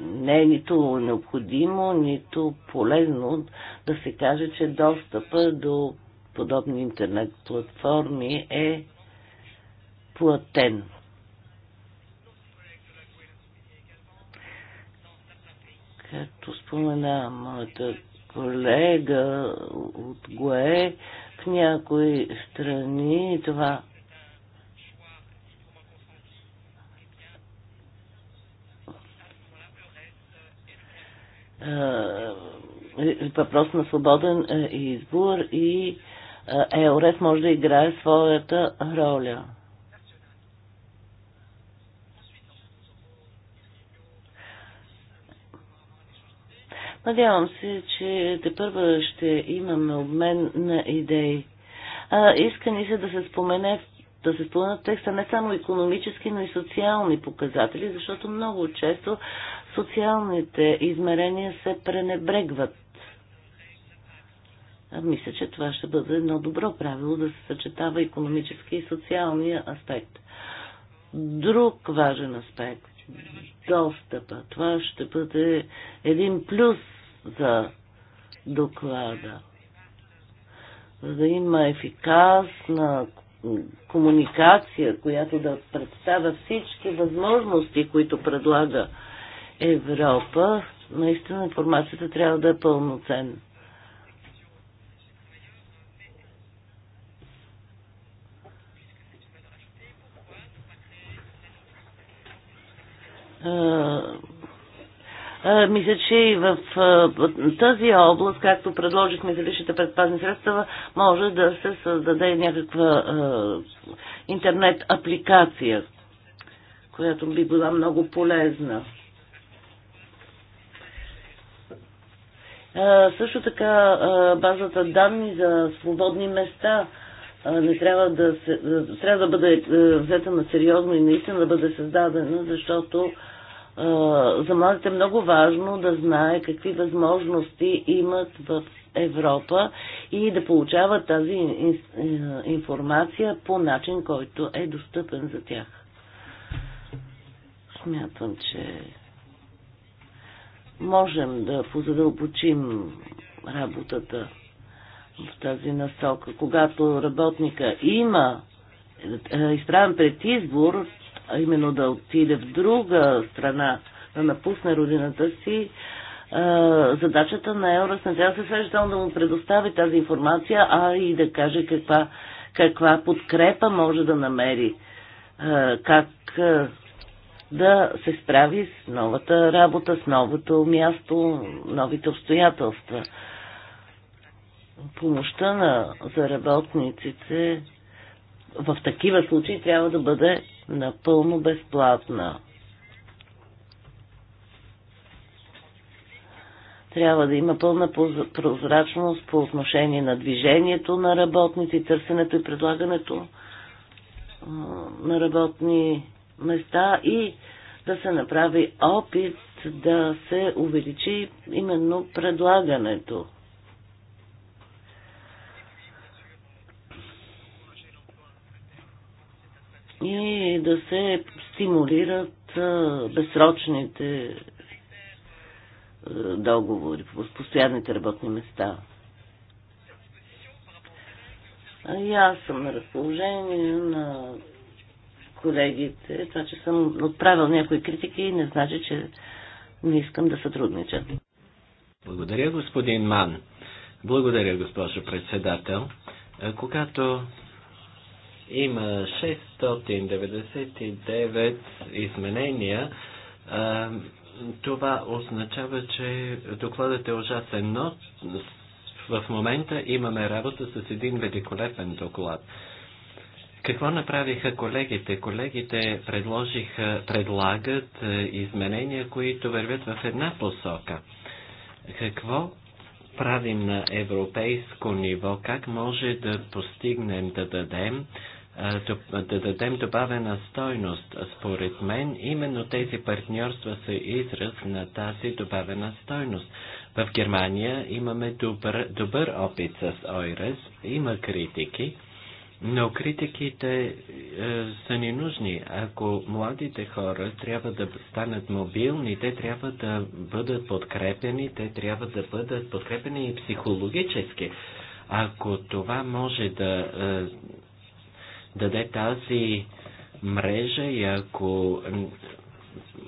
не е нито необходимо, нито полезно да се каже, че достъпа до подобни интернет платформи е платен. Като спомена моята колега от ГОЕ в някои страни това е въпрос на свободен е, избор и е, ЕОРЕС може да играе своята роля. Надявам се, че те първа ще имаме обмен на идеи. А, иска ни се да се спомене да се споменат текста не само економически, но и социални показатели, защото много често социалните измерения се пренебрегват. А, мисля, че това ще бъде едно добро правило да се съчетава економически и социалния аспект. Друг важен аспект достъпа. Това ще бъде един плюс за доклада. За да има ефикасна комуникация, която да представя всички възможности, които предлага Европа, наистина информацията трябва да е пълноценна мисля, че и в тази област, както предложихме за личните предпазни средства, може да се създаде някаква интернет апликация, която би била много полезна. Също така базата данни за свободни места не трябва да, се, трябва да бъде взета на сериозно и наистина да бъде създадена, защото за младите е много важно да знае какви възможности имат в Европа и да получават тази е, информация по начин, който е достъпен за тях. Смятам, че можем да позадълбочим работата в тази насока. Когато работника има е, е, изправен пред избор, а именно да отиде в друга страна, да напусне родината си, задачата на Еврос не трябва да се свежда само да му предостави тази информация, а и да каже каква, каква подкрепа може да намери, как да се справи с новата работа, с новото място, новите обстоятелства. Помощта на, заработниците в такива случаи трябва да бъде напълно безплатна. Трябва да има пълна прозрачност по отношение на движението на работници, търсенето и предлагането на работни места и да се направи опит да се увеличи именно предлагането. и да се стимулират безсрочните договори постоянните работни места. И аз съм на разположение на колегите. Това, че съм отправил някои критики, не значи, че не искам да сътруднича. Благодаря, господин Ман. Благодаря, госпожо председател. Когато има 699 изменения. Това означава, че докладът е ужасен, но в момента имаме работа с един великолепен доклад. Какво направиха колегите? Колегите предложиха, предлагат е, изменения, които вървят в една посока. Какво правим на европейско ниво? Как може да постигнем, да дадем да дадем добавена стойност. Според мен, именно тези партньорства са израз на тази добавена стойност. В Германия имаме добър, добър опит с ОИРЕС, има критики, но критиките е, са ни нужни. Ако младите хора трябва да станат мобилни, те трябва да бъдат подкрепени, те трябва да бъдат подкрепени и психологически. Ако това може да е, даде тази мрежа и ако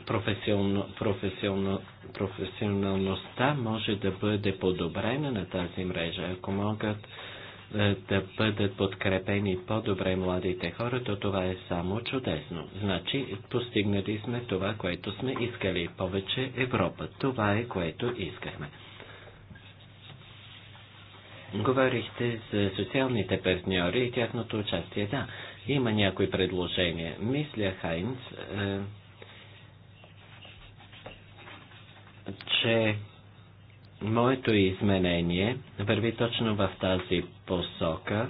професионно, професионно, професионалността може да бъде подобрена на тази мрежа, ако могат е, да бъдат подкрепени по-добре младите хора, то това е само чудесно. Значи, постигнали сме това, което сме искали. Повече Европа. Това е, което искахме. Говорихте за социалните партньори и тяхното участие. Да, има някои предложения. Мисля, Хайнц, е, че моето изменение върви точно в тази посока,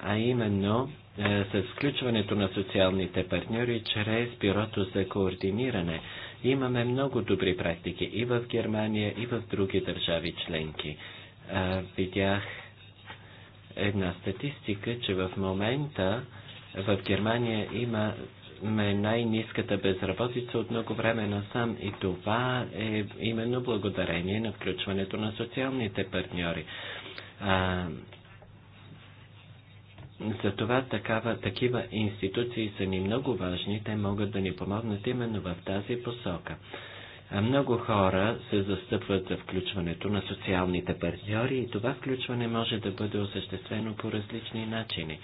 а именно е, с включването на социалните партньори чрез бюрото за координиране. Имаме много добри практики и в Германия, и в други държави членки видях една статистика, че в момента в Германия има имаме най-низката безработица от много време насам и това е именно благодарение на включването на социалните партньори. А, затова такава, такива институции са ни много важни, те могат да ни помогнат именно в тази посока. Много хора се застъпват за включването на социалните партньори и това включване може да бъде осъществено по различни начини.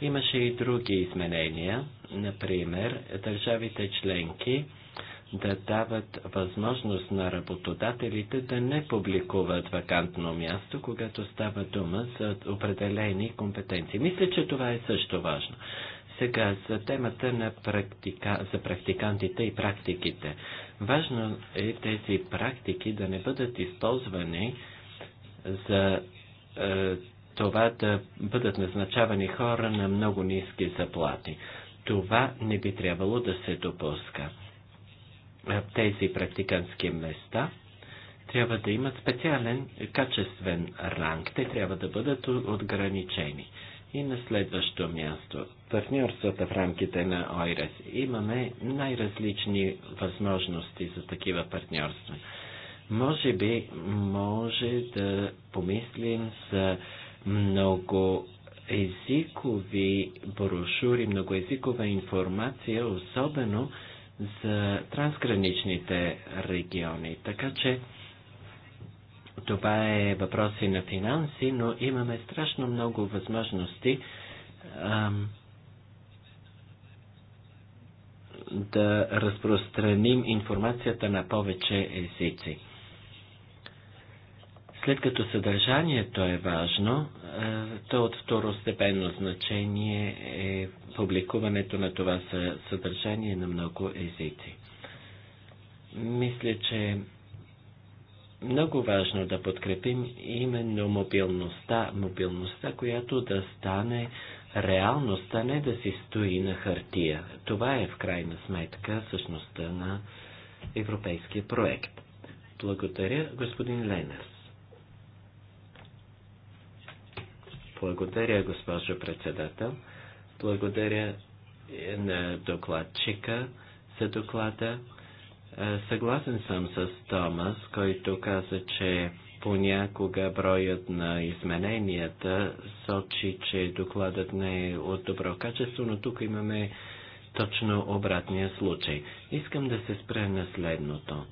Имаше и други изменения, например, държавите членки да дават възможност на работодателите да не публикуват вакантно място, когато става дума за определени компетенции. Мисля, че това е също важно. Сега за темата на практика, за практикантите и практиките. Важно е тези практики да не бъдат използвани за е, това да бъдат назначавани хора на много ниски заплати. Това не би трябвало да се допуска. Е, тези практикантски места трябва да имат специален качествен ранг. Те трябва да бъдат отграничени. И на следващо място, партньорствата в рамките на ОИРЕС. Имаме най-различни възможности за такива партньорства. Може би може да помислим за много езикови брошури, много езикова информация, особено за трансграничните региони. Така че това е въпроси на финанси, но имаме страшно много възможности ам, да разпространим информацията на повече езици. След като съдържанието е важно, то от второстепенно значение е публикуването на това съдържание на много езици. Мисля, че много важно да подкрепим именно мобилността, мобилността, която да стане реалност, а не да си стои на хартия. Това е в крайна сметка същността на европейския проект. Благодаря, господин Ленерс. Благодаря, госпожо председател. Благодаря на докладчика за доклада. Е, съгласен съм с Томас, който каза, че понякога броят на измененията сочи, че докладът не е от добро качество, но тук имаме точно обратния случай. Искам да се спре на следното.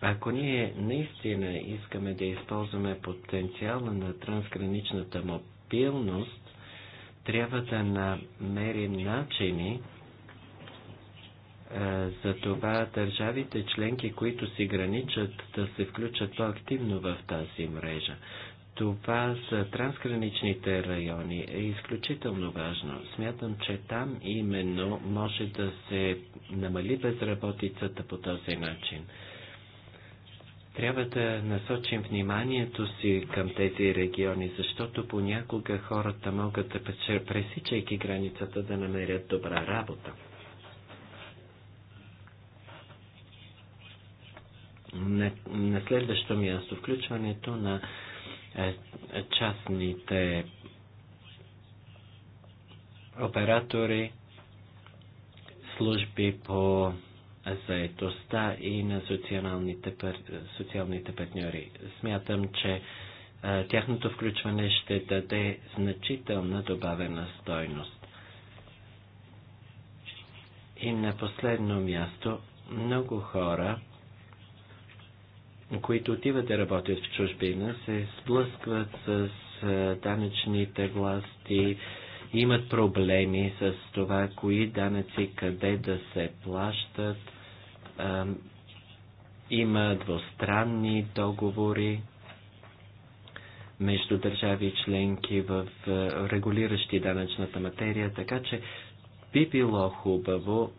Ако ние наистина искаме да използваме потенциала на трансграничната мобилност, трябва да намерим начини, е, за това държавите членки, които си граничат, да се включат по-активно в тази мрежа. Това за трансграничните райони е изключително важно. Смятам, че там именно може да се намали безработицата по този начин. Трябва да насочим вниманието си към тези региони, защото понякога хората могат, да пресичайки границата, да намерят добра работа. На, следващо място, включването на е, частните оператори, служби по заетостта и на социалните, пар... социалните партньори. Смятам, че а, е, тяхното включване ще даде значителна добавена стойност. И на последно място, много хора които отиват да работят в чужбина, се сблъскват с данъчните власти, имат проблеми с това, кои данъци къде да се плащат, има двустранни договори между държави членки в регулиращи данъчната материя, така че би било хубаво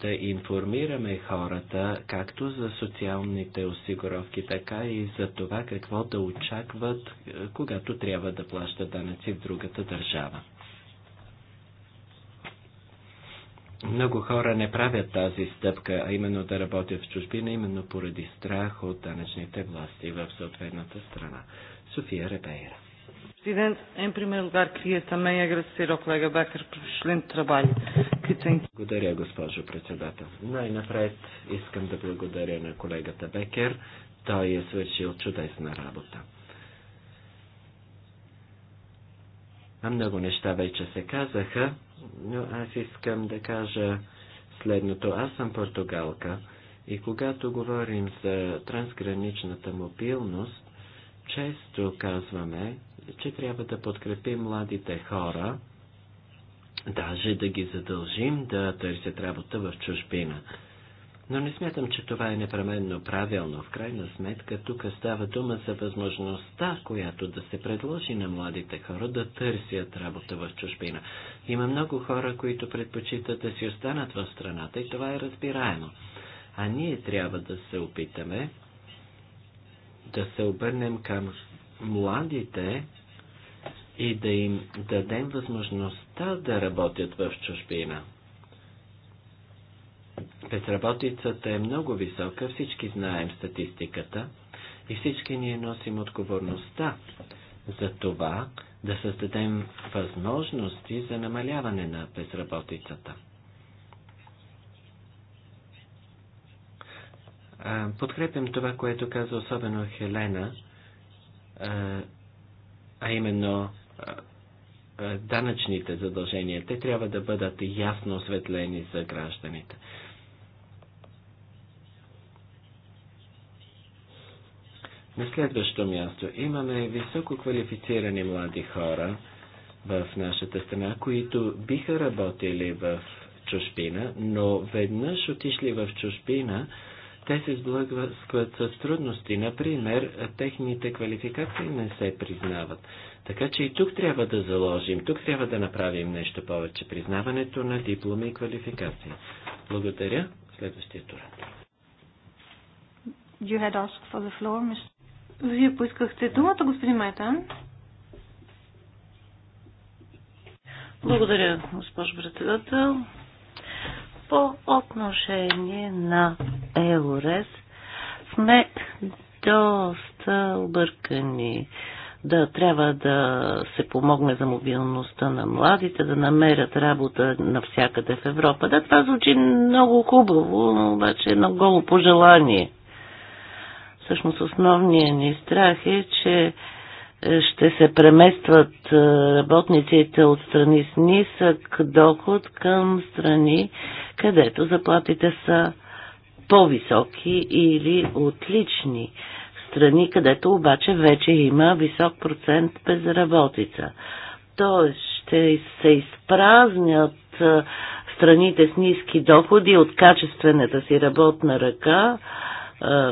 да информираме хората както за социалните осигуровки, така и за това какво да очакват, е, когато трябва да плащат данъци в другата държава. Много хора не правят тази стъпка, а именно да работят в чужбина, именно поради страх от данъчните власти в съответната страна. София Ребейра. Presidente, em primeiro lugar queria também agradecer ao colega Becker por excelente trabalho que tem. Благодаря, госпожо председател. Най-напред искам да благодаря на колегата Бекер. Той е свършил чудесна работа. А много неща вече се казаха, но аз искам да кажа следното. Аз съм португалка и когато говорим за трансграничната мобилност, често казваме, че трябва да подкрепим младите хора, даже да ги задължим да търсят работа в чужбина. Но не смятам, че това е непременно правилно. В крайна сметка тук става дума за възможността, която да се предложи на младите хора да търсят работа в чужбина. Има много хора, които предпочитат да си останат в страната и това е разбираемо. А ние трябва да се опитаме да се обърнем към младите и да им дадем възможността да работят в чужбина. Безработицата е много висока, всички знаем статистиката и всички ние носим отговорността за това да създадем възможности за намаляване на безработицата. Подкрепям това, което каза особено Хелена, а именно данъчните задължения. Те трябва да бъдат ясно осветлени за гражданите. На следващо място имаме високо квалифицирани млади хора в нашата страна, които биха работили в чужбина, но веднъж отишли в чужбина, те се сблъгват с трудности. Например, техните квалификации не се признават. Така че и тук трябва да заложим, тук трябва да направим нещо повече. Признаването на дипломи и квалификации. Благодаря. Следващия тур. You had asked for the floor, Mr. Вие поискахте думата, господин Майтан. Благодаря, госпожо председател. По отношение на ЕОРЕС сме доста объркани да трябва да се помогне за мобилността на младите, да намерят работа навсякъде в Европа. Да, това звучи много хубаво, но обаче е едно голо пожелание. Всъщност основният ни страх е, че е, ще се преместват е, работниците от страни с нисък доход към страни, където заплатите са по-високи или отлични страни, където обаче вече има висок процент безработица. Тоест ще се изпразнят страните с ниски доходи от качествената си работна ръка,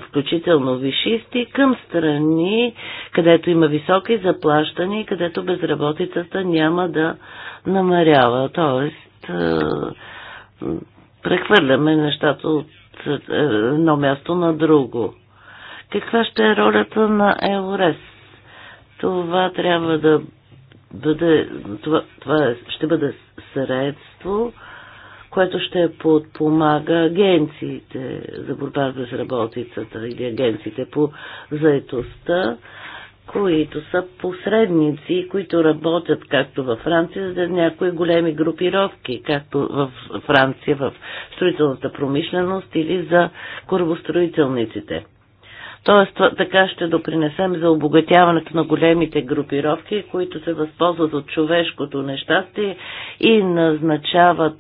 включително вишисти, към страни, където има високи заплащания и където безработицата няма да намарява. Тоест, прехвърляме нещата от едно място на друго. Каква ще е ролята на ЕОРЕС? Това трябва да бъде, това, това ще бъде средство, което ще подпомага агенциите за борба с безработицата или агенциите по заетостта, които са посредници, които работят както във Франция за някои големи групировки, както в Франция в строителната промишленост или за корабостроителниците. Тоест, така ще допринесем за обогатяването на големите групировки, които се възползват от човешкото нещастие и назначават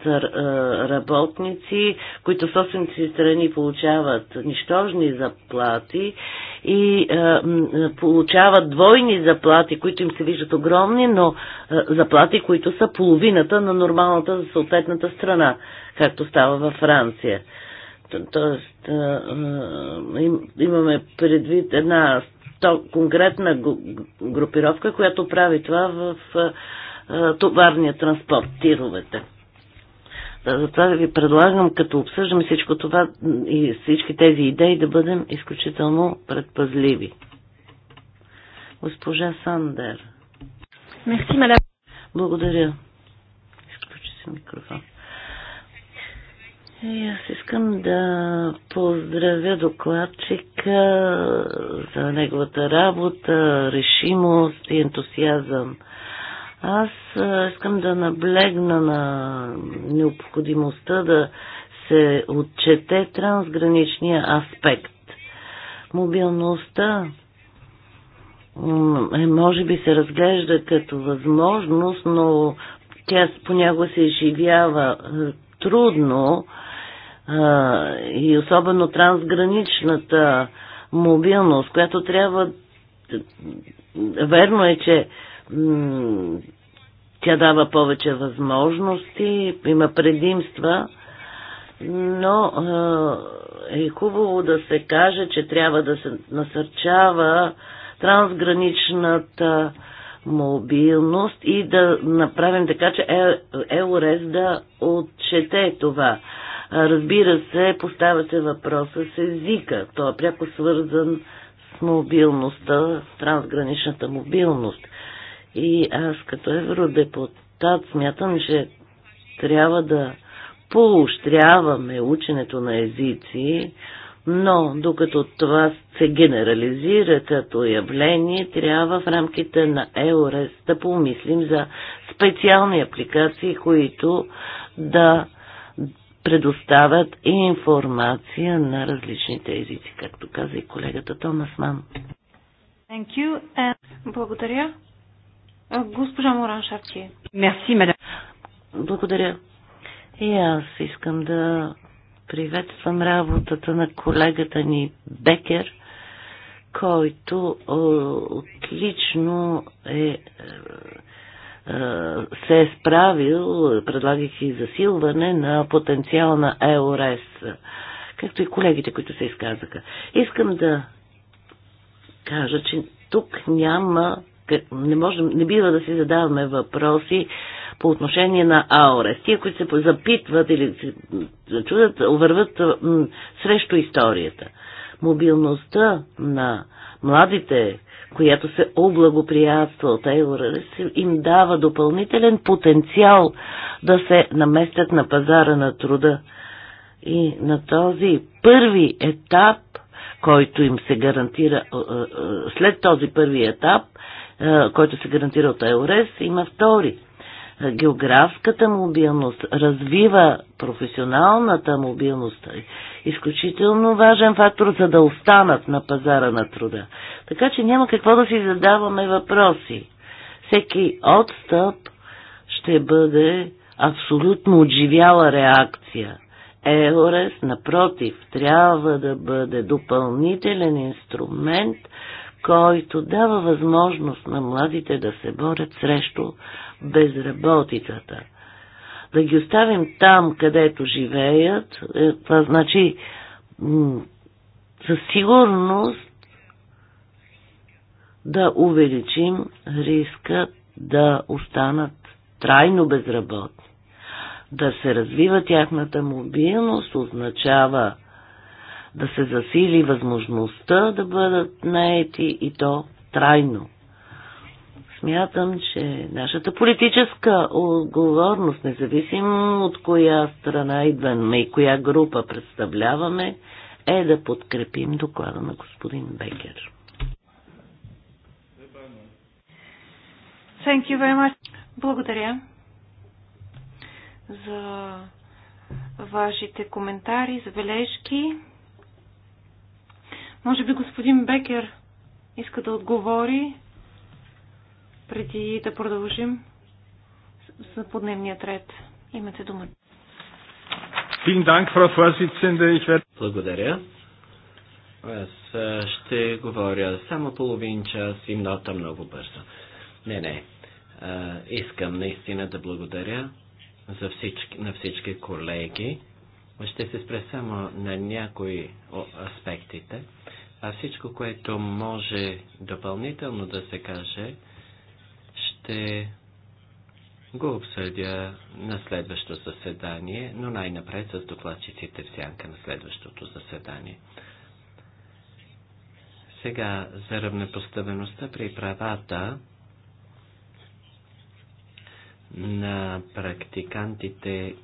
работници, които в собствените си страни получават нищожни заплати и получават двойни заплати, които им се виждат огромни, но заплати, които са половината на нормалната за съответната страна, както става във Франция. Тоест, имаме предвид една конкретна групировка, която прави това в товарния транспорт, тировете. Затова ви предлагам, като обсъждаме всичко това и всички тези идеи, да бъдем изключително предпазливи. Госпожа Сандер. Мерси, мадам. Благодаря. Изключи се микрофон. И е, аз искам да поздравя докладчика за неговата работа, решимост и ентусиазъм. Аз е, искам да наблегна на необходимостта да се отчете трансграничния аспект. Мобилността е, може би се разглежда като възможност, но тя понякога се изживява трудно, и особено трансграничната мобилност, която трябва. Верно е, че тя дава повече възможности, има предимства, но е хубаво да се каже, че трябва да се насърчава трансграничната мобилност и да направим така, че ЕОРЕС да отчете това. Разбира се, поставя се въпроса с езика. Той е пряко свързан с мобилността, трансграничната мобилност. И аз като евродепутат смятам, че трябва да поощряваме ученето на езици, но докато това се генерализира като явление, трябва в рамките на ЕОРЕС да помислим за специални апликации, които да предоставят и информация на различните езици, както каза и колегата Томас Ман. Thank you. And... Благодаря. Госпожа Моран Шарчи. Мерси, меда. Благодаря. И аз искам да приветствам работата на колегата ни Бекер, който отлично е е, се е справил, предлагайки засилване на потенциална ЕОРЕС, както и колегите, които се изказаха. Искам да кажа, че тук няма, не, можем, не бива да си задаваме въпроси по отношение на АОРЕС. Тие, които се запитват или се чудят, върват срещу историята. Мобилността на младите която се облагоприятства от Тейлора, им дава допълнителен потенциал да се наместят на пазара на труда. И на този първи етап, който им се гарантира, след този първи етап, който се гарантира от Еврорес, има втори географската мобилност, развива професионалната мобилност. Изключително важен фактор, за да останат на пазара на труда. Така че няма какво да си задаваме въпроси. Всеки отстъп ще бъде абсолютно отживяла реакция. ЕОРЕС, напротив, трябва да бъде допълнителен инструмент който дава възможност на младите да се борят срещу безработицата. Да ги оставим там, където живеят, е, това значи със сигурност да увеличим риска да останат трайно безработни. Да се развива тяхната мобилност означава да се засили възможността да бъдат наети и то трайно. Смятам, че нашата политическа отговорност, независимо от коя страна идваме и коя група представляваме, е да подкрепим доклада на господин Бекер. Thank you very much. Благодаря за вашите коментари, забележки. Може би господин Бекер иска да отговори преди да продължим за подневния ред. Имате думата. Благодаря. Аз ще говоря само половин час и много, много бързо. Не, не. искам наистина да благодаря за всички, на всички колеги ще се спре само на някои аспектите, а всичко, което може допълнително да се каже, ще го обсъдя на следващото заседание, но най-напред с докладчиците в сянка на следващото заседание. Сега за равнопоставеността при правата на практикантите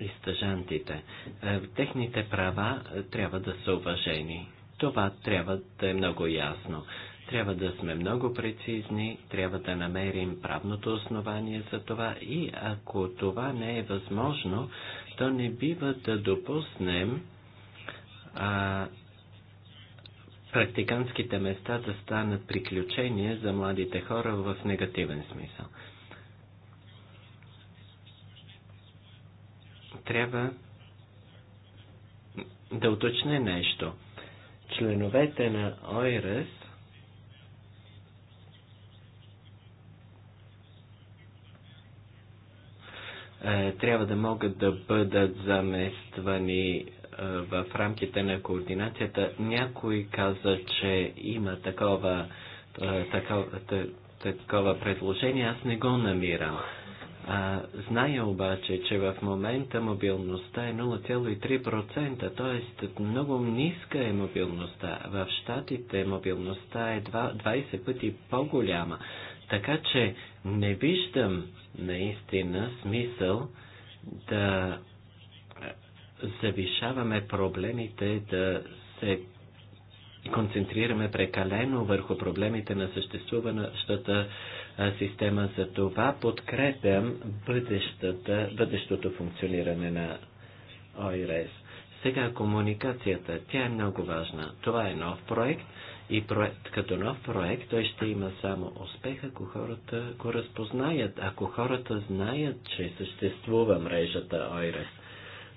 и стъжантите. Е, техните права е, трябва да са уважени. Това трябва да е много ясно. Трябва да сме много прецизни, трябва да намерим правното основание за това и ако това не е възможно, то не бива да допуснем а, практиканските места да станат приключения за младите хора в негативен смисъл. трябва да уточня нещо. Членовете на ОИРС е, трябва да могат да бъдат замествани е, в рамките на координацията. Някой каза, че има такова, е, такова, такова предложение. Аз не го намирам. А, зная обаче, че в момента мобилността е 0,3%, т.е. много ниска е мобилността. В Штатите мобилността е 20 пъти по-голяма. Така че не виждам наистина смисъл да завишаваме проблемите, да се концентрираме прекалено върху проблемите на съществуващата система. За това подкрепям бъдещото функциониране на ОИРЕС. Сега комуникацията, тя е много важна. Това е нов проект и проект, като нов проект той ще има само успех, ако хората го разпознаят, ако хората знаят, че съществува мрежата ОИРЕС.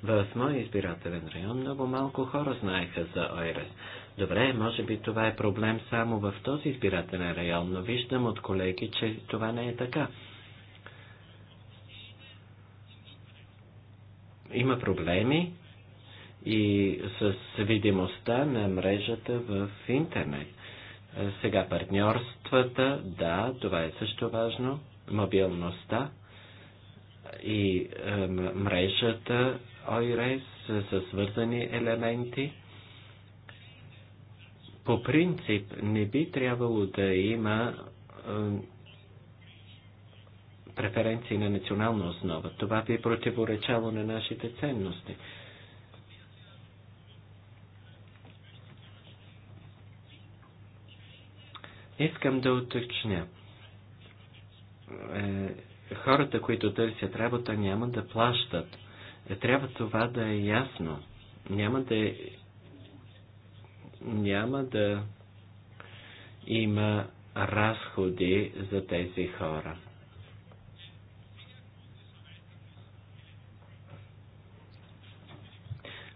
В моя избирателен район много малко хора знаеха за ОИРЕС. Добре, може би това е проблем само в този избирателен район, но виждам от колеги, че това не е така. Има проблеми и с видимостта на мрежата в интернет. Е, сега партньорствата, да, това е също важно, мобилността и е, мрежата ОИРЕС са свързани елементи – по принцип не би трябвало да има преференции на национална основа. Това би противоречало на нашите ценности. Искам да уточня. Е, хората, които търсят работа, няма да плащат. Е, трябва това да е ясно. Няма да е няма да има разходи за тези хора.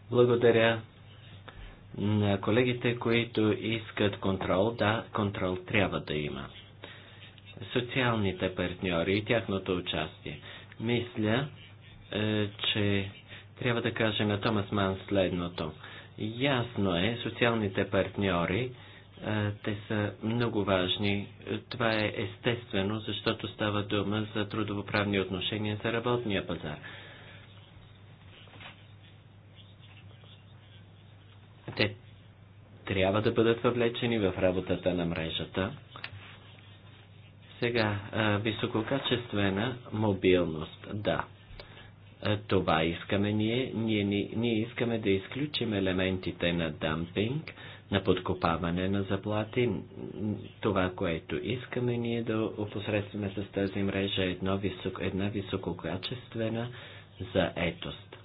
Благодаря на колегите, които искат контрол. Да, контрол трябва да има. Социалните партньори и тяхното участие. Мисля, е, че трябва да кажем на Томас Ман следното. Ясно е, социалните партньори, е, те са много важни. Това е естествено, защото става дума за трудовоправни отношения за работния пазар. Те трябва да бъдат въвлечени в работата на мрежата. Сега, е, висококачествена мобилност, да. Това искаме ние. Ние, ние, ние искаме да изключим елементите на дампинг, на подкопаване на заплати. Това, което искаме ние да опосредстваме с тази мрежа е едно една висококачествена заетост.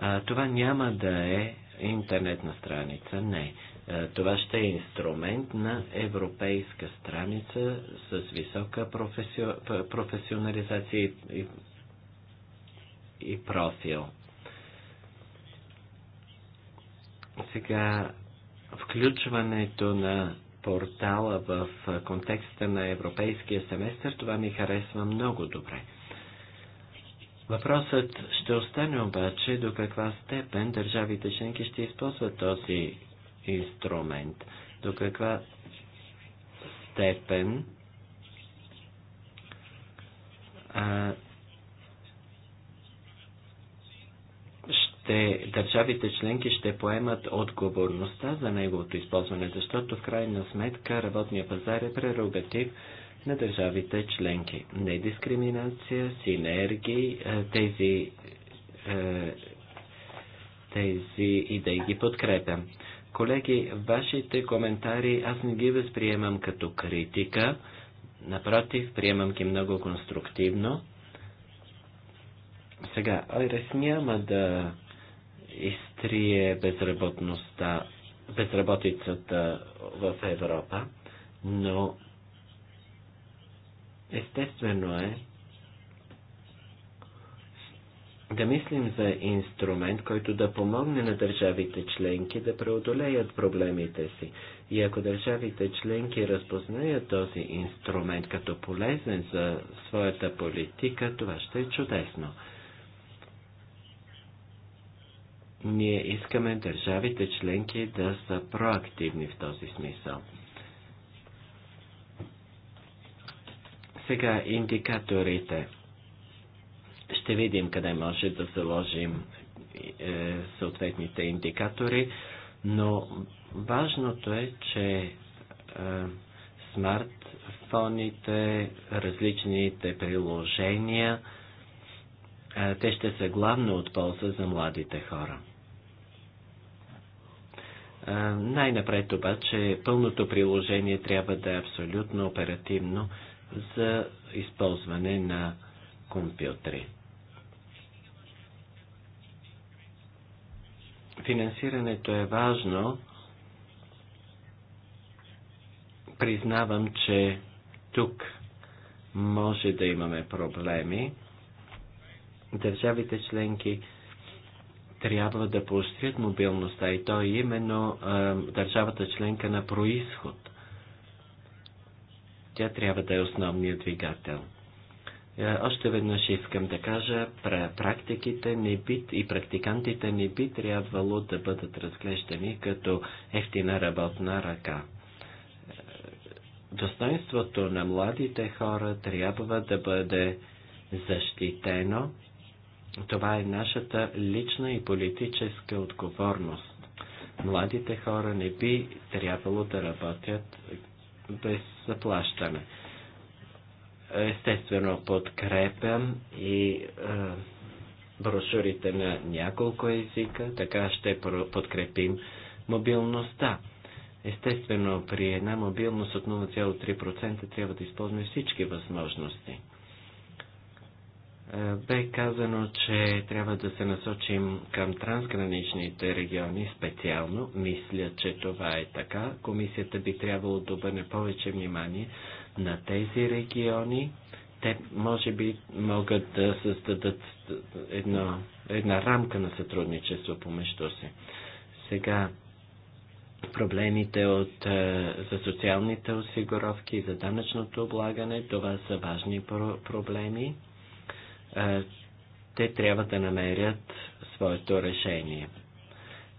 А, това няма да е интернетна страница, не. А, това ще е инструмент на европейска страница с висока професио, професионализация и и профил. Сега, включването на портала в контекста на европейския семестър, това ми харесва много добре. Въпросът ще остане обаче до каква степен държавите членки ще използват този инструмент, до каква степен а, ще, държавите членки ще поемат отговорността за неговото използване, защото в крайна сметка работния пазар е прерогатив на държавите членки. Не дискриминация, синергии, е, тези, е, тези идеи ги подкрепям. Колеги, вашите коментари аз не ги възприемам като критика, напротив, приемам ги много конструктивно. Сега, Айрес няма да изтрие безработността, безработицата в Европа, но естествено е да мислим за инструмент, който да помогне на държавите членки да преодолеят проблемите си. И ако държавите членки разпознаят този инструмент като полезен за своята политика, това ще е чудесно. Ние искаме държавите членки да са проактивни в този смисъл. Сега индикаторите. Ще видим къде може да заложим е, съответните индикатори, но важното е, че е, смартфоните, различните приложения, е, те ще са главно от полза за младите хора. Най-напред обаче пълното приложение трябва да е абсолютно оперативно за използване на компютри. Финансирането е важно. Признавам, че тук може да имаме проблеми. Държавите членки трябва да поощрят мобилността и то е именно а, държавата членка на происход. Тя трябва да е основният двигател. А, е, още веднъж искам да кажа, практиките не би, и практикантите не би трябвало да бъдат разглеждани като ефтина работна ръка. Е, достоинството на младите хора трябва да бъде защитено това е нашата лична и политическа отговорност. Младите хора не би трябвало да работят без заплащане. Естествено, подкрепям и е, брошурите на няколко езика, така ще подкрепим мобилността. Естествено, при една мобилност от 0,3% трябва да използваме всички възможности. Е, бе казано, че трябва да се насочим към трансграничните региони специално. Мисля, че това е така. Комисията би трябвало да обърне повече внимание на тези региони. Те може би могат да създадат едно, една рамка на сътрудничество помежду си. Сега проблемите от, е, за социалните осигуровки и за данъчното облагане, това са важни проблеми. Е, те трябва да намерят своето решение.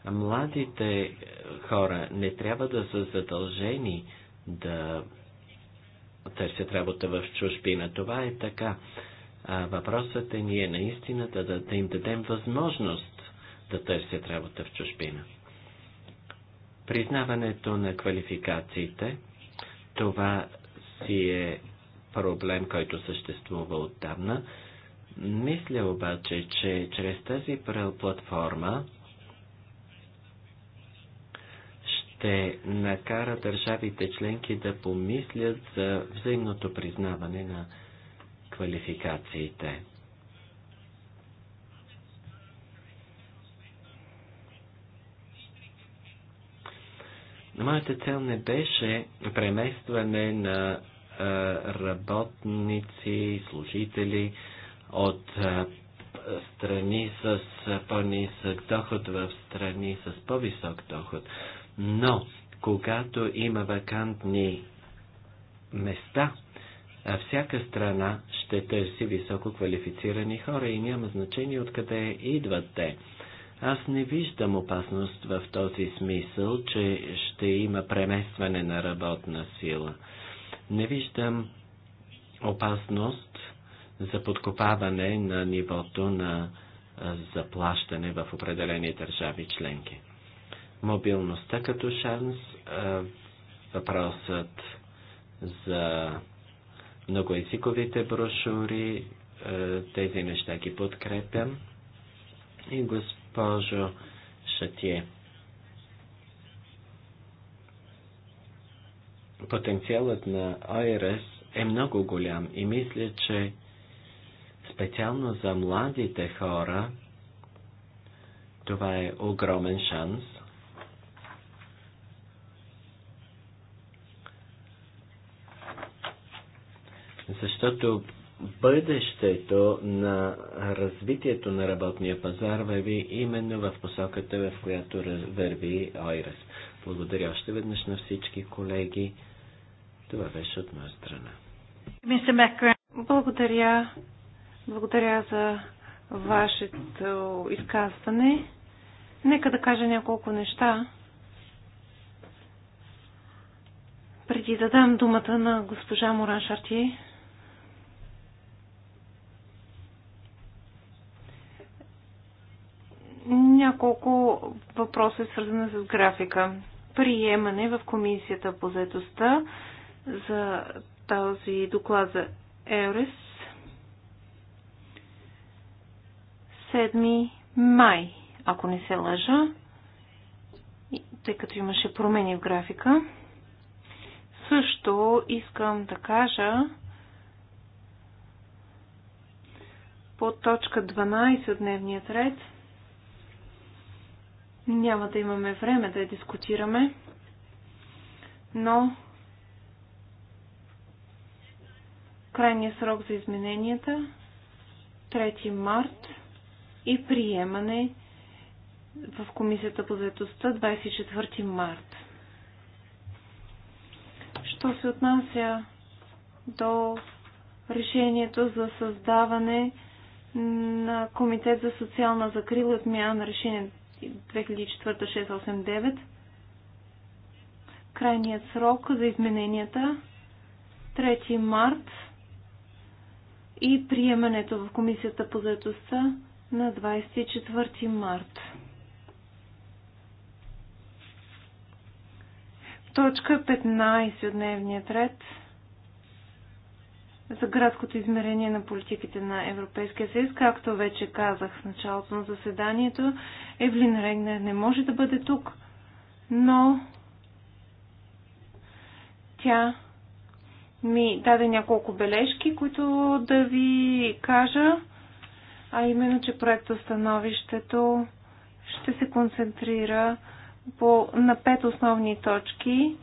Младите хора не трябва да са задължени да търсят работа в чужбина. Това е така. А въпросът е ние наистина да, да, да им дадем възможност да търсят работа в чужбина. Признаването на квалификациите, това си е проблем, който съществува отдавна. Мисля обаче, че чрез тази платформа ще накара държавите членки да помислят за взаимното признаване на квалификациите. Моята цел не беше преместване на работници, служители, от страни с по-нисък доход в страни с по-висок доход. Но, когато има вакантни места, всяка страна ще търси високо квалифицирани хора и няма значение откъде идват те. Аз не виждам опасност в този смисъл, че ще има преместване на работна сила. Не виждам опасност за подкопаване на нивото на заплащане в определени държави членки. Мобилността като шанс, въпросът за многоязиковите брошури, тези неща ги подкрепям. И госпожо Шатие, потенциалът на ОРС е много голям и мисля, че Специално за младите хора това е огромен шанс. Защото бъдещето на развитието на работния пазар върви именно в посоката, в която върви Ойрес. Благодаря още веднъж на всички колеги. Това беше от моя страна. Благодаря. Благодаря за вашето изказване. Нека да кажа няколко неща. Преди да дам думата на госпожа Моран Шарти. няколко въпроса, свързани с графика. Приемане в комисията по заедостта за този доклад за ЕРЕС 7 май, ако не се лъжа, тъй като имаше промени в графика. Също искам да кажа по точка 12 от дневният ред. Няма да имаме време да я дискутираме, но крайният срок за измененията 3 март и приемане в Комисията по заедостта 24 март. Що се отнася до решението за създаване на Комитет за социална закрила отмяна на решение 2004-689, крайният срок за измененията 3 март и приемането в Комисията по заедостта на 24 март. Точка 15 от дневния ред за градското измерение на политиките на Европейския съюз, както вече казах в началото на заседанието, Евлин Регнер не може да бъде тук, но тя ми даде няколко бележки, които да ви кажа а именно, че становището ще се концентрира по, на пет основни точки,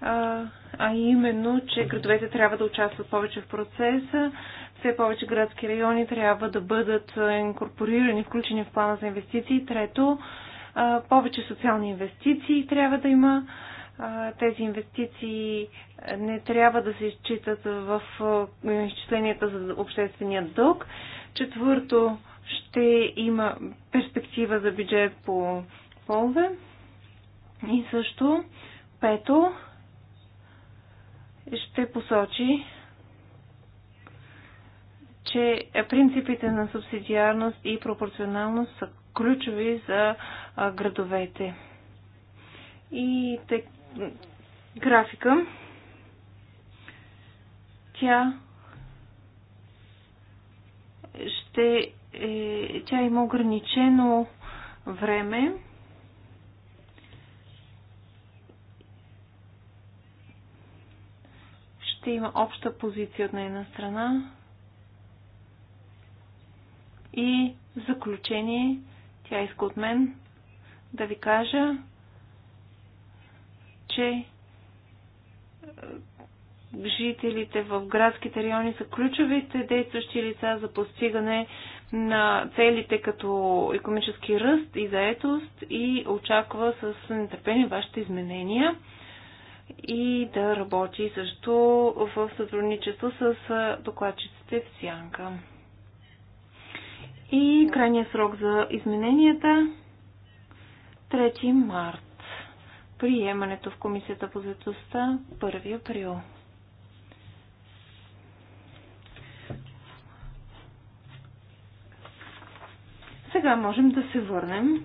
а, а именно, че градовете трябва да участват повече в процеса, все повече градски райони трябва да бъдат инкорпорирани, включени в плана за инвестиции. Трето, а, повече социални инвестиции трябва да има. А, тези инвестиции не трябва да се изчитат в изчисленията за обществения дълг. Четвърто, ще има перспектива за бюджет по Полза, И също, пето, ще посочи, че принципите на субсидиарност и пропорционалност са ключови за градовете. И те, графика, тя ще, е, тя има ограничено време. Ще има обща позиция от нейна страна. И в заключение, тя иска от мен да ви кажа, че жителите в градските райони са ключовите действащи лица за постигане на целите като економически ръст и заетост и очаква с нетърпение вашите изменения и да работи също в сътрудничество с докладчиците в Сянка. И крайният срок за измененията 3 март. Приемането в Комисията по заедостта 1 април. Сега можем да се върнем.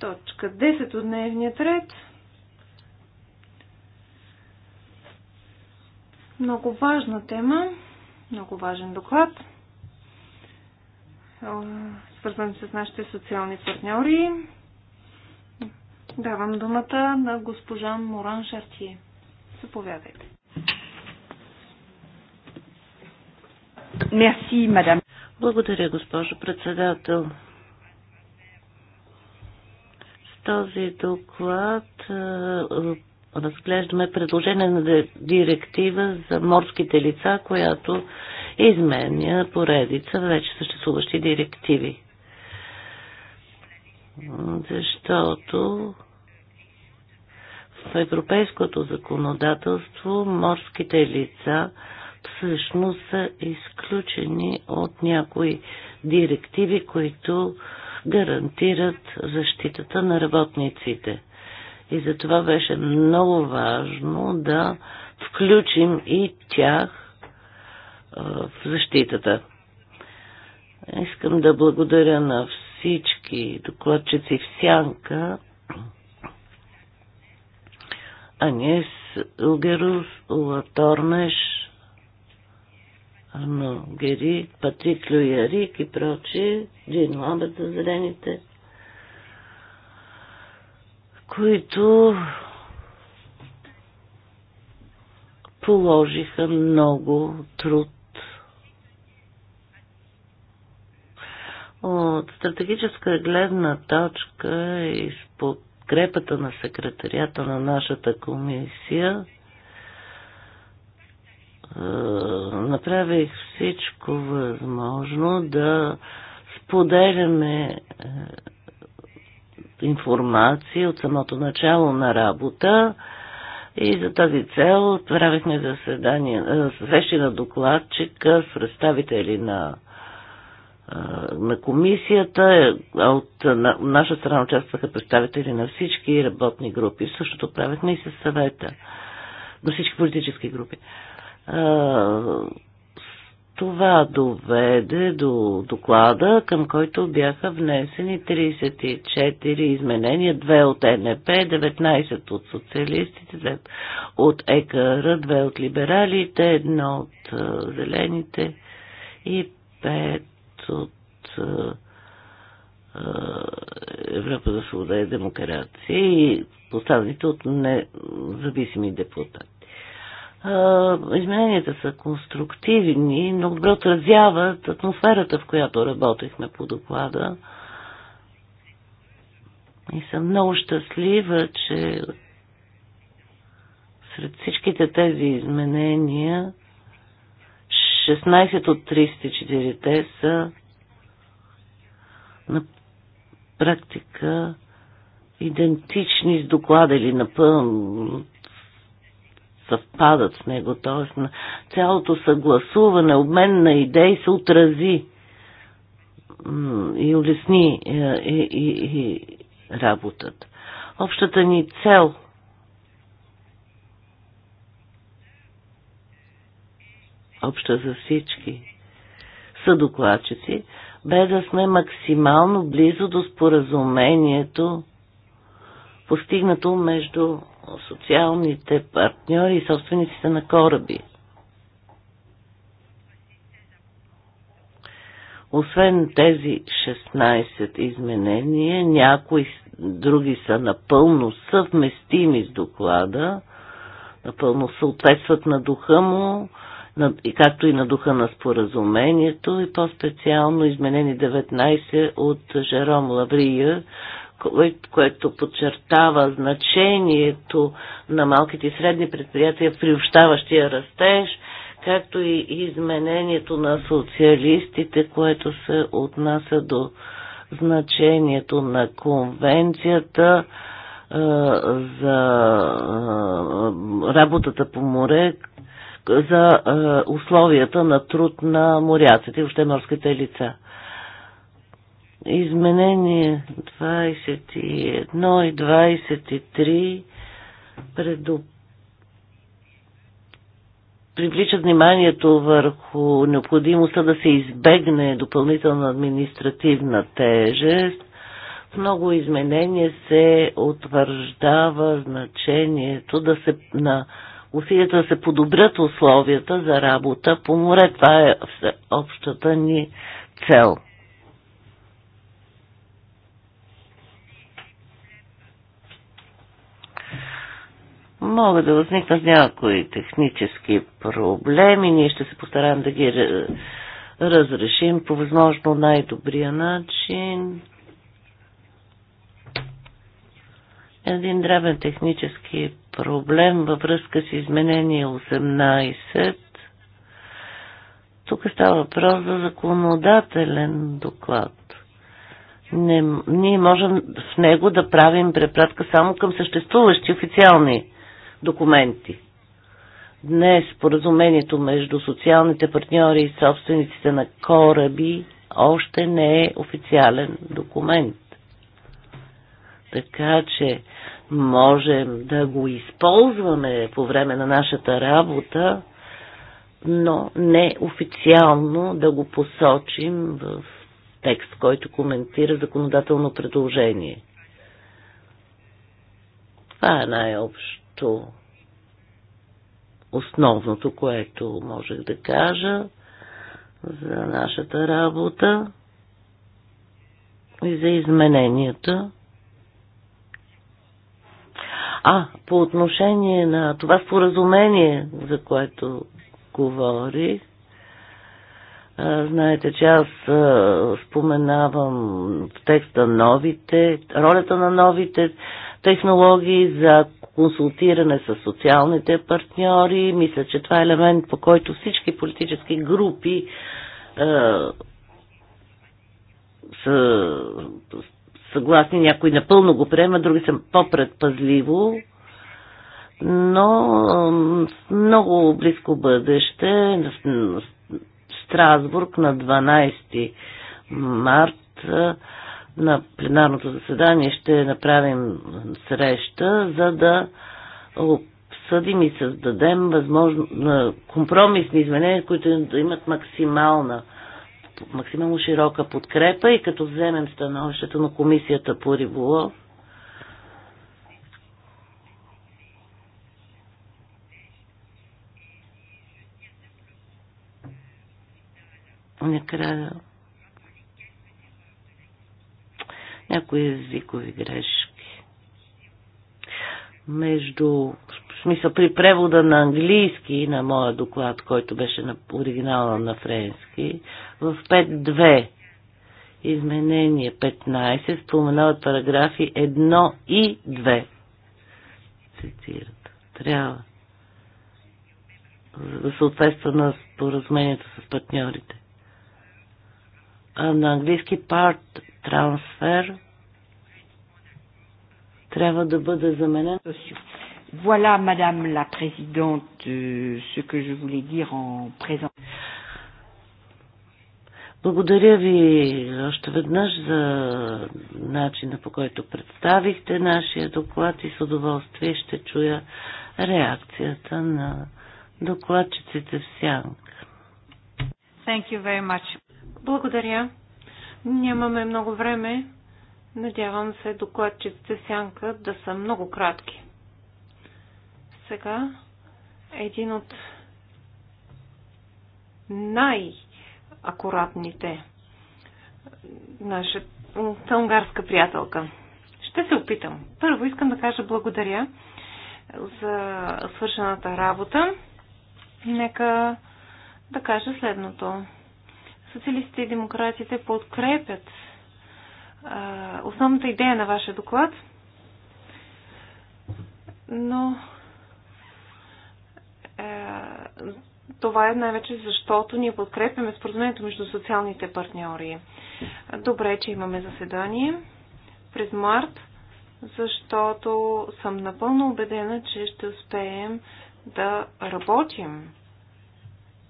Точка 10 от дневния ред. Много важна тема, много важен доклад, свързан с нашите социални партньори. Давам думата на госпожа Моран Шартие. Заповядайте. Мерси, мадам благодаря, госпожо председател. С този доклад е, разглеждаме предложение на директива за морските лица, която изменя поредица вече съществуващи директиви. Защото в европейското законодателство морските лица всъщност са изключени от някои директиви, които гарантират защитата на работниците. И за това беше много важно да включим и тях в защитата. Искам да благодаря на всички докладчици в Сянка, Анес Угерус, Ула Тормеш, Арно Гери, Патрик Люярик и прочие, Джин Ламбет за зелените, които положиха много труд От стратегическа гледна точка и с подкрепата на секретарията на нашата комисия, е, направих всичко възможно да споделяме е, информация от самото начало на работа и за тази цел правихме заседания, е, срещи на докладчика с представители на на комисията, а от на, наша страна участваха представители на всички работни групи. Същото правихме и с съвета на всички политически групи това доведе до доклада, към който бяха внесени 34 изменения, 2 от НП, 19 от социалистите, 2 от ЕКР, 2 от либералите, 1 от зелените и 5 от Европа за свобода и демокрация и поставените от независими депутати измененията са конструктивни но добре отразяват атмосферата, в която работихме по доклада. И съм много щастлива, че сред всичките тези изменения 16 от 34-те са на практика идентични с доклада или напълно съвпадат с него, т.е. на цялото съгласуване, обмен на идеи се отрази и улесни и, е, и, е, и, и работата. Общата ни цел обща за всички съдокладчици, бе да сме максимално близо до споразумението, постигнато между социалните партньори и собствениците на кораби. Освен тези 16 изменения, някои други са напълно съвместими с доклада, напълно съответстват на духа му, и както и на духа на споразумението и по-специално изменени 19 от Жером Лаврия, което подчертава значението на малките и средни предприятия при общаващия растеж, както и изменението на социалистите, което се отнася до значението на конвенцията е, за е, работата по море, за е, условията на труд на моряците и още морските лица. Изменение 21 и 23 предупреждават привлича вниманието върху необходимостта да се избегне допълнителна административна тежест. В много изменения се утвърждава значението да се, на усилията да се подобрят условията за работа по море. Това е общата ни цел. могат да възникнат някои технически проблеми. Ние ще се постараем да ги разрешим по възможно най-добрия начин. Един древен технически проблем във връзка с изменение 18. Тук става въпрос за законодателен доклад. Не, ние можем в него да правим препратка само към съществуващи официални документи. Днес споразумението между социалните партньори и собствениците на кораби още не е официален документ. Така че можем да го използваме по време на нашата работа, но не официално да го посочим в текст, който коментира законодателно предложение. Това е най-общо основното, което можех да кажа за нашата работа и за измененията. А, по отношение на това споразумение, за което говорих, Знаете, че аз споменавам в текста новите, ролята на новите технологии, за консултиране с социалните партньори. Мисля, че това е елемент, по който всички политически групи е, са съгласни, някои напълно го приема, други са по-предпазливо, но много близко бъдеще, Страсбург на 12 март, е, на пленарното заседание ще направим среща, за да обсъдим и създадем възможно, компромисни изменения, които да имат максимална максимално широка подкрепа и като вземем становището на комисията по риболов, накрая някои езикови грешки. Между, в смисъл, при превода на английски на моя доклад, който беше на оригинала на френски, в 5.2 изменение 15 споменават параграфи 1 и 2. Цитират. Трябва да съответства на споразумението с партньорите. А на английски part трансфер трябва да бъде заменен. Voilà, Madame la Présidente, euh, ce que je voulais dire en présent. Благодаря ви още веднъж за начина по който представихте нашия доклад и с удоволствие ще чуя реакцията на докладчиците в Сянг. Thank you very much. Благодаря. Нямаме много време. Надявам се докладчиците сянка да са много кратки. Сега един от най-акуратните нашата унгарска приятелка. Ще се опитам. Първо искам да кажа благодаря за свършената работа. Нека да кажа следното. Социалистите и демократите подкрепят а, основната идея на вашия доклад, но а, е, това е най-вече защото ние подкрепяме споразумението между социалните партньори. Добре, че имаме заседание през март, защото съм напълно убедена, че ще успеем да работим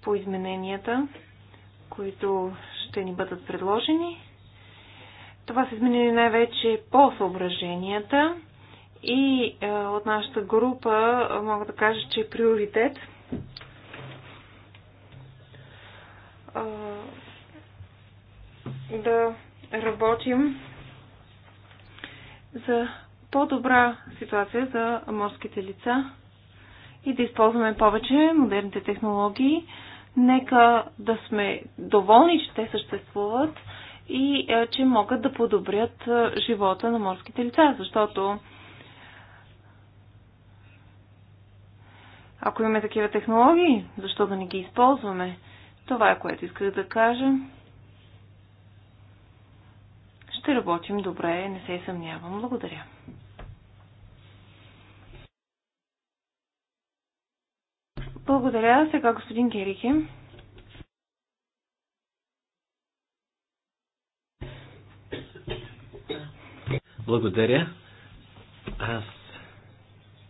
по измененията които ще ни бъдат предложени. Това са изменени най-вече по съображенията и е, от нашата група мога да кажа, че е приоритет е, да работим за по-добра ситуация за морските лица и да използваме повече модерните технологии, Нека да сме доволни, че те съществуват и е, че могат да подобрят е, живота на морските лица, защото ако имаме такива технологии, защо да не ги използваме? Това е което исках да кажа. Ще работим добре, не се съмнявам. Благодаря. Благодаря. Сега господин Герихи. Благодаря. Аз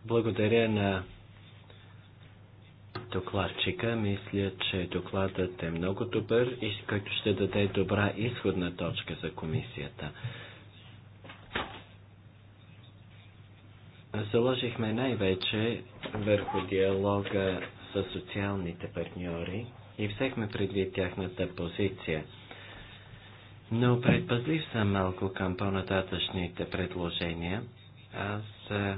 благодаря на докладчика. Мисля, че докладът е много добър и който ще даде добра изходна точка за комисията. Заложихме най-вече върху диалога с социалните партньори и взехме предвид тяхната позиция. Но предпазлив съм малко към по-нататъчните предложения. Аз а,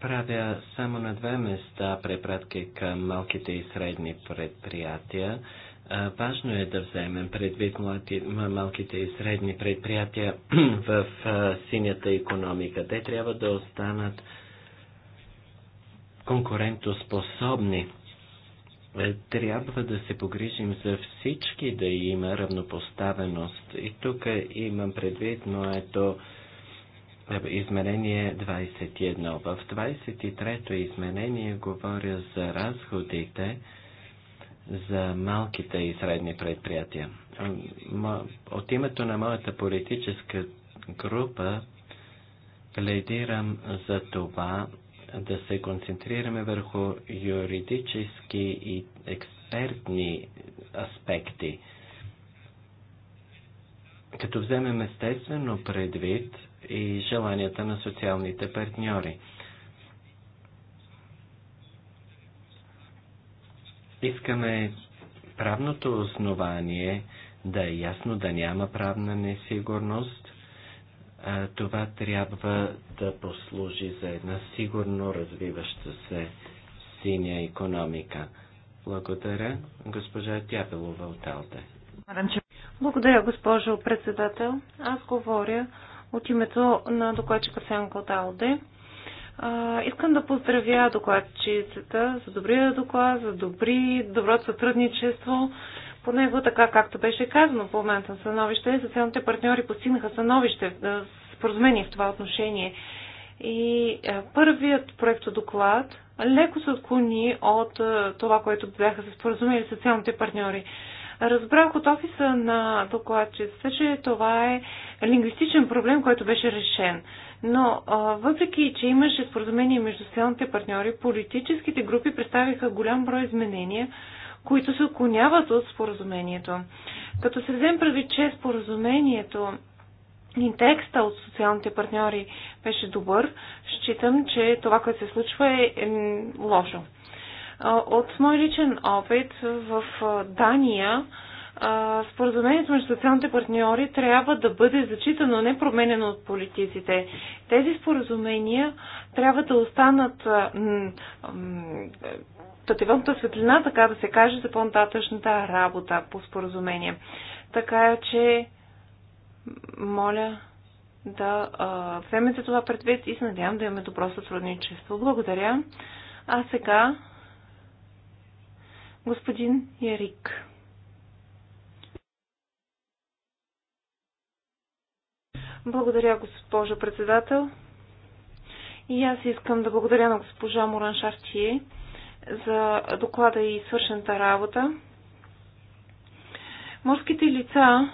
правя само на две места препратки към малките и средни предприятия. А, важно е да вземем предвид малките и средни предприятия в а, синята економика. Те трябва да останат конкурентоспособни. Е, трябва да се погрижим за всички да има равнопоставеност. И тук имам предвид моето е, изменение 21. В 23-то изменение говоря за разходите за малките и средни предприятия. От името на моята политическа група пледирам за това да се концентрираме върху юридически и експертни аспекти. Като вземем естествено предвид и желанията на социалните партньори. Искаме правното основание да е ясно, да няма правна несигурност, това трябва да послужи за една сигурно развиваща се синя економика. Благодаря, госпожа Тябелова от Алде. Благодаря, госпожо председател. Аз говоря от името на докладчика Сенко от Алде. А, искам да поздравя докладчицата за добрия доклад, за добри, добро сътрудничество по него, така както беше казано по момента на становище. Социалните партньори постигнаха становище, споразумение в това отношение. И първият проектодоклад леко се отклони от това, което бяха се споразумели социалните партньори. Разбрах от офиса на докладчицата, че това е лингвистичен проблем, който беше решен. Но въпреки, че имаше споразумение между социалните партньори, политическите групи представиха голям брой изменения, които се отклоняват от споразумението. Като се взем прави, че споразумението и текста от социалните партньори беше добър, считам, че това, което се случва е, е лошо. От мой личен опит в Дания, споразумението между социалните партньори трябва да бъде зачитано, не променено от политиците. Тези споразумения трябва да останат пътеводната светлина, така да се каже, за по-нататъчната работа по споразумение. Така е, че, моля да а, вземете това предвид и се надявам да имаме добро сътрудничество. Благодаря. А сега господин Ярик. Благодаря, госпожо председател. И аз искам да благодаря на госпожа Мораншартие. Шартие за доклада и свършената работа. Морските лица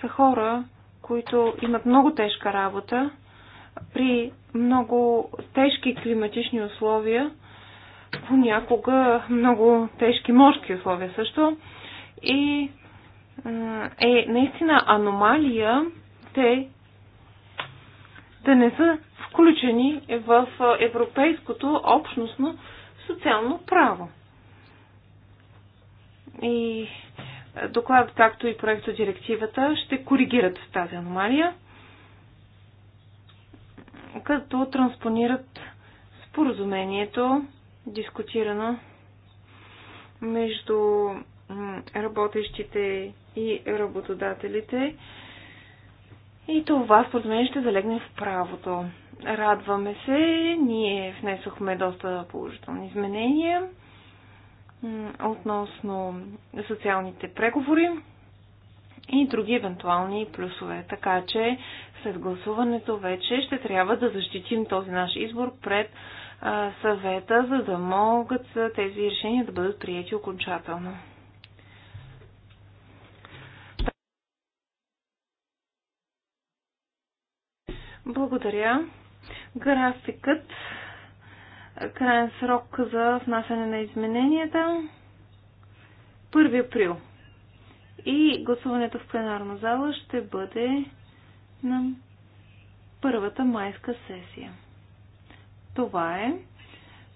са хора, които имат много тежка работа при много тежки климатични условия, понякога много тежки морски условия също. И е наистина аномалия те да не са включени в европейското общностно социално право. И докладът, както и проекто директивата, ще коригират тази аномалия, като транспонират споразумението, дискутирано между работещите и работодателите. И това споразумение ще залегне в правото. Радваме се, ние внесохме доста положителни изменения относно социалните преговори и други евентуални плюсове. Така че след гласуването вече ще трябва да защитим този наш избор пред съвета, за да могат тези решения да бъдат прияти окончателно. Благодаря графикът, крайен срок за внасяне на измененията 1 април. И гласуването в пленарна зала ще бъде на първата майска сесия. Това е.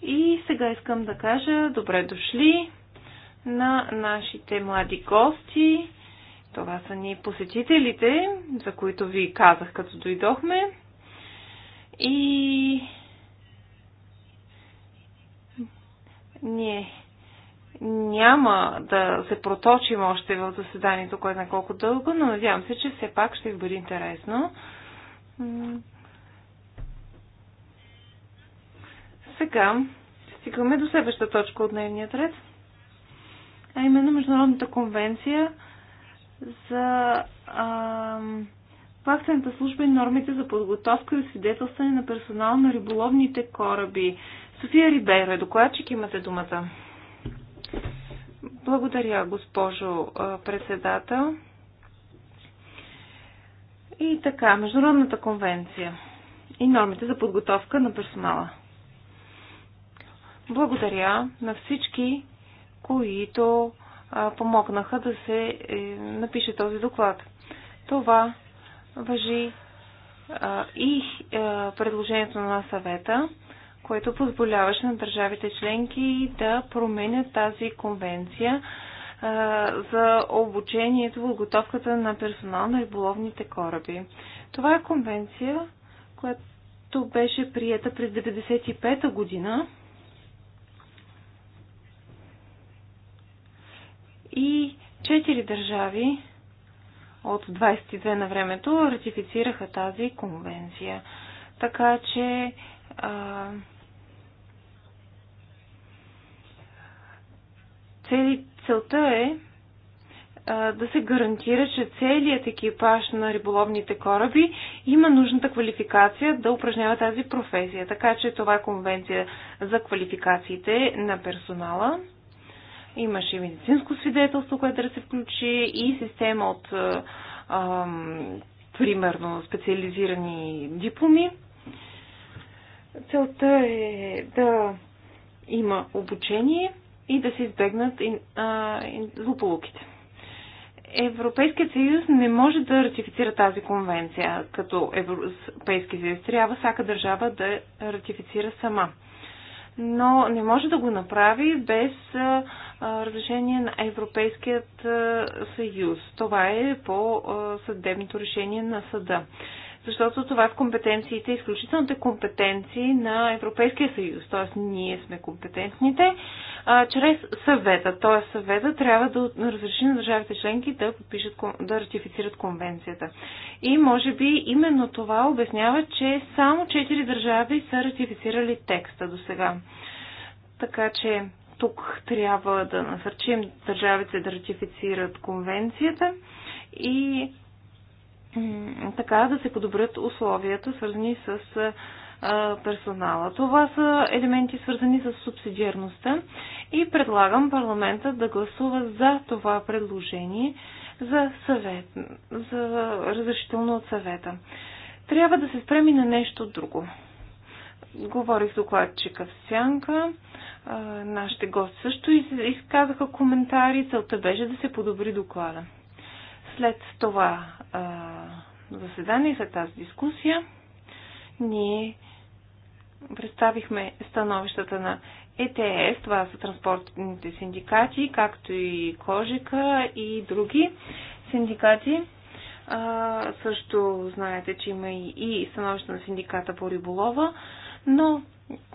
И сега искам да кажа добре дошли на нашите млади гости. Това са ни посетителите, за които ви казах като дойдохме. И ние няма да се проточим още в заседанието, което е колко дълго, но надявам се, че все пак ще ви бъде интересно. Сега стигаме до следващата точка от дневния ред, а именно Международната конвенция за а, плащаната служба и нормите за подготовка и освидетелстване на персонал на риболовните кораби. София Рибейро е докладчик, имате думата. Благодаря, госпожо председател. И така, Международната конвенция и нормите за подготовка на персонала. Благодаря на всички, които помогнаха да се е, напише този доклад. Това въжи а, и а, предложението на съвета, което позволяваше на държавите членки да променят тази конвенция а, за обучението, подготовката на персонал на риболовните кораби. Това е конвенция, която беше приета през 1995 година и четири държави от 22 на времето ратифицираха тази конвенция. Така че а, цели, целта е а, да се гарантира, че целият екипаж на риболовните кораби има нужната квалификация да упражнява тази професия. Така че това е конвенция за квалификациите на персонала. Имаше и медицинско свидетелство, което да се включи и система от ам, примерно специализирани дипломи. Целта е да има обучение и да се избегнат злополуките. Европейският съюз не може да ратифицира тази конвенция, като Европейски съюз трябва всяка държава да ратифицира сама но не може да го направи без разрешение на Европейският съюз. Това е по съдебното решение на съда защото това в компетенциите, е изключителните компетенции на Европейския съюз, т.е. ние сме компетентните, а, чрез съвета. Т.е. съвета трябва да разреши на държавите членки да, подпишат, да ратифицират конвенцията. И може би именно това обяснява, че само 4 държави са ратифицирали текста до сега. Така че тук трябва да насърчим държавите да ратифицират конвенцията и така да се подобрят условията, свързани с персонала. Това са елементи свързани с субсидиарността и предлагам парламента да гласува за това предложение за, съвет, за разрешително от съвета. Трябва да се спреми на нещо друго. Говорих с докладчика в Сянка, нашите гости също изказаха коментари, целта беше да се подобри доклада. След това заседание, след тази дискусия, ние представихме становищата на ЕТС, това са транспортните синдикати, както и Кожика и други синдикати. А, също знаете, че има и, и становище на синдиката по риболова, но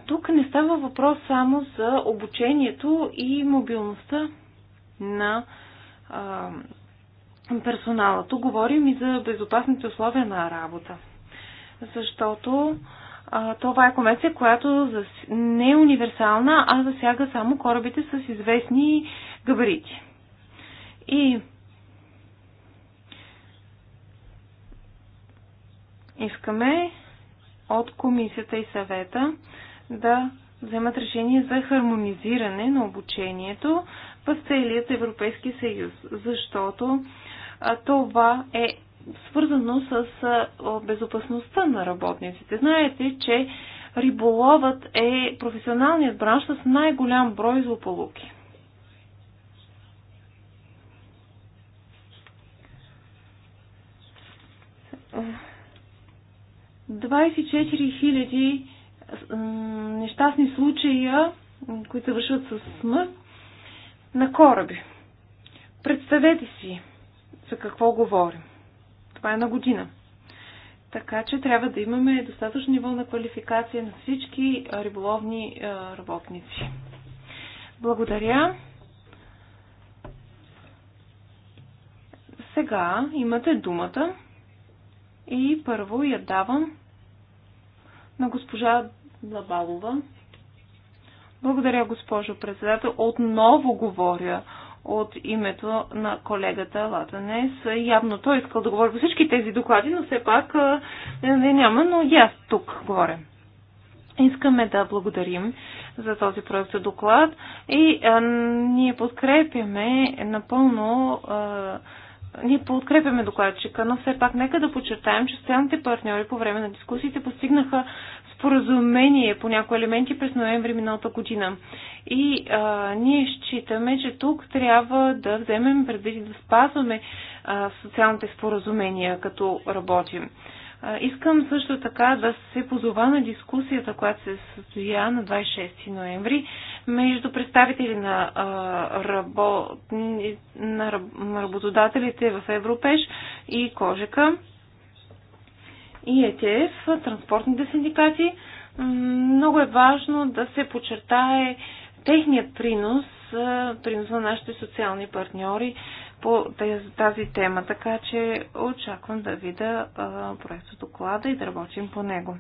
тук не става въпрос само за обучението и мобилността на персонала. Тук говорим и за безопасните условия на работа. Защото а, това е конвенция, която не е универсална, а засяга само корабите с известни габарити. И искаме от комисията и съвета да вземат решение за хармонизиране на обучението в целият Европейски съюз, защото това е свързано с безопасността на работниците. Знаете, че риболовът е професионалният бранш с най-голям брой злополуки. 24 хиляди нещастни случая, които вършат с смърт, на кораби. Представете си, за какво говорим. Това е на година. Така че трябва да имаме достатъчно ниво на квалификация на всички риболовни работници. Благодаря. Сега имате думата и първо я давам на госпожа Лабалова. Благодаря, госпожо председател. Отново говоря от името на колегата Латанес. Явно той искал да говори по всички тези доклади, но все пак не няма, но и аз тук говоря. Искаме да благодарим за този проект доклад и а, ние подкрепяме напълно а, ние подкрепяме докладчика, но все пак нека да подчертаем, че социалните партньори по време на дискусиите постигнаха споразумение по някои елементи през ноември миналата година. И а, ние считаме, че тук трябва да вземем предвид да спазваме а, социалните споразумения, като работим. А, искам също така да се позова на дискусията, която се състоя на 26 ноември между представители на, а, работ... на работодателите в Европеш и Кожека и ЕТФ, транспортните синдикати. Много е важно да се подчертае техният принос, принос на нашите социални партньори по тази тема. Така че очаквам да видя проекта доклада и да работим по него.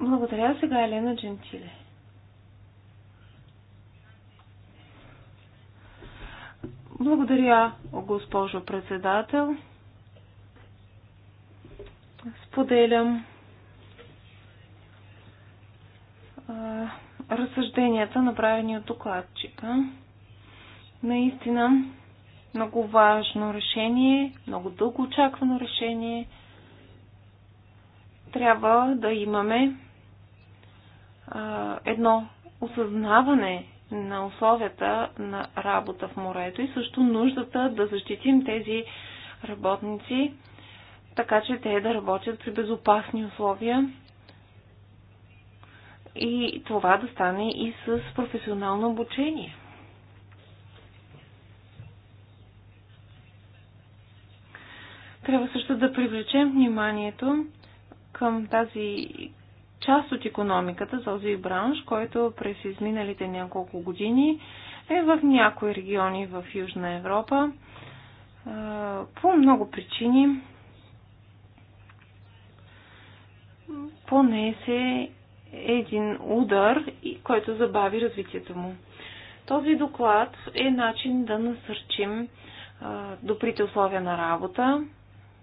Благодаря сега Елена Джентиле. Благодаря, госпожо председател споделям разсъжденията, направени от докладчика. Наистина, много важно решение, много дълго очаквано решение. Трябва да имаме а, едно осъзнаване на условията на работа в морето и също нуждата да защитим тези работници така че те да работят при безопасни условия и това да стане и с професионално обучение. Трябва също да привлечем вниманието към тази част от економиката, този бранш, който през изминалите няколко години е в някои региони в Южна Европа по много причини понесе един удар, който забави развитието му. Този доклад е начин да насърчим добрите условия на работа.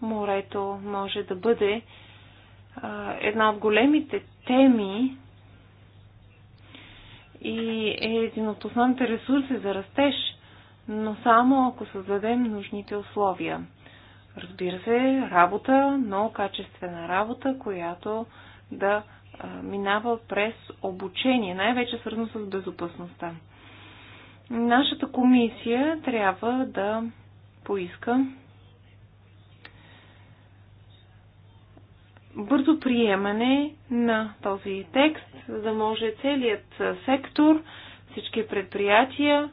Морето може да бъде една от големите теми и е един от основните ресурси за растеж, но само ако създадем нужните условия разбира се, работа, но качествена работа, която да минава през обучение, най-вече свързано с безопасността. Нашата комисия трябва да поиска бързо приемане на този текст, за да може целият сектор, всички предприятия,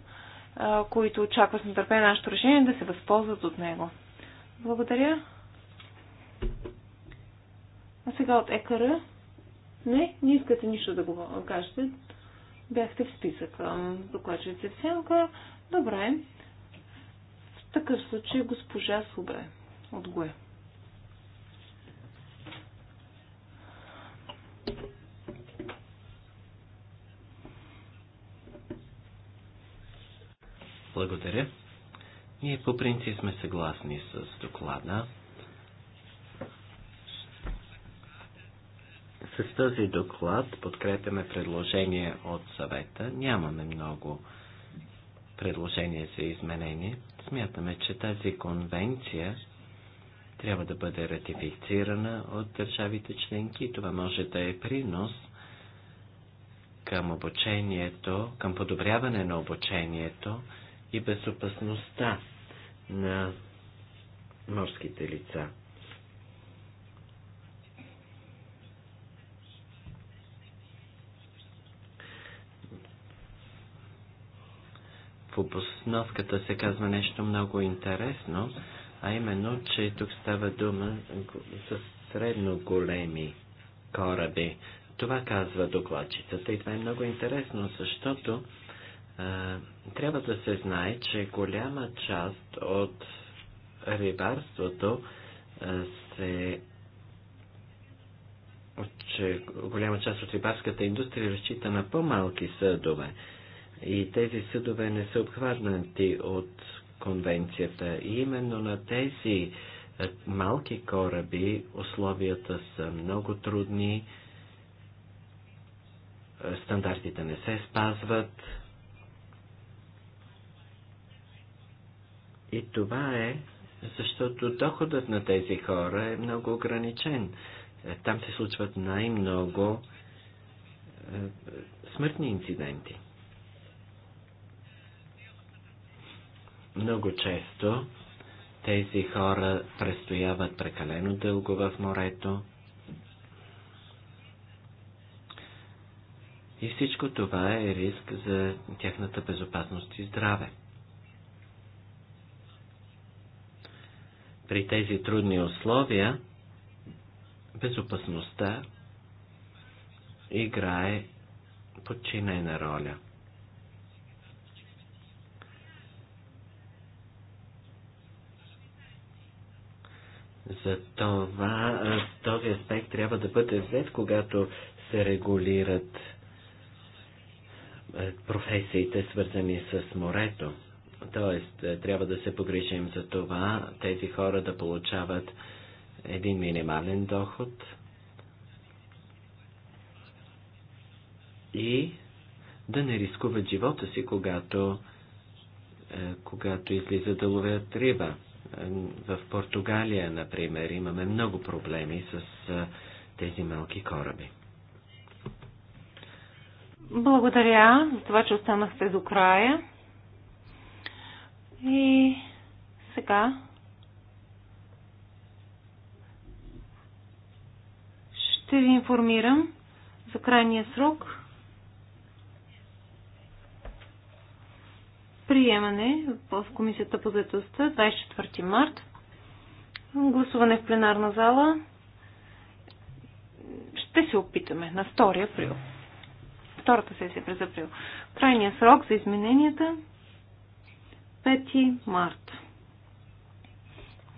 които очакват с нетърпение нашето решение, да се възползват от него. Благодаря. А сега от екара. Не, не искате нищо да го кажете. Бяхте в списък. Докладчици в сянка. Добре. В такъв случай госпожа Субе от ГОЕ. Благодаря. Ние по принцип сме съгласни с доклада. С този доклад подкрепяме предложение от съвета. Нямаме много предложения за изменение. Смятаме, че тази конвенция трябва да бъде ратифицирана от държавите членки. Това може да е принос към обучението, към подобряване на обучението и безопасността на морските лица. В обосновката се казва нещо много интересно, а именно, че тук става дума за средно големи кораби. Това казва докладчицата и това е много интересно, защото трябва да се знае, че голяма част от рибарството се че голяма част от рибарската индустрия разчита на по-малки съдове. И тези съдове не са обхванати от конвенцията. И именно на тези малки кораби условията са много трудни, стандартите не се спазват, И това е, защото доходът на тези хора е много ограничен. Е, там се случват най-много е, смъртни инциденти. Много често тези хора престояват прекалено дълго в морето. И всичко това е риск за тяхната безопасност и здраве. при тези трудни условия безопасността играе подчинена роля. Затова този аспект трябва да бъде взет, когато се регулират професиите, свързани с морето. Тоест, е, трябва да се погрижим за това тези хора да получават един минимален доход и да не рискуват живота си, когато, е, когато излизат да ловят риба. Е, в Португалия, например, имаме много проблеми с тези малки кораби. Благодаря за това, че останахте до края. И сега ще ви информирам за крайния срок. Приемане в Комисията по заедостта 24 март. Гласуване в пленарна зала. Ще се опитаме на 2 април. Втората сесия през април. Крайния срок за измененията 5 март.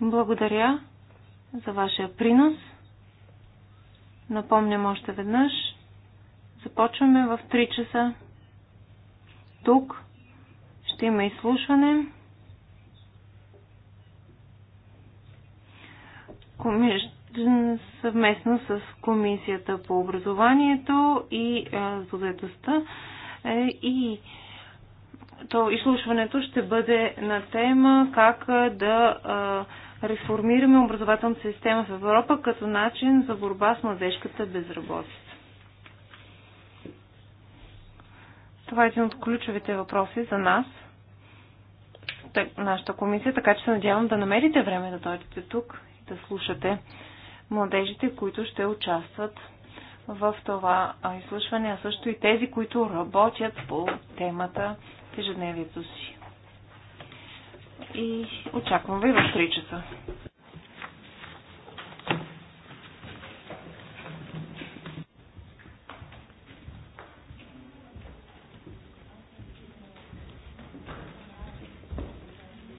Благодаря за вашия принос. Напомням още веднъж. Започваме в 3 часа. Тук ще има изслушване. съвместно с Комисията по образованието и е, заедостта е, и то изслушването ще бъде на тема как да реформираме образователната система в Европа като начин за борба с младежката безработица. Това е един от ключовите въпроси за нас, нашата комисия, така че се надявам да намерите време да дойдете тук и да слушате младежите, които ще участват в това изслушване, а също и тези, които работят по темата ежедневието си. И очаквам ви в 3 часа.